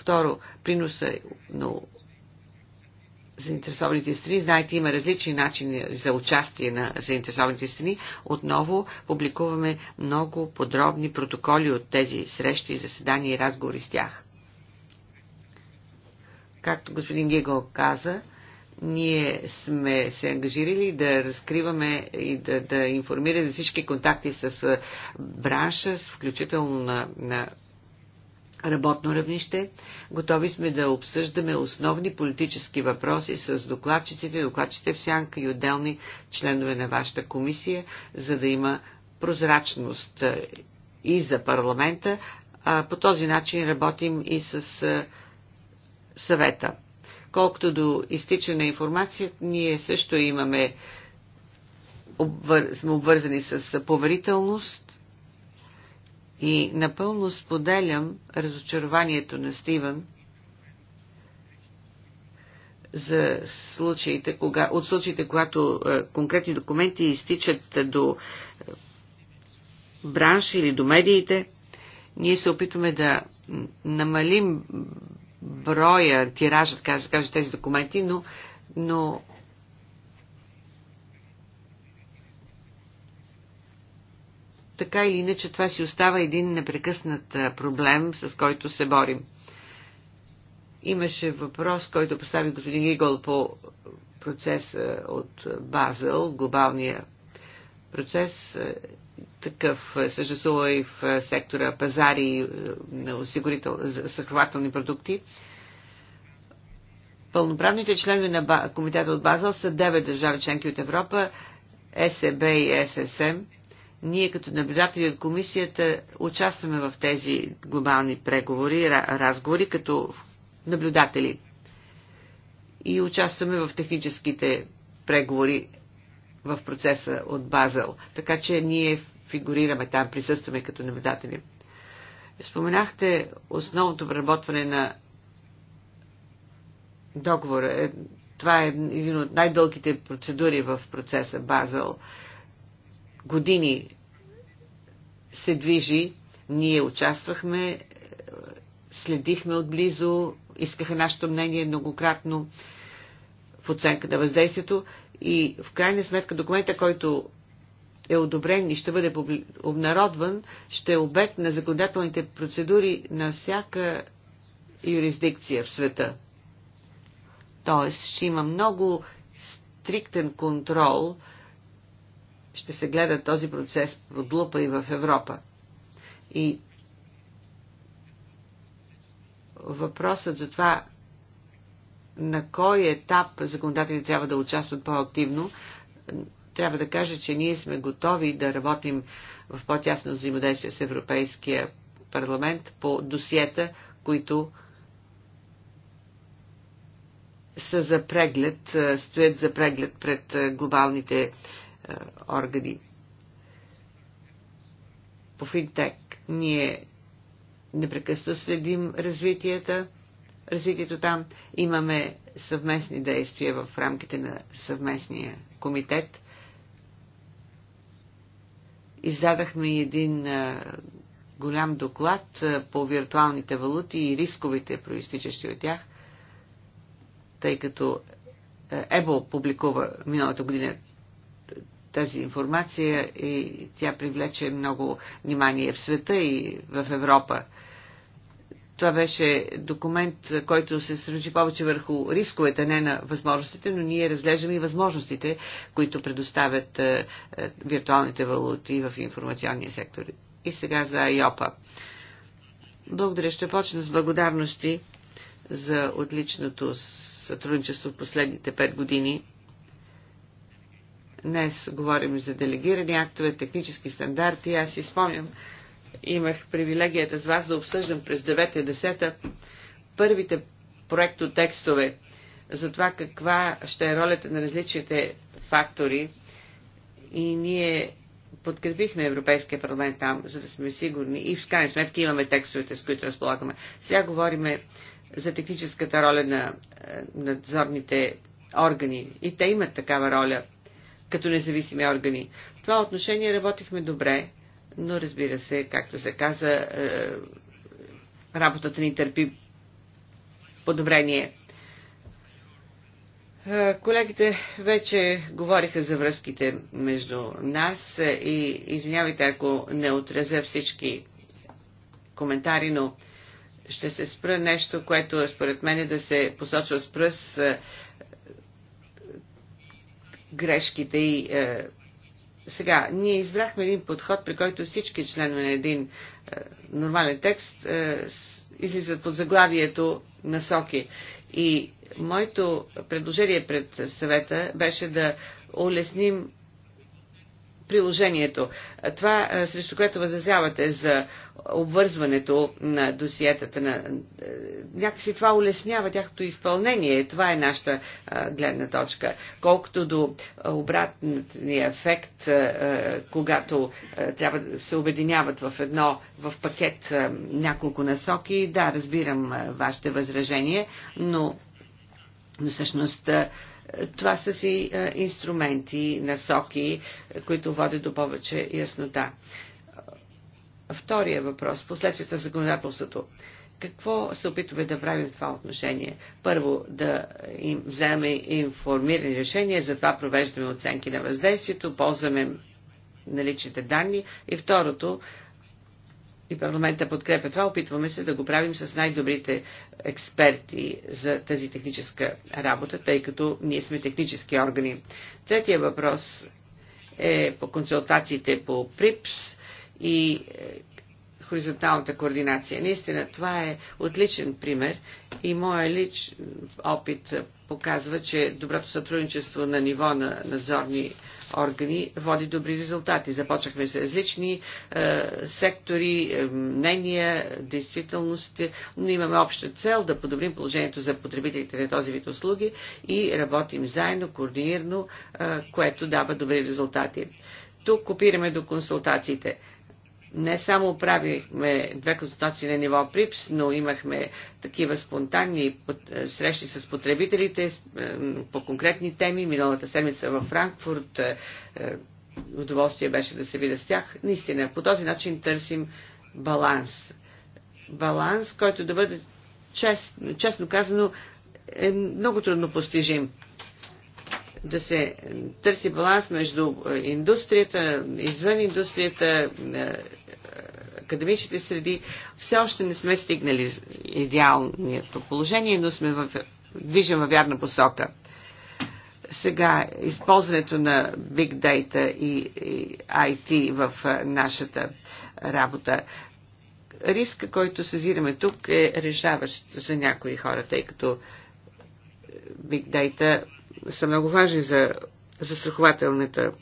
Второ, приноса на заинтересованите страни. Знаете, има различни начини за участие на заинтересованите страни. Отново публикуваме много подробни протоколи от тези срещи, заседания и разговори с тях. Както господин Гего каза, ние сме се ангажирали да разкриваме и да, да информираме за всички контакти с бранша, включително на, на работно равнище. Готови сме да обсъждаме основни политически въпроси с докладчиците, докладчите в сянка и отделни членове на вашата комисия, за да има прозрачност е, и за парламента. А по този начин работим и с е, съвета. Колкото до изтичане на информация, ние също имаме сме обвързани с е, поверителност и напълно споделям разочарованието на Стивън за случаите, кога, от случаите, когато е, конкретни документи изтичат до е, бранш или до медиите. Ние се опитваме да намалим броя, тиражът, така да кажа, тези документи, но, но така или иначе това си остава един непрекъснат проблем, с който се борим. Имаше въпрос, който постави господин Игол по процеса от Базел, глобалния процес. Такъв съществува и в сектора пазари на осигурител... съхвателни продукти. Пълноправните членове на комитета от Базел са 9 държави членки от Европа, ЕСБ и ССМ ние като наблюдатели от комисията участваме в тези глобални преговори, разговори като наблюдатели. И участваме в техническите преговори в процеса от Базел. Така че ние фигурираме там, присъстваме като наблюдатели. Споменахте основното обработване на договора. Е, това е един от най-дългите процедури в процеса Базел години се движи. Ние участвахме, е, следихме отблизо, искаха нашето мнение многократно в оценка на въздействието и в крайна сметка документа, който е одобрен и ще бъде обнародван, ще е обект на законодателните процедури на всяка юрисдикция в света. Тоест ще има много стриктен контрол – ще се гледа този процес лупа и в Европа. И въпросът за това на кой етап законодателите трябва да участват по-активно, трябва да кажа, че ние сме готови да работим в по-тясно взаимодействие с Европейския парламент по досиета, които са за преглед, стоят за преглед пред глобалните е, органи. По финтек ние непрекъснато следим развитията, развитието там. Имаме съвместни действия в рамките на съвместния комитет. Издадахме един е, голям доклад е, по виртуалните валути и рисковите, проистичащи от тях, тъй като ЕБО публикува миналата година тази информация и тя привлече много внимание в света и в Европа. Това беше документ, който се сръжи повече върху рисковете, не на възможностите, но ние разглеждаме и възможностите, които предоставят е, е, виртуалните валути в информационния сектор. И сега за Айопа. Благодаря. Ще почна с благодарности за отличното сътрудничество в последните пет години. Днес говорим за делегирани актове, технически стандарти. Аз си спомням, имах привилегията с вас да обсъждам през 9-10 първите проекто текстове за това каква ще е ролята на различните фактори. И ние подкрепихме Европейския парламент там, за да сме сигурни. И в крайна сметка имаме текстовете, с които разполагаме. Сега говориме за техническата роля на надзорните органи. И те имат такава роля като независими органи. В това отношение работихме добре, но разбира се, както се каза, е, работата ни търпи подобрение. Е, колегите вече говориха за връзките между нас е, и извинявайте, ако не отразя всички коментари, но ще се спра нещо, което според мен е да се посочва с пръст грешките и е, сега, ние избрахме един подход, при който всички членове на един е, нормален текст е, излизат под заглавието насоки. И моето предложение пред съвета беше да улесним приложението. Това, е, срещу което възразявате за обвързването на досиетата, на... Е, някакси това улеснява тяхното изпълнение. Това е нашата е, гледна точка. Колкото до обратния ефект, когато трябва да се обединяват в едно, в пакет няколко насоки, да, разбирам вашите възражения, но но всъщност това са си е, инструменти, насоки, които водят до повече яснота. Втория въпрос. Последствията за законодателството. Какво се опитваме да правим в това отношение? Първо, да им вземем информирани решения, затова провеждаме оценки на въздействието, ползваме наличните данни. И второто, и парламента подкрепя това. Опитваме се да го правим с най-добрите експерти за тази техническа работа, тъй като ние сме технически органи. Третия въпрос е по консултациите по ПРИПС и е, хоризонталната координация. Наистина, това е отличен пример и моят лич опит показва, че доброто сътрудничество на ниво на надзорни органи води добри резултати. Започнахме с различни е, сектори, е, мнения, действителност, но имаме обща цел да подобрим положението за потребителите на този вид услуги и работим заедно, координирано, е, което дава добри резултати. Тук копираме до консултациите. Не само правихме две консултации на ниво ПРИПС, но имахме такива спонтанни е, срещи с потребителите е, по конкретни теми. Миналата седмица във Франкфурт е, удоволствие беше да се видя с тях. Наистина, по този начин търсим баланс. Баланс, който да бъде чест, честно казано е много трудно постижим. Да се търси баланс между индустрията, извън индустрията, академичните среди, все още не сме стигнали идеалното положение, но сме в, движим във вярна посока. Сега използването на Big Data и, и IT в нашата работа риска, който съзираме тук, е решаващ за някои хора, тъй като Big Data са много важни за застрахователната,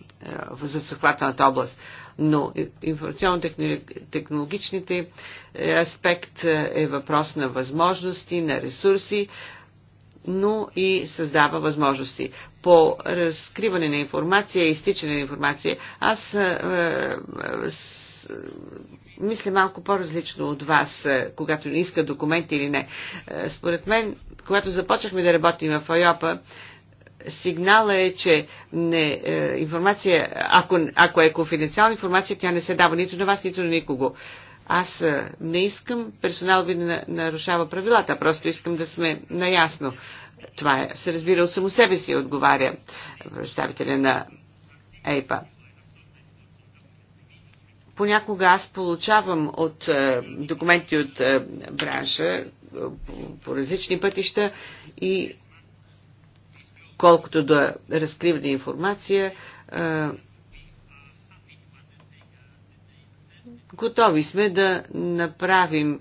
застрахователната област но информационно-технологичните е, аспект е, е въпрос на възможности, на ресурси, но и създава възможности. По разкриване на информация и изтичане на информация, аз е, е мисля малко по-различно от вас, когато не иска документи или не. Според мен, когато започнахме да работим в АЙОПА, сигнала е, че не, е, информация, ако, ако е конфиденциална информация, тя не се дава нито на вас, нито на никого. Аз е, не искам персонал ви нарушава правилата, просто искам да сме наясно. Това е, се разбира от само себе си, отговаря представителя на ЕЙПА. Понякога аз получавам от е, документи от е, бранша е, по, по различни пътища и Колкото до разкриване информация, готови сме да направим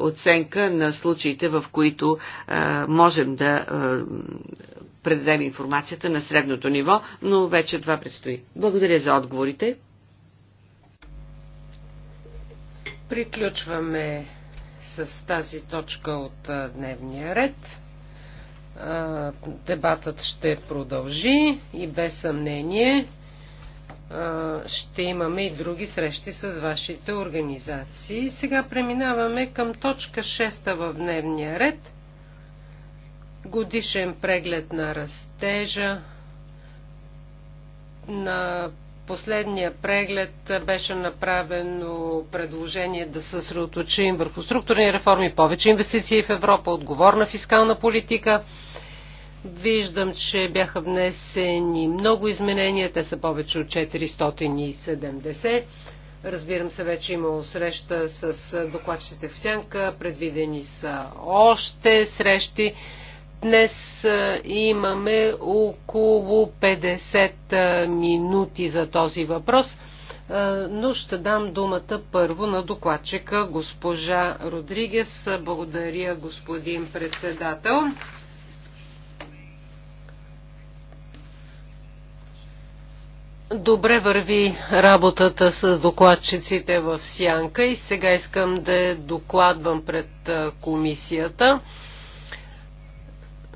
оценка на случаите, в които е, можем да е, предадем информацията на средното ниво, но вече това предстои. Благодаря за отговорите. Приключваме с тази точка от дневния ред дебатът ще продължи и без съмнение ще имаме и други срещи с вашите организации. Сега преминаваме към точка 6 в дневния ред. Годишен преглед на растежа на последния преглед беше направено предложение да се съсредоточим върху структурни реформи, повече инвестиции в Европа, отговорна фискална политика. Виждам, че бяха внесени много изменения, те са повече от 470. Разбирам се, вече имало среща с докладчите в Сянка, предвидени са още срещи. Днес имаме около 50 минути за този въпрос, но ще дам думата първо на докладчика госпожа Родригес. Благодаря, господин председател. Добре върви работата с докладчиците в Сянка и сега искам да докладвам пред комисията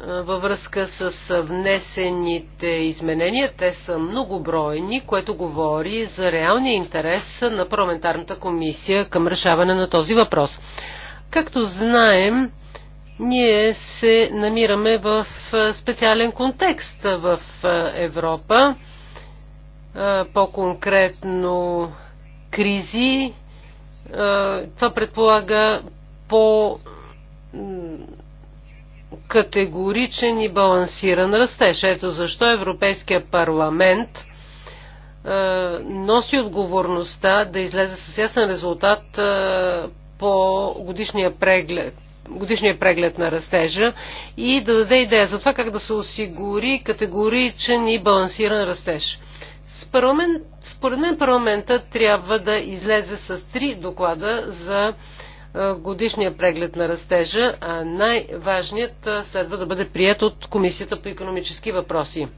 във връзка с внесените изменения. Те са многобройни, което говори за реалния интерес на парламентарната комисия към решаване на този въпрос. Както знаем, ние се намираме в специален контекст в Европа, по-конкретно кризи. Това предполага по категоричен и балансиран растеж. Ето защо Европейския парламент е, носи отговорността да излезе с ясен резултат е, по годишния преглед, годишния преглед на растежа и да даде идея за това как да се осигури категоричен и балансиран растеж. според мен парламента трябва да излезе с три доклада за е, годишния преглед на растежа, а най-важният е, следва да бъде прият от Комисията по економически въпроси.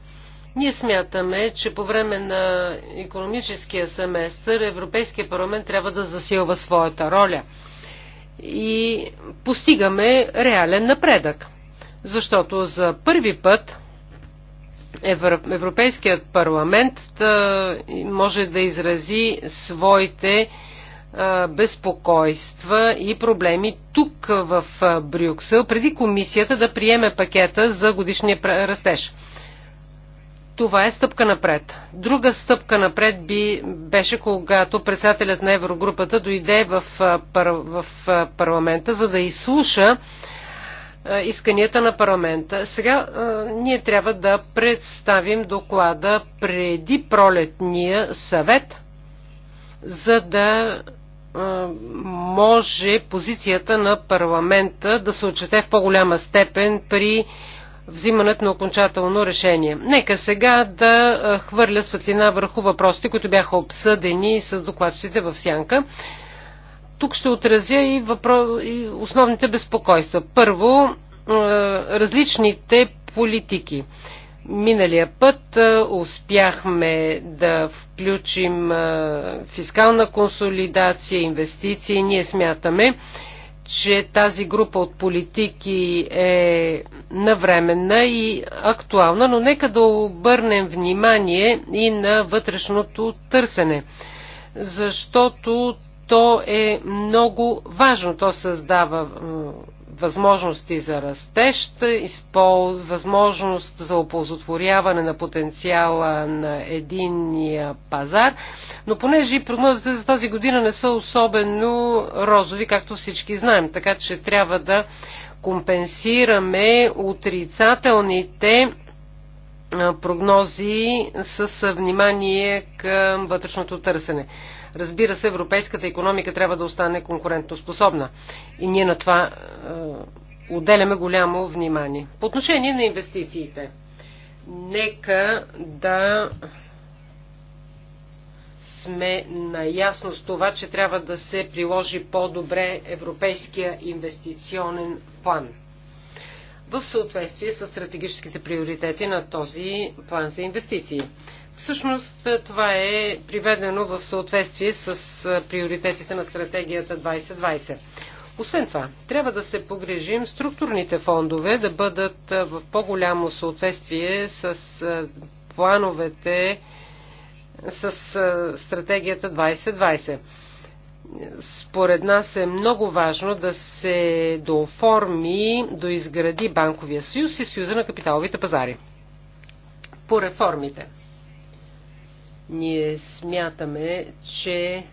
Ние смятаме, че по време на економическия семестър Европейския парламент трябва да засилва своята роля и постигаме реален напредък. Защото за първи път Европейският парламент е, може да изрази своите безпокойства и проблеми тук в Брюксел, преди комисията да приеме пакета за годишния растеж. Това е стъпка напред. Друга стъпка напред би беше когато председателят на Еврогрупата дойде в, пар... в парламента, за да изслуша исканията на парламента. Сега а, ние трябва да представим доклада преди пролетния съвет, за да може позицията на парламента да се отчете в по-голяма степен при взимането на окончателно решение. Нека сега да хвърля светлина върху въпросите, които бяха обсъдени с докладчиците в Сянка. Тук ще отразя и, въпро... и основните безпокойства. Първо, различните политики. Миналия път успяхме да включим фискална консолидация, инвестиции. Ние смятаме, че тази група от политики е навременна и актуална, но нека да обърнем внимание и на вътрешното търсене, защото то е много важно. То създава възможности за растеж, възможност за оползотворяване на потенциала на единния пазар, но понеже прогнозите за тази година не са особено розови, както всички знаем, така че трябва да компенсираме отрицателните прогнози с внимание към вътрешното търсене. Разбира се, европейската економика трябва да остане конкурентоспособна. И ние на това е, отделяме голямо внимание. По отношение на инвестициите, нека да сме наясно с това, че трябва да се приложи по-добре Европейския инвестиционен план в съответствие с стратегическите приоритети на този план за инвестиции. Всъщност е, това е приведено в съответствие с е, приоритетите на стратегията 2020. Освен това, трябва да се погрежим структурните фондове да бъдат е, в по-голямо съответствие с плановете с стратегията 2020. Според нас е много важно да се дооформи, доизгради банковия съюз и съюза на капиталовите пазари. По реформите – ние смятаме, че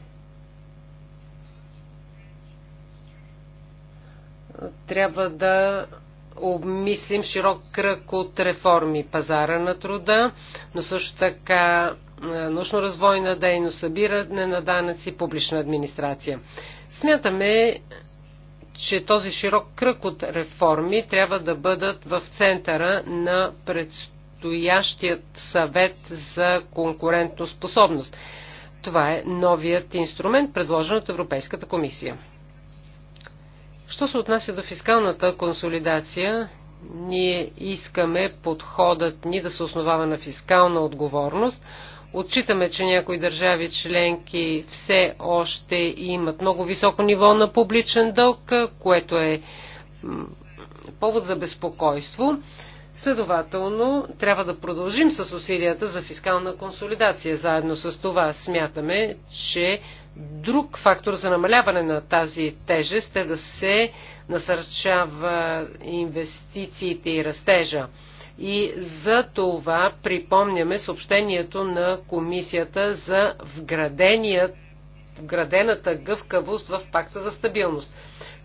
трябва да обмислим широк кръг от реформи пазара на труда, но също така научно-развойна дейност, събиране на данъци, публична администрация. Смятаме, че този широк кръг от реформи трябва да бъдат в центъра на предстоящите предстоящият съвет за конкурентоспособност. Това е новият инструмент, предложен от Европейската комисия. Що се отнася до фискалната консолидация, ние искаме подходът ни да се основава на фискална отговорност. Отчитаме, че някои държави членки все още имат много високо ниво на публичен дълг, което е повод за безпокойство. Следователно, трябва да продължим с усилията за фискална консолидация. Заедно с това смятаме, че друг фактор за намаляване на тази тежест е да се насърчава инвестициите и растежа. И за това припомняме съобщението на комисията за вграденият вградената гъвкавост в пакта за стабилност.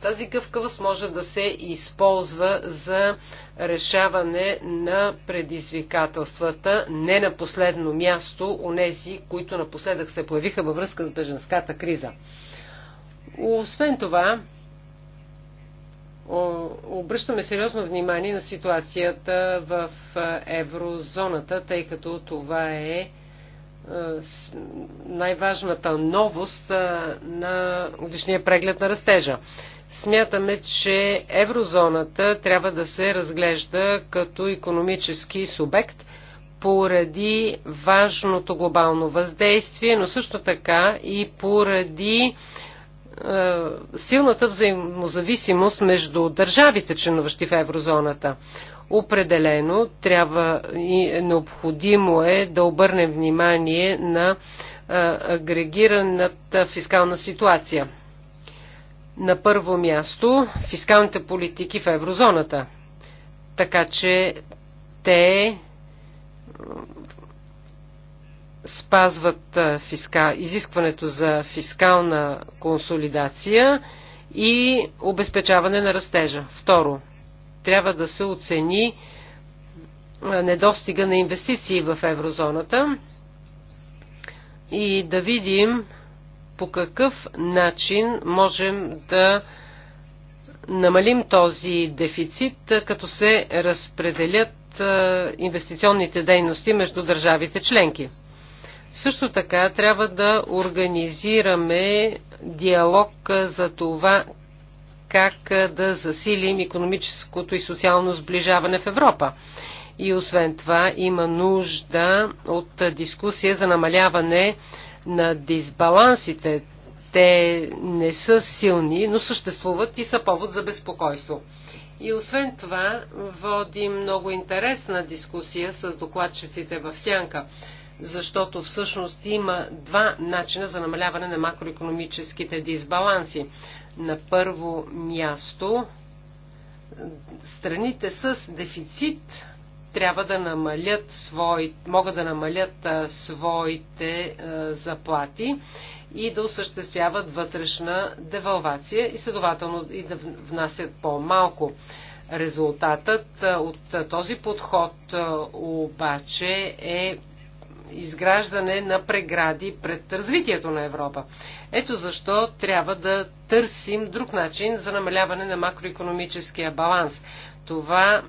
Тази гъвкавост може да се използва за решаване на предизвикателствата, не на последно място, у нези, които напоследък се появиха във връзка с беженската криза. Освен това, обръщаме сериозно внимание на ситуацията в е, еврозоната, тъй като това е най-важната новост на годишния преглед на растежа. Смятаме, че еврозоната трябва да се разглежда като економически субект поради важното глобално въздействие, но също така и поради силната взаимозависимост между държавите, членуващи в еврозоната. Определено трябва и необходимо е да обърнем внимание на агрегираната фискална ситуация. На първо място фискалните политики в еврозоната. Така че те спазват фиска, изискването за фискална консолидация и обезпечаване на растежа. Второ, трябва да се оцени недостига на инвестиции в еврозоната и да видим по какъв начин можем да намалим този дефицит, като се разпределят инвестиционните дейности между държавите членки. Също така трябва да организираме диалог за това как да засилим економическото и социално сближаване в Европа. И освен това има нужда от дискусия за намаляване на дисбалансите. Те не са силни, но съществуват и са повод за безпокойство. И освен това води много интересна дискусия с докладчиците в Сянка, защото всъщност има два начина за намаляване на макроекономическите дисбаланси. На първо място, страните с дефицит трябва да намалят свои, могат да намалят а, своите а, заплати и да осъществяват вътрешна девалвация и следователно и да внасят по-малко. Резултатът от този подход обаче е изграждане на прегради пред развитието на Европа. Ето защо трябва да търсим друг начин за намаляване на макроекономическия баланс. Това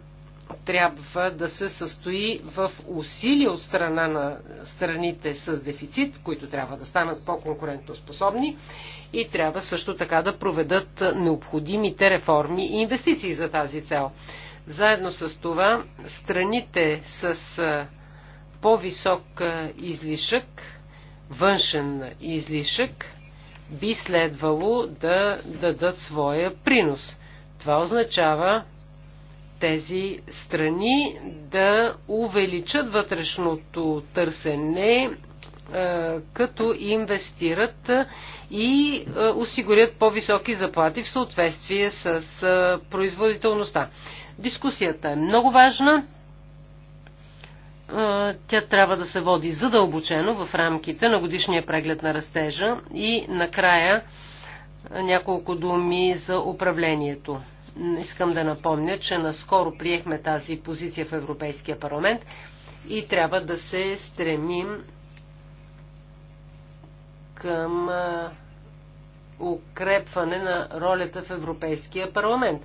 трябва да се състои в усилия от страна на страните с дефицит, които трябва да станат по-конкурентоспособни и трябва също така да проведат необходимите реформи и инвестиции за тази цел. Заедно с това, страните с по-висок излишък, външен излишък, би следвало да дадат своя принос. Това означава тези страни да увеличат вътрешното търсене, като инвестират и осигурят по-високи заплати в съответствие с производителността. Дискусията е много важна. Е, тя трябва да се води задълбочено в рамките на годишния преглед на растежа и накрая е, няколко думи за управлението. Искам да напомня, че наскоро приехме тази позиция в Европейския парламент и трябва да се стремим към е, укрепване на ролята в Европейския парламент.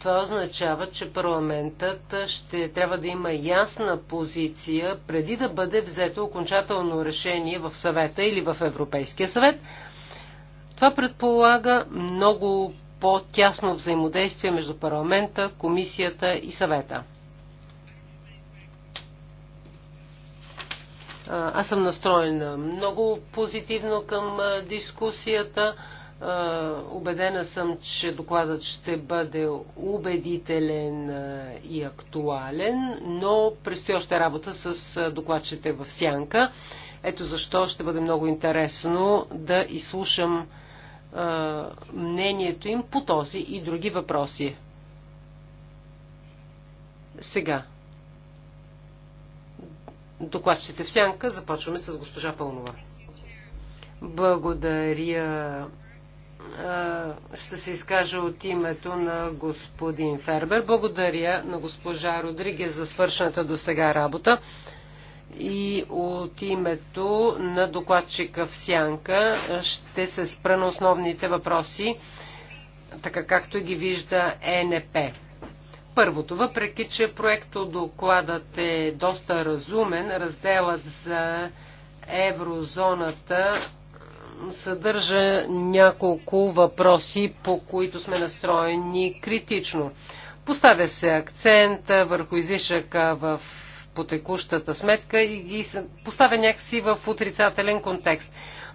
Това означава, че парламентът ще трябва да има ясна позиция преди да бъде взето окончателно решение в съвета или в Европейския съвет. Това предполага много по-тясно взаимодействие между парламента, комисията и съвета. Аз съм настроена много позитивно към дискусията. Обедена съм, че докладът ще бъде убедителен и актуален, но предстои още работа с докладчите в Сянка. Ето защо ще бъде много интересно да изслушам мнението им по този и други въпроси. Сега. Докладчите в Сянка. Започваме с госпожа Пълнова. Благодаря ще се изкажа от името на господин Фербер. Благодаря на госпожа Родригес за свършената до сега работа и от името на докладчика в Сянка ще се спра на основните въпроси, така както ги вижда ЕНП. Първото, въпреки че проекто докладът е доста разумен, разделът за еврозоната съдържа няколко въпроси, по които сме настроени критично. Поставя се акцент върху излишъка в по текущата сметка и ги поставя някакси в отрицателен контекст.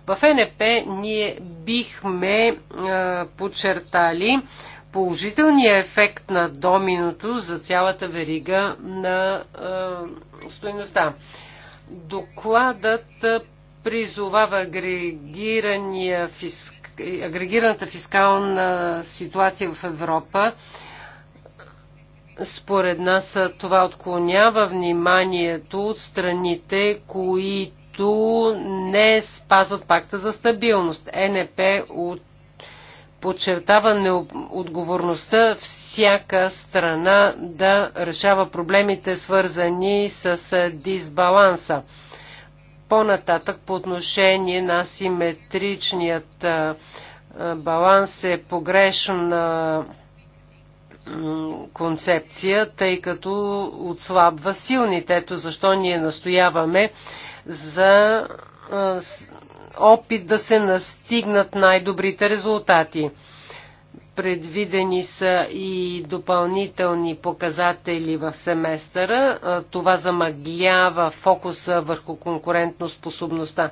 В НП ние бихме е, подчертали положителния ефект на доминото за цялата верига на е, стоеността. Докладът е, призовава агрегирания фиск... агрегираната фискална ситуация в Европа. Според нас това отклонява вниманието от страните, които не спазват пакта за стабилност. Е НП от подчертава отговорността всяка страна да решава проблемите, свързани с дисбаланса. По-нататък по отношение на симетричният баланс е погрешна концепция, тъй като отслабва силните. Ето защо ние настояваме за опит да се настигнат най-добрите резултати. Предвидени са и допълнителни показатели в семестъра. Това замъглява фокуса върху конкурентно способността.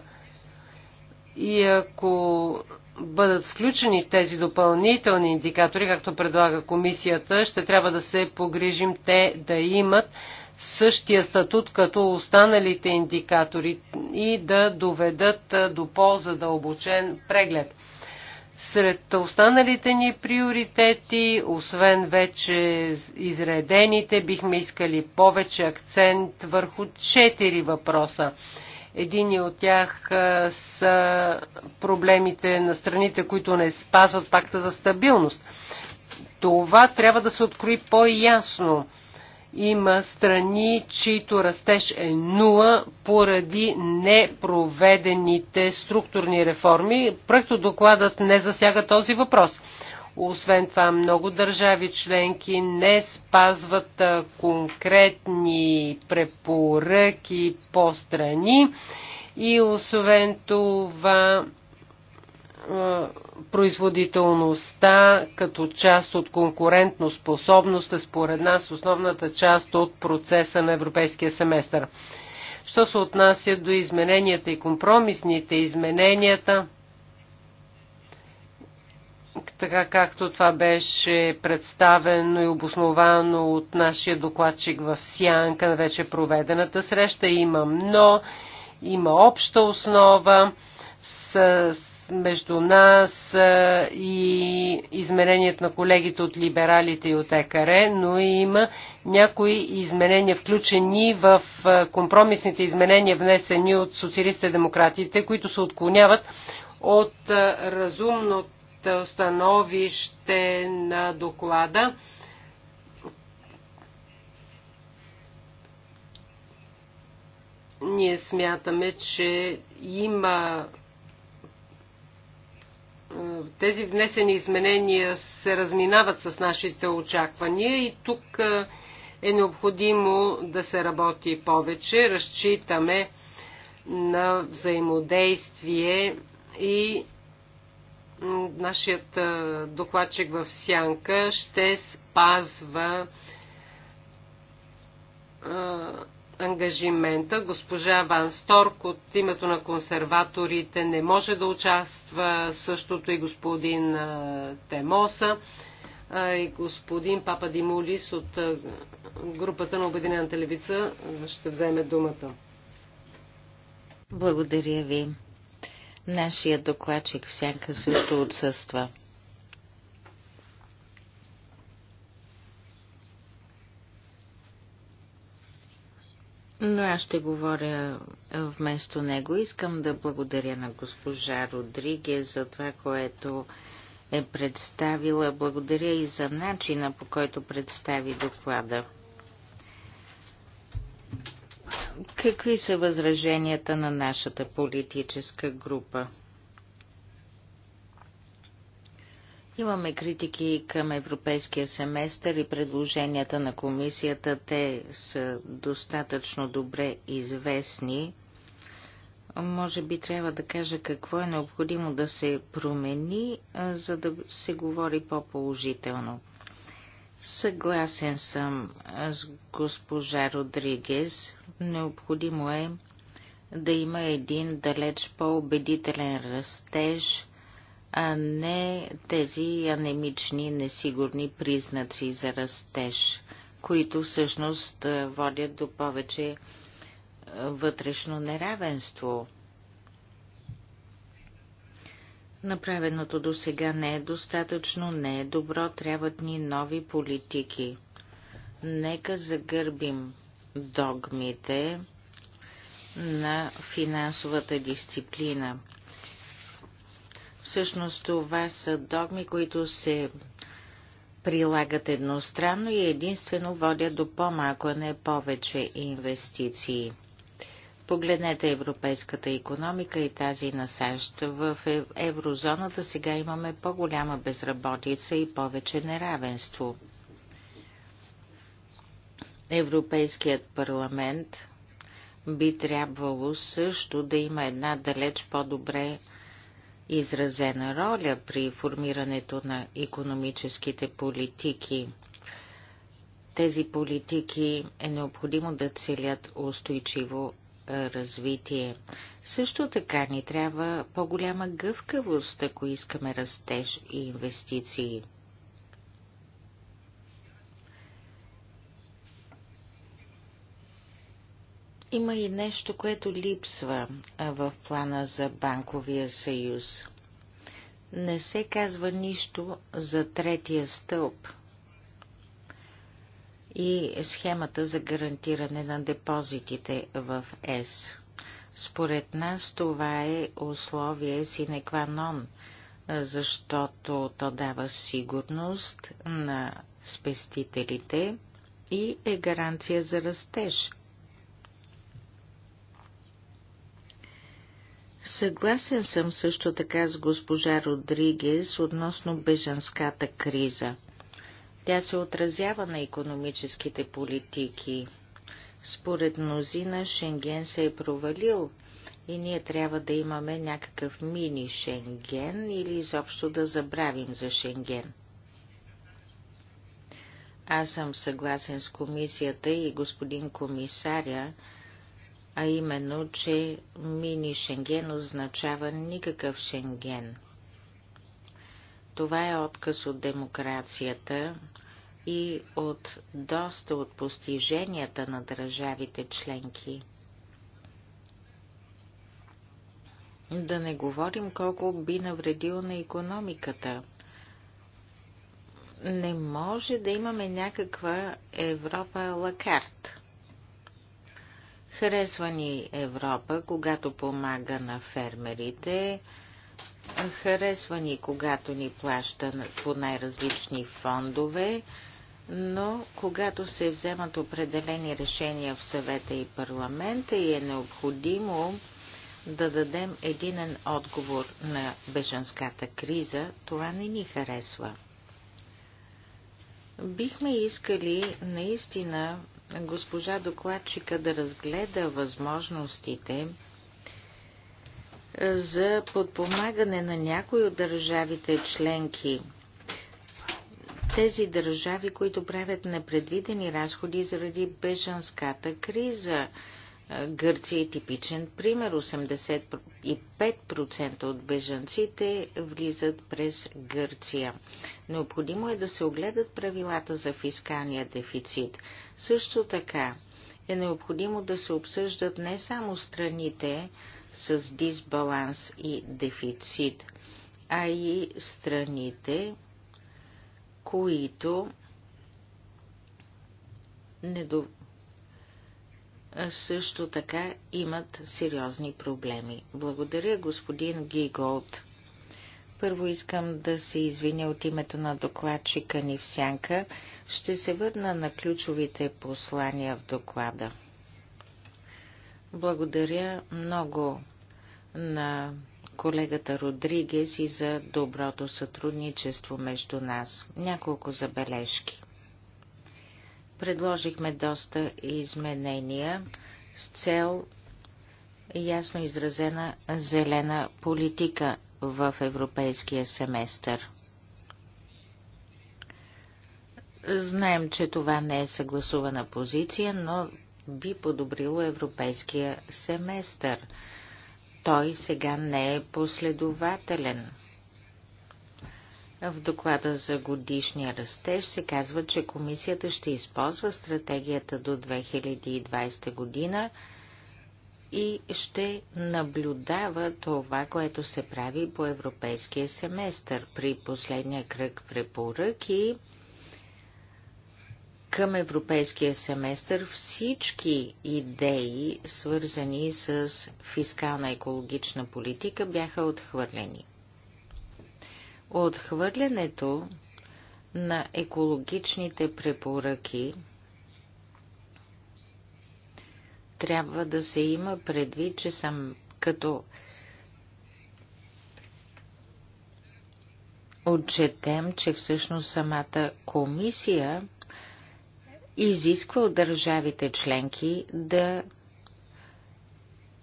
И ако бъдат включени тези допълнителни индикатори, както предлага комисията, ще трябва да се погрижим те да имат същия статут като останалите индикатори и да доведат до по-задълбочен преглед. Сред останалите ни приоритети, освен вече изредените, бихме искали повече акцент върху четири въпроса. Един от тях са проблемите на страните, които не спазват пакта за стабилност. Това трябва да се открои по-ясно. Има страни, чието растеж е нула поради непроведените структурни реформи. Проекто докладът не засяга този въпрос. Освен това, много държави членки не спазват конкретни препоръки по страни и освен това е, производителността като част от конкурентно способност е според нас основната част от процеса на европейския семестър. Що се отнася до измененията и компромисните измененията, така както това беше представено и обосновано от нашия докладчик в Сянка на вече проведената среща, има много, има обща основа с между нас и изменението на колегите от либералите и от ЕКР, но има някои изменения, включени в компромисните изменения, внесени от социалистите демократите, които се отклоняват от разумното становище на доклада. Ние смятаме, че има тези внесени изменения се разминават с нашите очаквания и тук е необходимо да се работи повече. Разчитаме на взаимодействие и нашият докладчик в Сянка ще спазва ангажимента. Госпожа Ван Сторк от името на консерваторите не може да участва, същото и господин Темоса и господин Папа Димулис от групата на Обединената левица ще вземе думата. Благодаря ви. Нашия докладчик всяка също отсъства. аз ще говоря е, вместо него. Искам да благодаря на госпожа Родриге за това, което е представила. Благодаря и за начина, по който представи доклада. Какви са възраженията на нашата политическа група? Имаме критики към европейския семестър и предложенията на комисията. Те са достатъчно добре известни. Може би трябва да кажа какво е необходимо да се промени, за да се говори по-положително. Съгласен съм с госпожа Родригес. Необходимо е да има един далеч по-убедителен растеж – а не тези анемични, несигурни признаци за растеж, които всъщност водят до повече вътрешно неравенство. Направеното до сега не е достатъчно, не е добро, трябват ни нови политики. Нека загърбим догмите на финансовата дисциплина Всъщност това са догми, които се прилагат едностранно и единствено водят до по-малко, а не повече инвестиции. Погледнете европейската економика и тази на САЩ. В е- еврозоната сега имаме по-голяма безработица и повече неравенство. Европейският парламент би трябвало също да има една далеч по-добре изразена роля при формирането на економическите политики. Тези политики е необходимо да целят устойчиво развитие. Също така ни трябва по-голяма гъвкавост, ако искаме растеж и инвестиции. Има и нещо, което липсва в плана за банковия съюз. Не се казва нищо за третия стълб и схемата за гарантиране на депозитите в ЕС. Според нас това е условие синекванон, защото то дава сигурност на спестителите и е гаранция за растеж – Съгласен съм също така с госпожа Родригес относно беженската криза. Тя се отразява на економическите политики. Според мнозина Шенген се е провалил и ние трябва да имаме някакъв мини Шенген или изобщо да забравим за Шенген. Аз съм съгласен с комисията и господин комисаря, а именно, че мини Шенген означава никакъв Шенген. Това е отказ от демокрацията и от доста от постиженията на държавите членки. Да не говорим колко би навредил на економиката. Не може да имаме някаква Европа лакарт. Харесва ни Европа, когато помага на фермерите, харесва ни, когато ни плаща по най-различни фондове, но когато се вземат определени решения в съвета и парламента и е необходимо да дадем единен отговор на беженската криза, това не ни харесва. Бихме искали наистина госпожа докладчика да разгледа възможностите е, за подпомагане на някои от държавите членки. Тези държави, които правят непредвидени разходи заради бежанската криза – Гърция е типичен пример. 85% от бежанците влизат през Гърция. Необходимо е да се огледат правилата за фискалния дефицит. Също така е необходимо да се обсъждат не само страните с дисбаланс и дефицит, а и страните, които недо също така имат сериозни проблеми. Благодаря, господин Гиголд. Първо искам да се извиня от името на докладчика ни в сянка. Ще се върна на ключовите послания в доклада. Благодаря много на колегата Родригес и за доброто сътрудничество между нас. Няколко забележки. Предложихме доста изменения с цел ясно изразена зелена политика в европейския семестър. Знаем, че това не е съгласувана позиция, но би подобрило европейския семестър. Той сега не е последователен. В доклада за годишния растеж се казва, че комисията ще използва стратегията до 2020 година и ще наблюдава това, което се прави по европейския семестър при последния кръг препоръки към европейския семестър всички идеи, свързани с фискална екологична политика, бяха отхвърлени. Отхвърлянето на екологичните препоръки трябва да се има предвид, че съм като отчетем, че всъщност самата комисия изисква от държавите членки да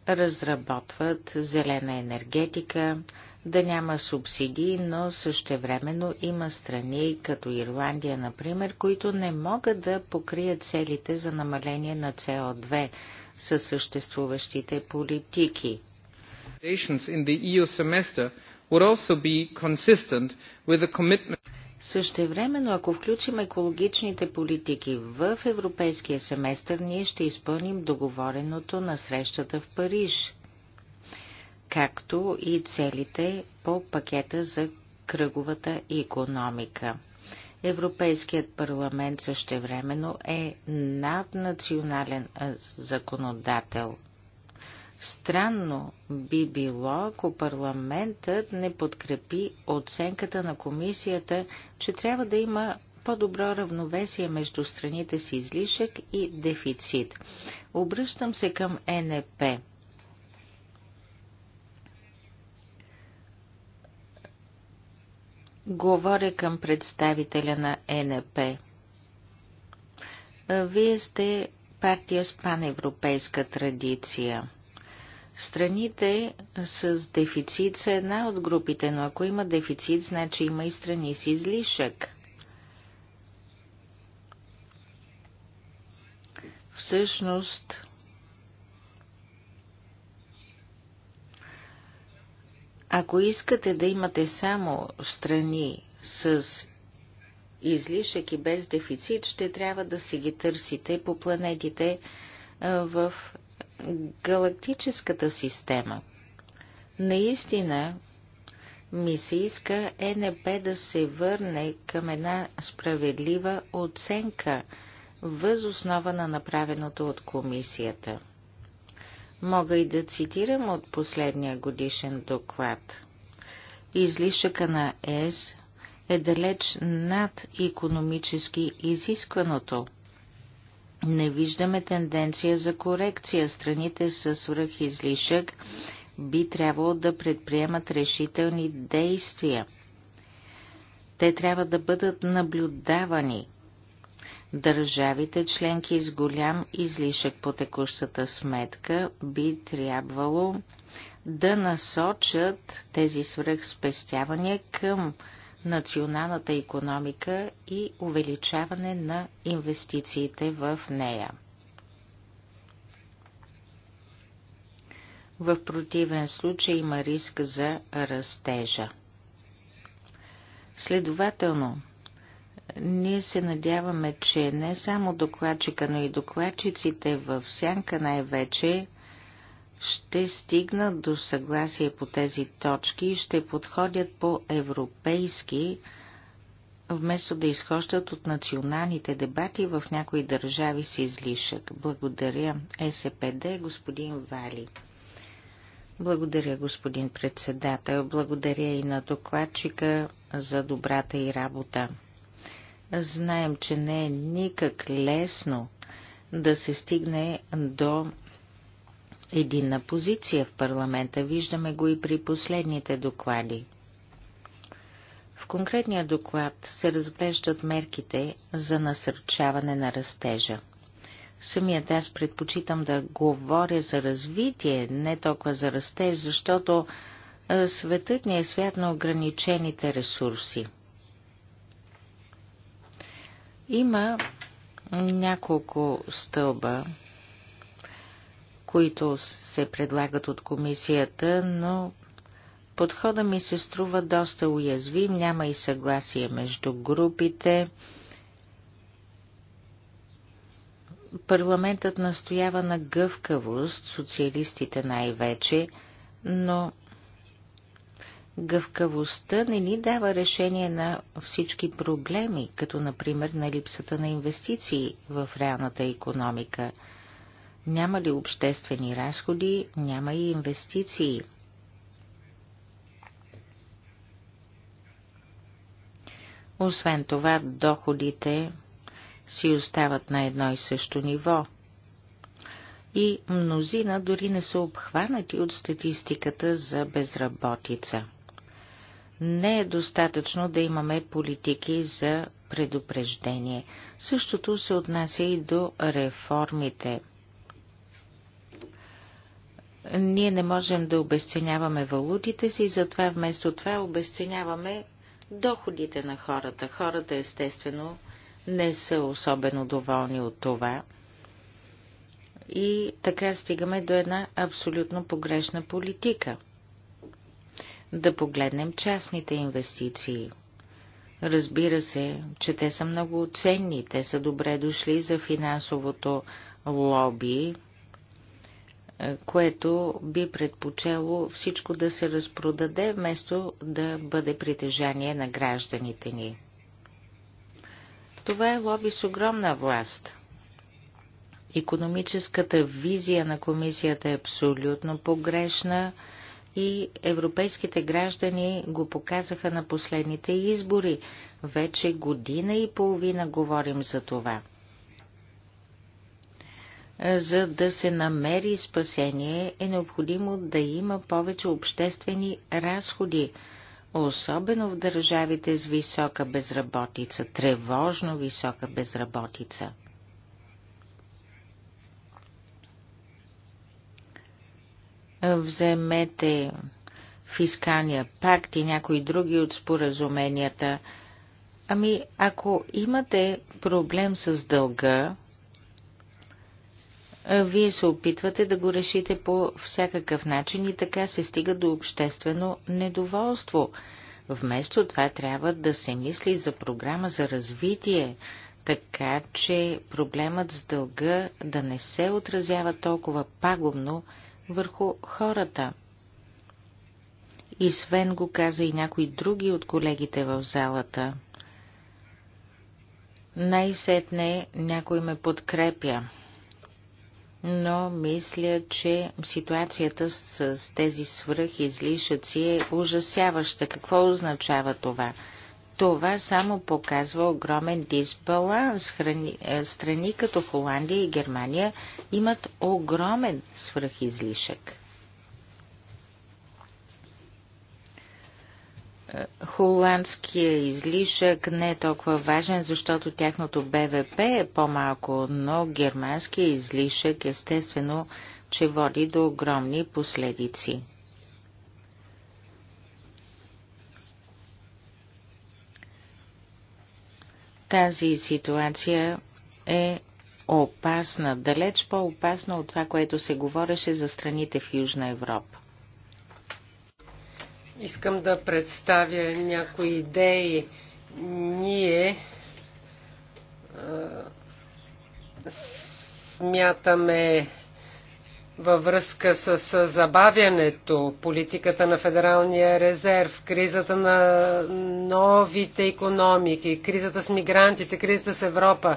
разработват зелена енергетика, да няма субсидии, но същевременно има страни, като Ирландия, например, които не могат да покрият целите за намаление на СО2 със съществуващите политики. E същевременно, ако включим екологичните политики в европейския семестър, ние ще изпълним договореното на срещата в Париж – както и целите по пакета за кръговата економика. Европейският парламент същевременно е наднационален законодател. Странно би било, ако парламентът не подкрепи оценката на комисията, че трябва да има по-добро равновесие между страните с излишък и дефицит. Обръщам се към НП. Говоря към представителя на НП. Вие сте партия с паневропейска традиция. Страните с дефицит са една от групите, но ако има дефицит, значи има и страни с излишък. Всъщност, Ако искате да имате само страни с излишък и без дефицит, ще трябва да си ги търсите по планетите в галактическата система. Наистина ми се иска ЕНП да се върне към една справедлива оценка въз основа на направеното от комисията. Мога и да цитирам от последния годишен доклад. Излишъка на ЕС е далеч над економически изискваното. Не виждаме тенденция за корекция. Страните с излишък би трябвало да предприемат решителни действия. Те трябва да бъдат наблюдавани – Държавите членки с голям излишък по текущата сметка би трябвало да насочат тези свръхспестявания към националната економика и увеличаване на инвестициите в нея. В противен случай има риск за растежа. Следователно, ние се надяваме, че не само докладчика, но и докладчиците в сянка най-вече ще стигнат до съгласие по тези точки и ще подходят по-европейски, вместо да изхождат от националните дебати в някои държави с излишък. Благодаря СПД, господин Вали. Благодаря, господин председател. Благодаря и на докладчика за добрата и работа. Знаем, че не е никак лесно да се стигне до единна позиция в парламента. Виждаме го и при последните доклади. В конкретния доклад се разглеждат мерките за насърчаване на растежа. Самият аз предпочитам да говоря за развитие, не толкова за растеж, защото светът ни е свят на ограничените ресурси – има няколко стълба, които се предлагат от комисията, но подхода ми се струва доста уязвим, няма и съгласие между групите. Парламентът настоява на гъвкавост, социалистите най-вече, но гъвкавостта не ни дава решение на всички проблеми, като например на липсата на инвестиции в реалната економика. Няма ли обществени разходи, няма и инвестиции. Освен това, доходите си остават на едно и също ниво. И мнозина дори не са обхванати от статистиката за безработица не е достатъчно да имаме политики за предупреждение. Същото се отнася и до реформите. Ние не можем да обесценяваме валутите си, затова вместо това обесценяваме доходите на хората. Хората естествено не са особено доволни от това. И така стигаме до една абсолютно погрешна политика – да погледнем частните инвестиции. Разбира се, че те са много ценни, те са добре дошли за финансовото лоби, е, което би предпочело всичко да се разпродаде, вместо да бъде притежание на гражданите ни. Това е лоби с огромна власт. Економическата визия на комисията е абсолютно погрешна и европейските граждани го показаха на последните избори. Вече година и половина говорим за това. За да се намери спасение е необходимо да има повече обществени разходи, особено в държавите с висока безработица, тревожно висока безработица – Вземете фискалния пакт и някои други от споразуменията. Ами, ако имате проблем с дълга, вие се опитвате да го решите по всякакъв начин и така се стига до обществено недоволство. Вместо това трябва да се мисли за програма за развитие, така че проблемът с дълга да не се отразява толкова пагубно върху хората. И Свен го каза и някои други от колегите в залата. Най-сетне някой ме подкрепя, но мисля, че ситуацията с, тези свръх излишъци е ужасяваща. Какво означава това? Това само показва огромен дисбаланс. Храни... Е, страни като Холандия и Германия имат огромен свръхизлишък. Е, холандския излишък не е толкова важен, защото тяхното БВП е по-малко, но германския излишък естествено, че води до огромни последици. Тази ситуация е опасна, далеч по-опасна от това, което се говореше за страните в Южна Европа. Искам да представя някои идеи. Ние смятаме, във връзка с забавянето, политиката на Федералния резерв, кризата на новите економики, кризата с мигрантите, кризата с Европа,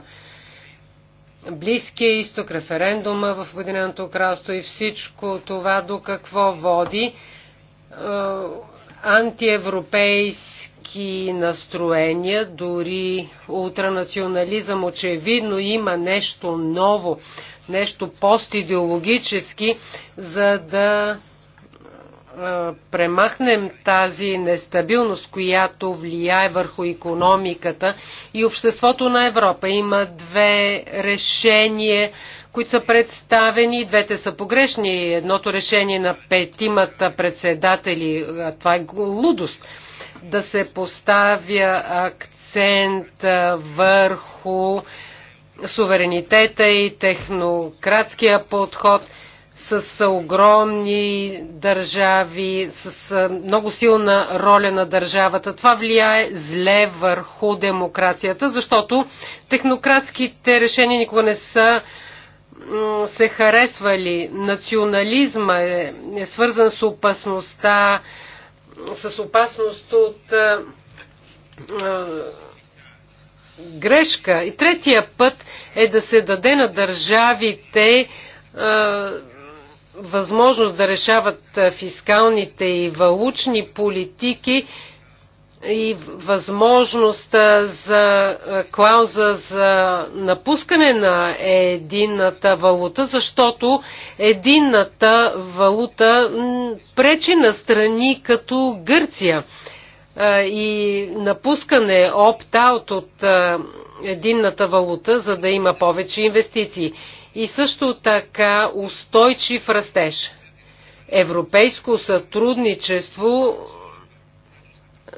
Близкия изток, референдума в Обединеното кралство и всичко това до какво води е, антиевропейски настроения, дори ултранационализъм. Очевидно има нещо ново нещо постидеологически, за да премахнем тази нестабилност, която влияе върху економиката и обществото на Европа. Има две решения, които са представени. Двете са погрешни. Едното решение на петимата председатели, това е лудост, да се поставя акцент върху суверенитета и технократския подход с огромни държави, с много силна роля на държавата. Това влияе зле върху демокрацията, защото технократските решения никога не са се харесвали. Национализма е, е свързан с опасността, с опасност от грешка. И третия път е да се даде на държавите е, възможност да решават е, фискалните и валучни политики и възможност е, за клауза за напускане на единната валута, защото единната валута пречи на страни като Гърция и напускане опт-аут от единната валута, за да има повече инвестиции. И също така устойчив растеж. Европейско сътрудничество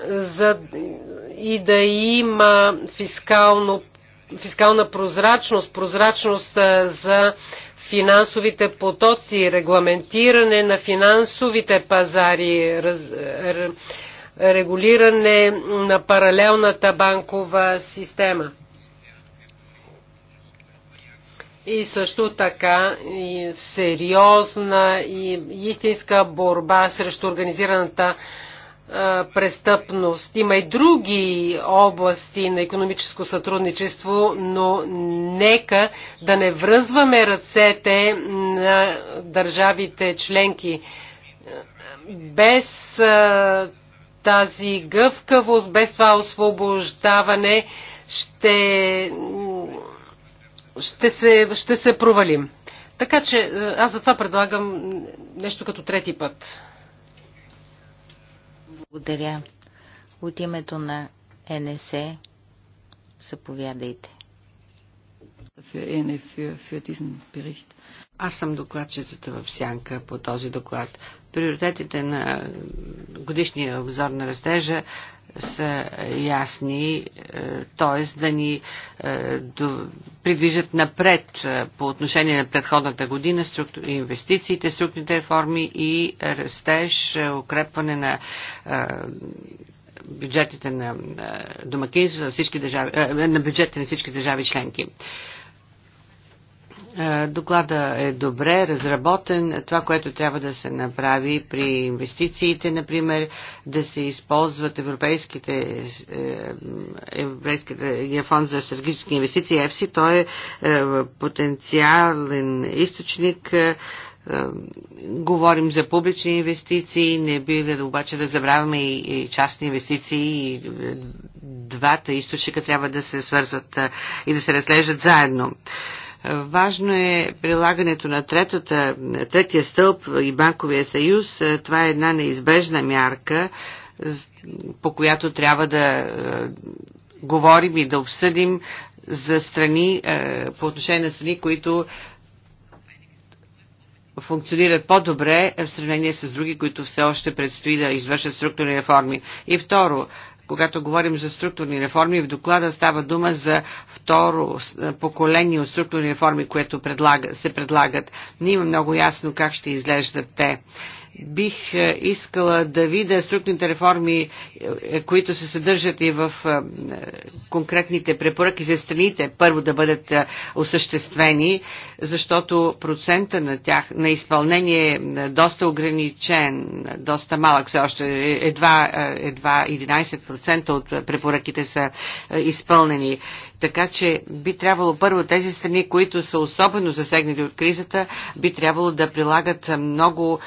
за и да има фискално, фискална прозрачност, прозрачност за финансовите потоци, регламентиране на финансовите пазари, раз, регулиране на паралелната банкова система. И също така и сериозна и истинска борба срещу организираната престъпност. Има и други области на економическо сътрудничество, но нека да не връзваме ръцете на държавите членки. Без тази гъвкавост, без това освобождаване, ще, ще, се, ще се провалим. Така че е, аз за това предлагам нещо като трети път. Благодаря. От името на НСЕ заповядайте für ENF für, für diesen Bericht. Аз съм докладчицата в Сянка по този доклад. Приоритетите на годишния обзор на растежа са ясни, е, т.е. да ни е, придвижат напред е, по отношение на предходната година структу... инвестициите, структурните реформи и растеж, укрепване на бюджетите на домакинства, всички държави, на бюджетите на всички държави членки. Е, доклада е добре разработен. Това, което трябва да се направи при инвестициите, например, да се използват европейските, е, европейските фонд за стратегически инвестиции, ЕФСИ, той е, е потенциален източник говорим за публични инвестиции, не би да обаче да забравяме и, частни инвестиции и двата източника трябва да се свързват и да се разглеждат заедно. Важно е прилагането на третата, третия стълб и банковия съюз. Е, това е една неизбежна мярка, по която трябва да е, говорим и да обсъдим за страни, е, по отношение на страни, които функционират по-добре в сравнение с други, които все още предстои да извършат структурни реформи. И второ, когато говорим за структурни реформи, в доклада става дума за второ е, поколение от структурни реформи, което предлага, се предлагат. Не има много ясно как ще изглеждат те бих е, искала да видя структурните реформи, е, които се съдържат и в е, конкретните препоръки за страните, първо да бъдат осъществени, защото процента на тях на изпълнение е доста ограничен, доста малък все още. Едва, едва 11% от препоръките са изпълнени. Така че би трябвало първо тези страни, които са особено засегнали от кризата, би трябвало да прилагат много,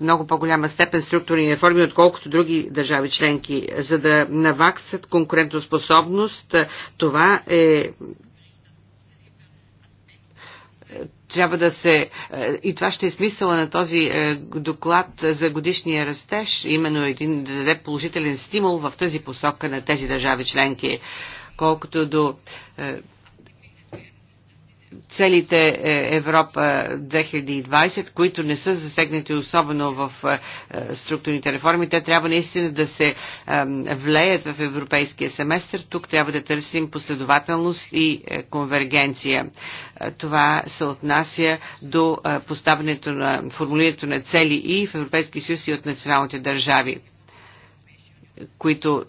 много много по-голяма степен структурни реформи, отколкото други държави членки. За да наваксат конкурентоспособност, това е трябва да се... И това ще е смисъла на този е, доклад за годишния растеж, именно един да даде положителен стимул в тази посока на тези държави членки. Колкото до е, целите е, Европа 2020, които не са засегнати особено в е, е, структурните реформи, те трябва наистина да се влеят в европейския семестър. Тук трябва да търсим последователност и конвергенция. Това се отнася до поставянето на формулирането на цели и в Европейския съюз и от националните държави които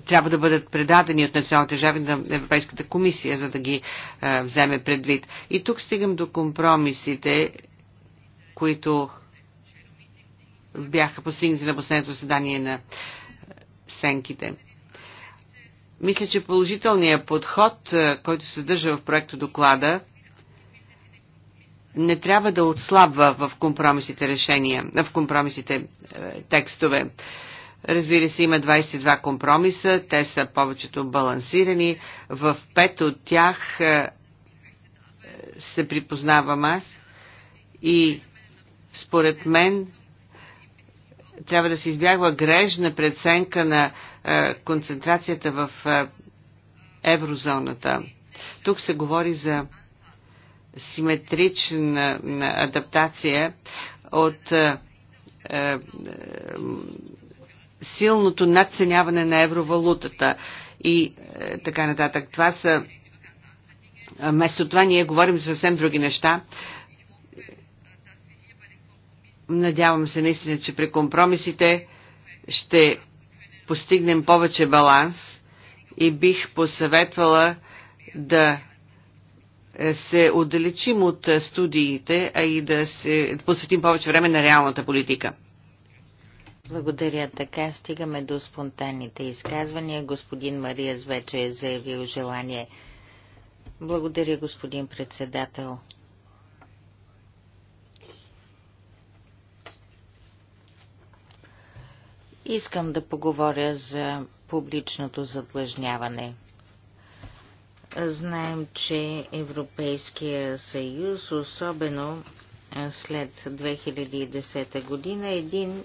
трябва да бъдат предадени от националната държави на Европейската комисия, за да ги а, е, вземе предвид. И тук стигам до компромисите, които бяха постигнати на последното заседание на е, Сенките. Мисля, че положителният подход, е, който се съдържа в проекто доклада, не трябва да отслабва в компромисите решения, в компромисите текстове. Разбира се, има 22 компромиса, те са повечето балансирани. В пет от тях е, се припознавам аз и според мен трябва да се избягва грежна преценка на е, концентрацията в е, еврозоната. Тук се говори за симетрична адаптация от силното надценяване на евровалутата и е, така нататък. Това са. Вместо това ние говорим за съвсем други неща. Надявам се наистина, че при компромисите ще постигнем повече баланс и бих посъветвала да е, се отдалечим от е, студиите, а и да се посветим повече време на реалната политика. Благодаря. Така стигаме до спонтанните изказвания. Господин Мариас вече е заявил желание. Благодаря, господин председател. Искам да поговоря за публичното задлъжняване. Знаем, че Европейския съюз, особено след 2010 година, е един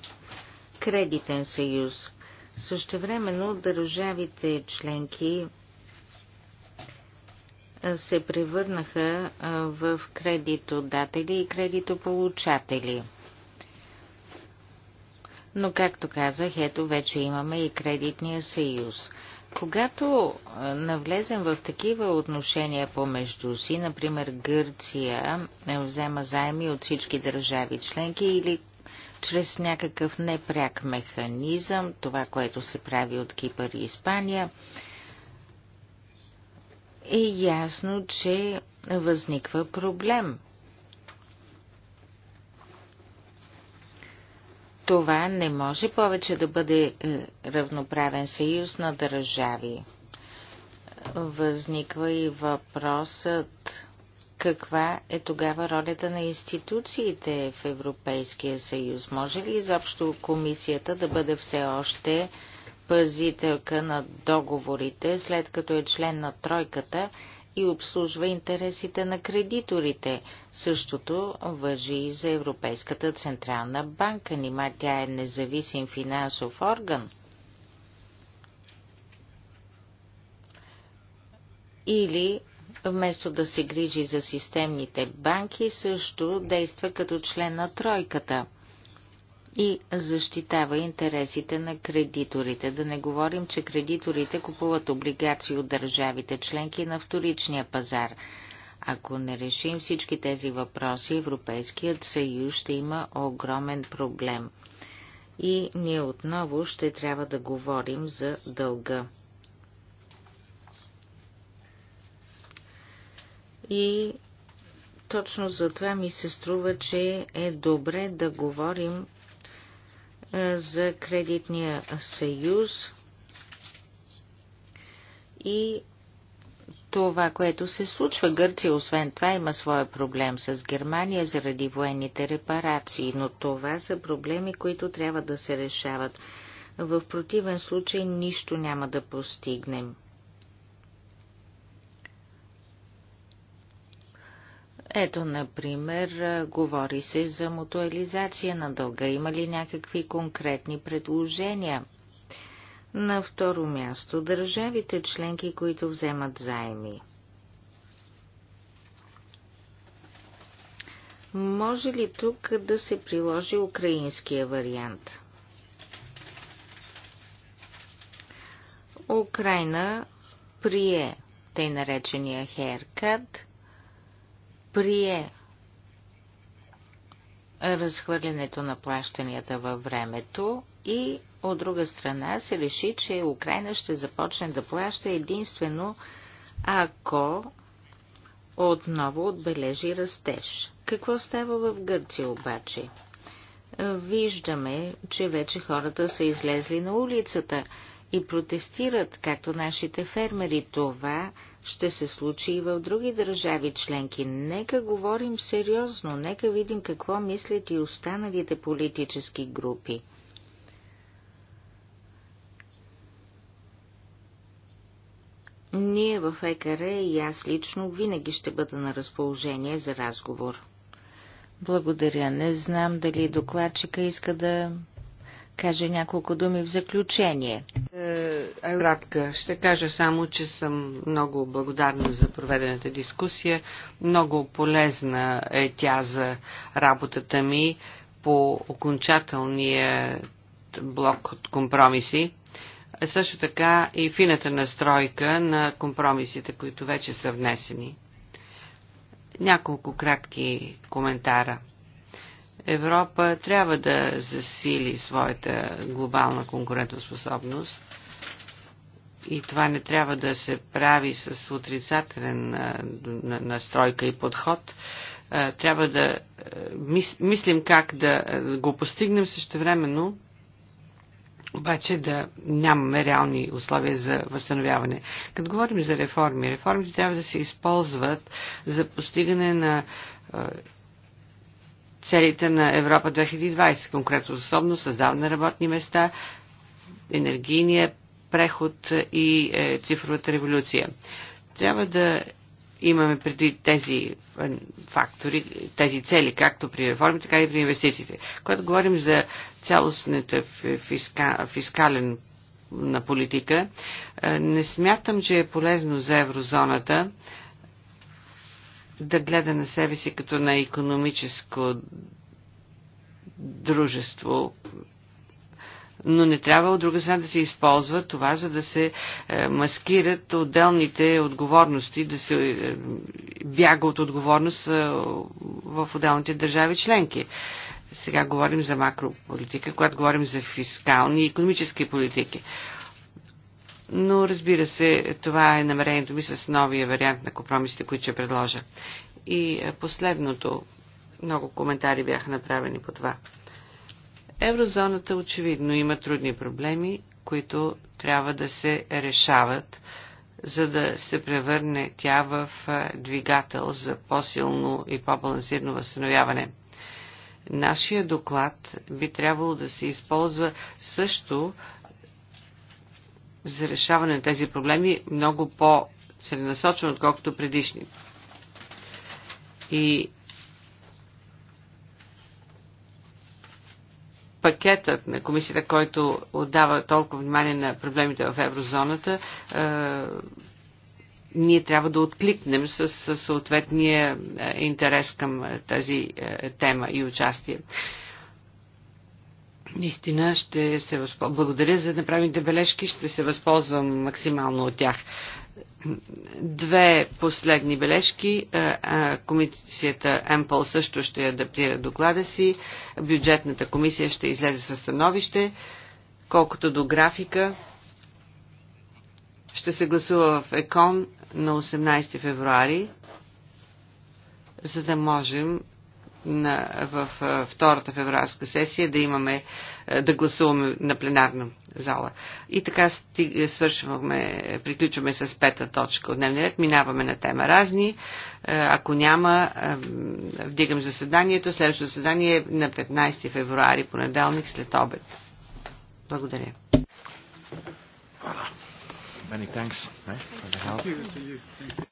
кредитен съюз. Същевременно държавите членки се превърнаха в кредитодатели и кредитополучатели. Но, както казах, ето вече имаме и кредитния съюз. Когато навлезем в такива отношения помежду си, например Гърция взема заеми от всички държави членки или чрез някакъв непряк механизъм, това, което се прави от Кипър и Испания, е ясно, че възниква проблем. Това не може повече да бъде е, равноправен съюз на държави. Възниква и въпросът каква е тогава ролята на институциите в Европейския съюз? Може ли изобщо комисията да бъде все още пазителка на договорите, след като е член на тройката и обслужва интересите на кредиторите? Същото въжи и за Европейската централна банка. Нима тя е независим финансов орган? Или вместо да се грижи за системните банки, също действа като член на тройката и защитава интересите на кредиторите. Да не говорим, че кредиторите купуват облигации от държавите членки на вторичния пазар. Ако не решим всички тези въпроси, Европейският съюз ще има огромен проблем. И ние отново ще трябва да говорим за дълга. И точно за това ми се струва, че е добре да говорим е, за кредитния съюз и това, което се случва. Гърция, освен това, има своя проблем с Германия заради военните репарации, но това са проблеми, които трябва да се решават. В противен случай нищо няма да постигнем. Ето, например, говори се за мутуализация на дълга. Има ли някакви конкретни предложения? На второ място, държавите членки, които вземат заеми. Може ли тук да се приложи украинския вариант? Украина прие тъй наречения херкат – прие разхвърлянето на плащанията във времето и от друга страна се реши, че Украина ще започне да плаща единствено ако отново отбележи растеж. Какво става в Гърция обаче? Виждаме, че вече хората са излезли на улицата и протестират, както нашите фермери. Това ще се случи и в други държави членки. Нека говорим сериозно, нека видим какво мислят и останалите политически групи. Ние в ЕКР и аз лично винаги ще бъда на разположение за разговор. Благодаря. Не знам дали докладчика иска да каже няколко думи в заключение. Е, е, кратка, ще кажа само, че съм много благодарна за проведената дискусия. Много полезна е тя за работата ми по окончателния блок от компромиси. Също така и фината настройка на компромисите, които вече са внесени. Няколко кратки коментара – Европа трябва да засили своята глобална конкурентоспособност и това не трябва да се прави с отрицателен настройка и подход. Трябва да мислим как да го постигнем същевременно, обаче да нямаме реални условия за възстановяване. Като говорим за реформи, реформите трябва да се използват за постигане на целите на Европа 2020, конкретно особено създаване на работни места, енергийния преход и е, цифровата революция. Трябва да имаме преди тези е, фактори, тези цели, както при реформи, така и при инвестициите. Когато говорим за цялостната фиска, фискален на политика, е, не смятам, че е полезно за еврозоната да гледа на себе си като на економическо дружество, но не трябва от друга страна да се използва това, за да се е, маскират отделните отговорности, да се е, бяга от отговорност е, в отделните държави членки. Сега говорим за макрополитика, когато говорим за фискални и економически политики но разбира се, това е намерението ми с новия вариант на компромисите, които ще предложа. И е, последното, много коментари бяха направени по това. Еврозоната очевидно има трудни проблеми, които трябва да се решават, за да се превърне тя в е, двигател за по-силно и по-балансирано възстановяване. Нашия доклад би трябвало да се използва също за решаване на тези проблеми много по целенасочен отколкото предишни. И пакетът на комисията, който отдава толкова внимание на проблемите в еврозоната, е, ние трябва да откликнем с, съответния е, интерес към е, тази тема и участие. Наистина ще се възползвам. Благодаря за направените бележки. Ще се възползвам максимално от тях. Две последни бележки. Комисията МПЛ също ще адаптира доклада си. Бюджетната комисия ще излезе със становище. Колкото до графика, ще се гласува в ЕКОН на 18 февруари, за да можем на, в втората февруарска сесия да имаме, да гласуваме на пленарна зала. И така свършваме, приключваме с пета точка от дневния ред, минаваме на тема разни. Ако няма, вдигам заседанието. Следващото заседание е на 15 февруари, понеделник след обед. Благодаря. Many thanks Right? Eh, for the help. Thank you, you. Thank you.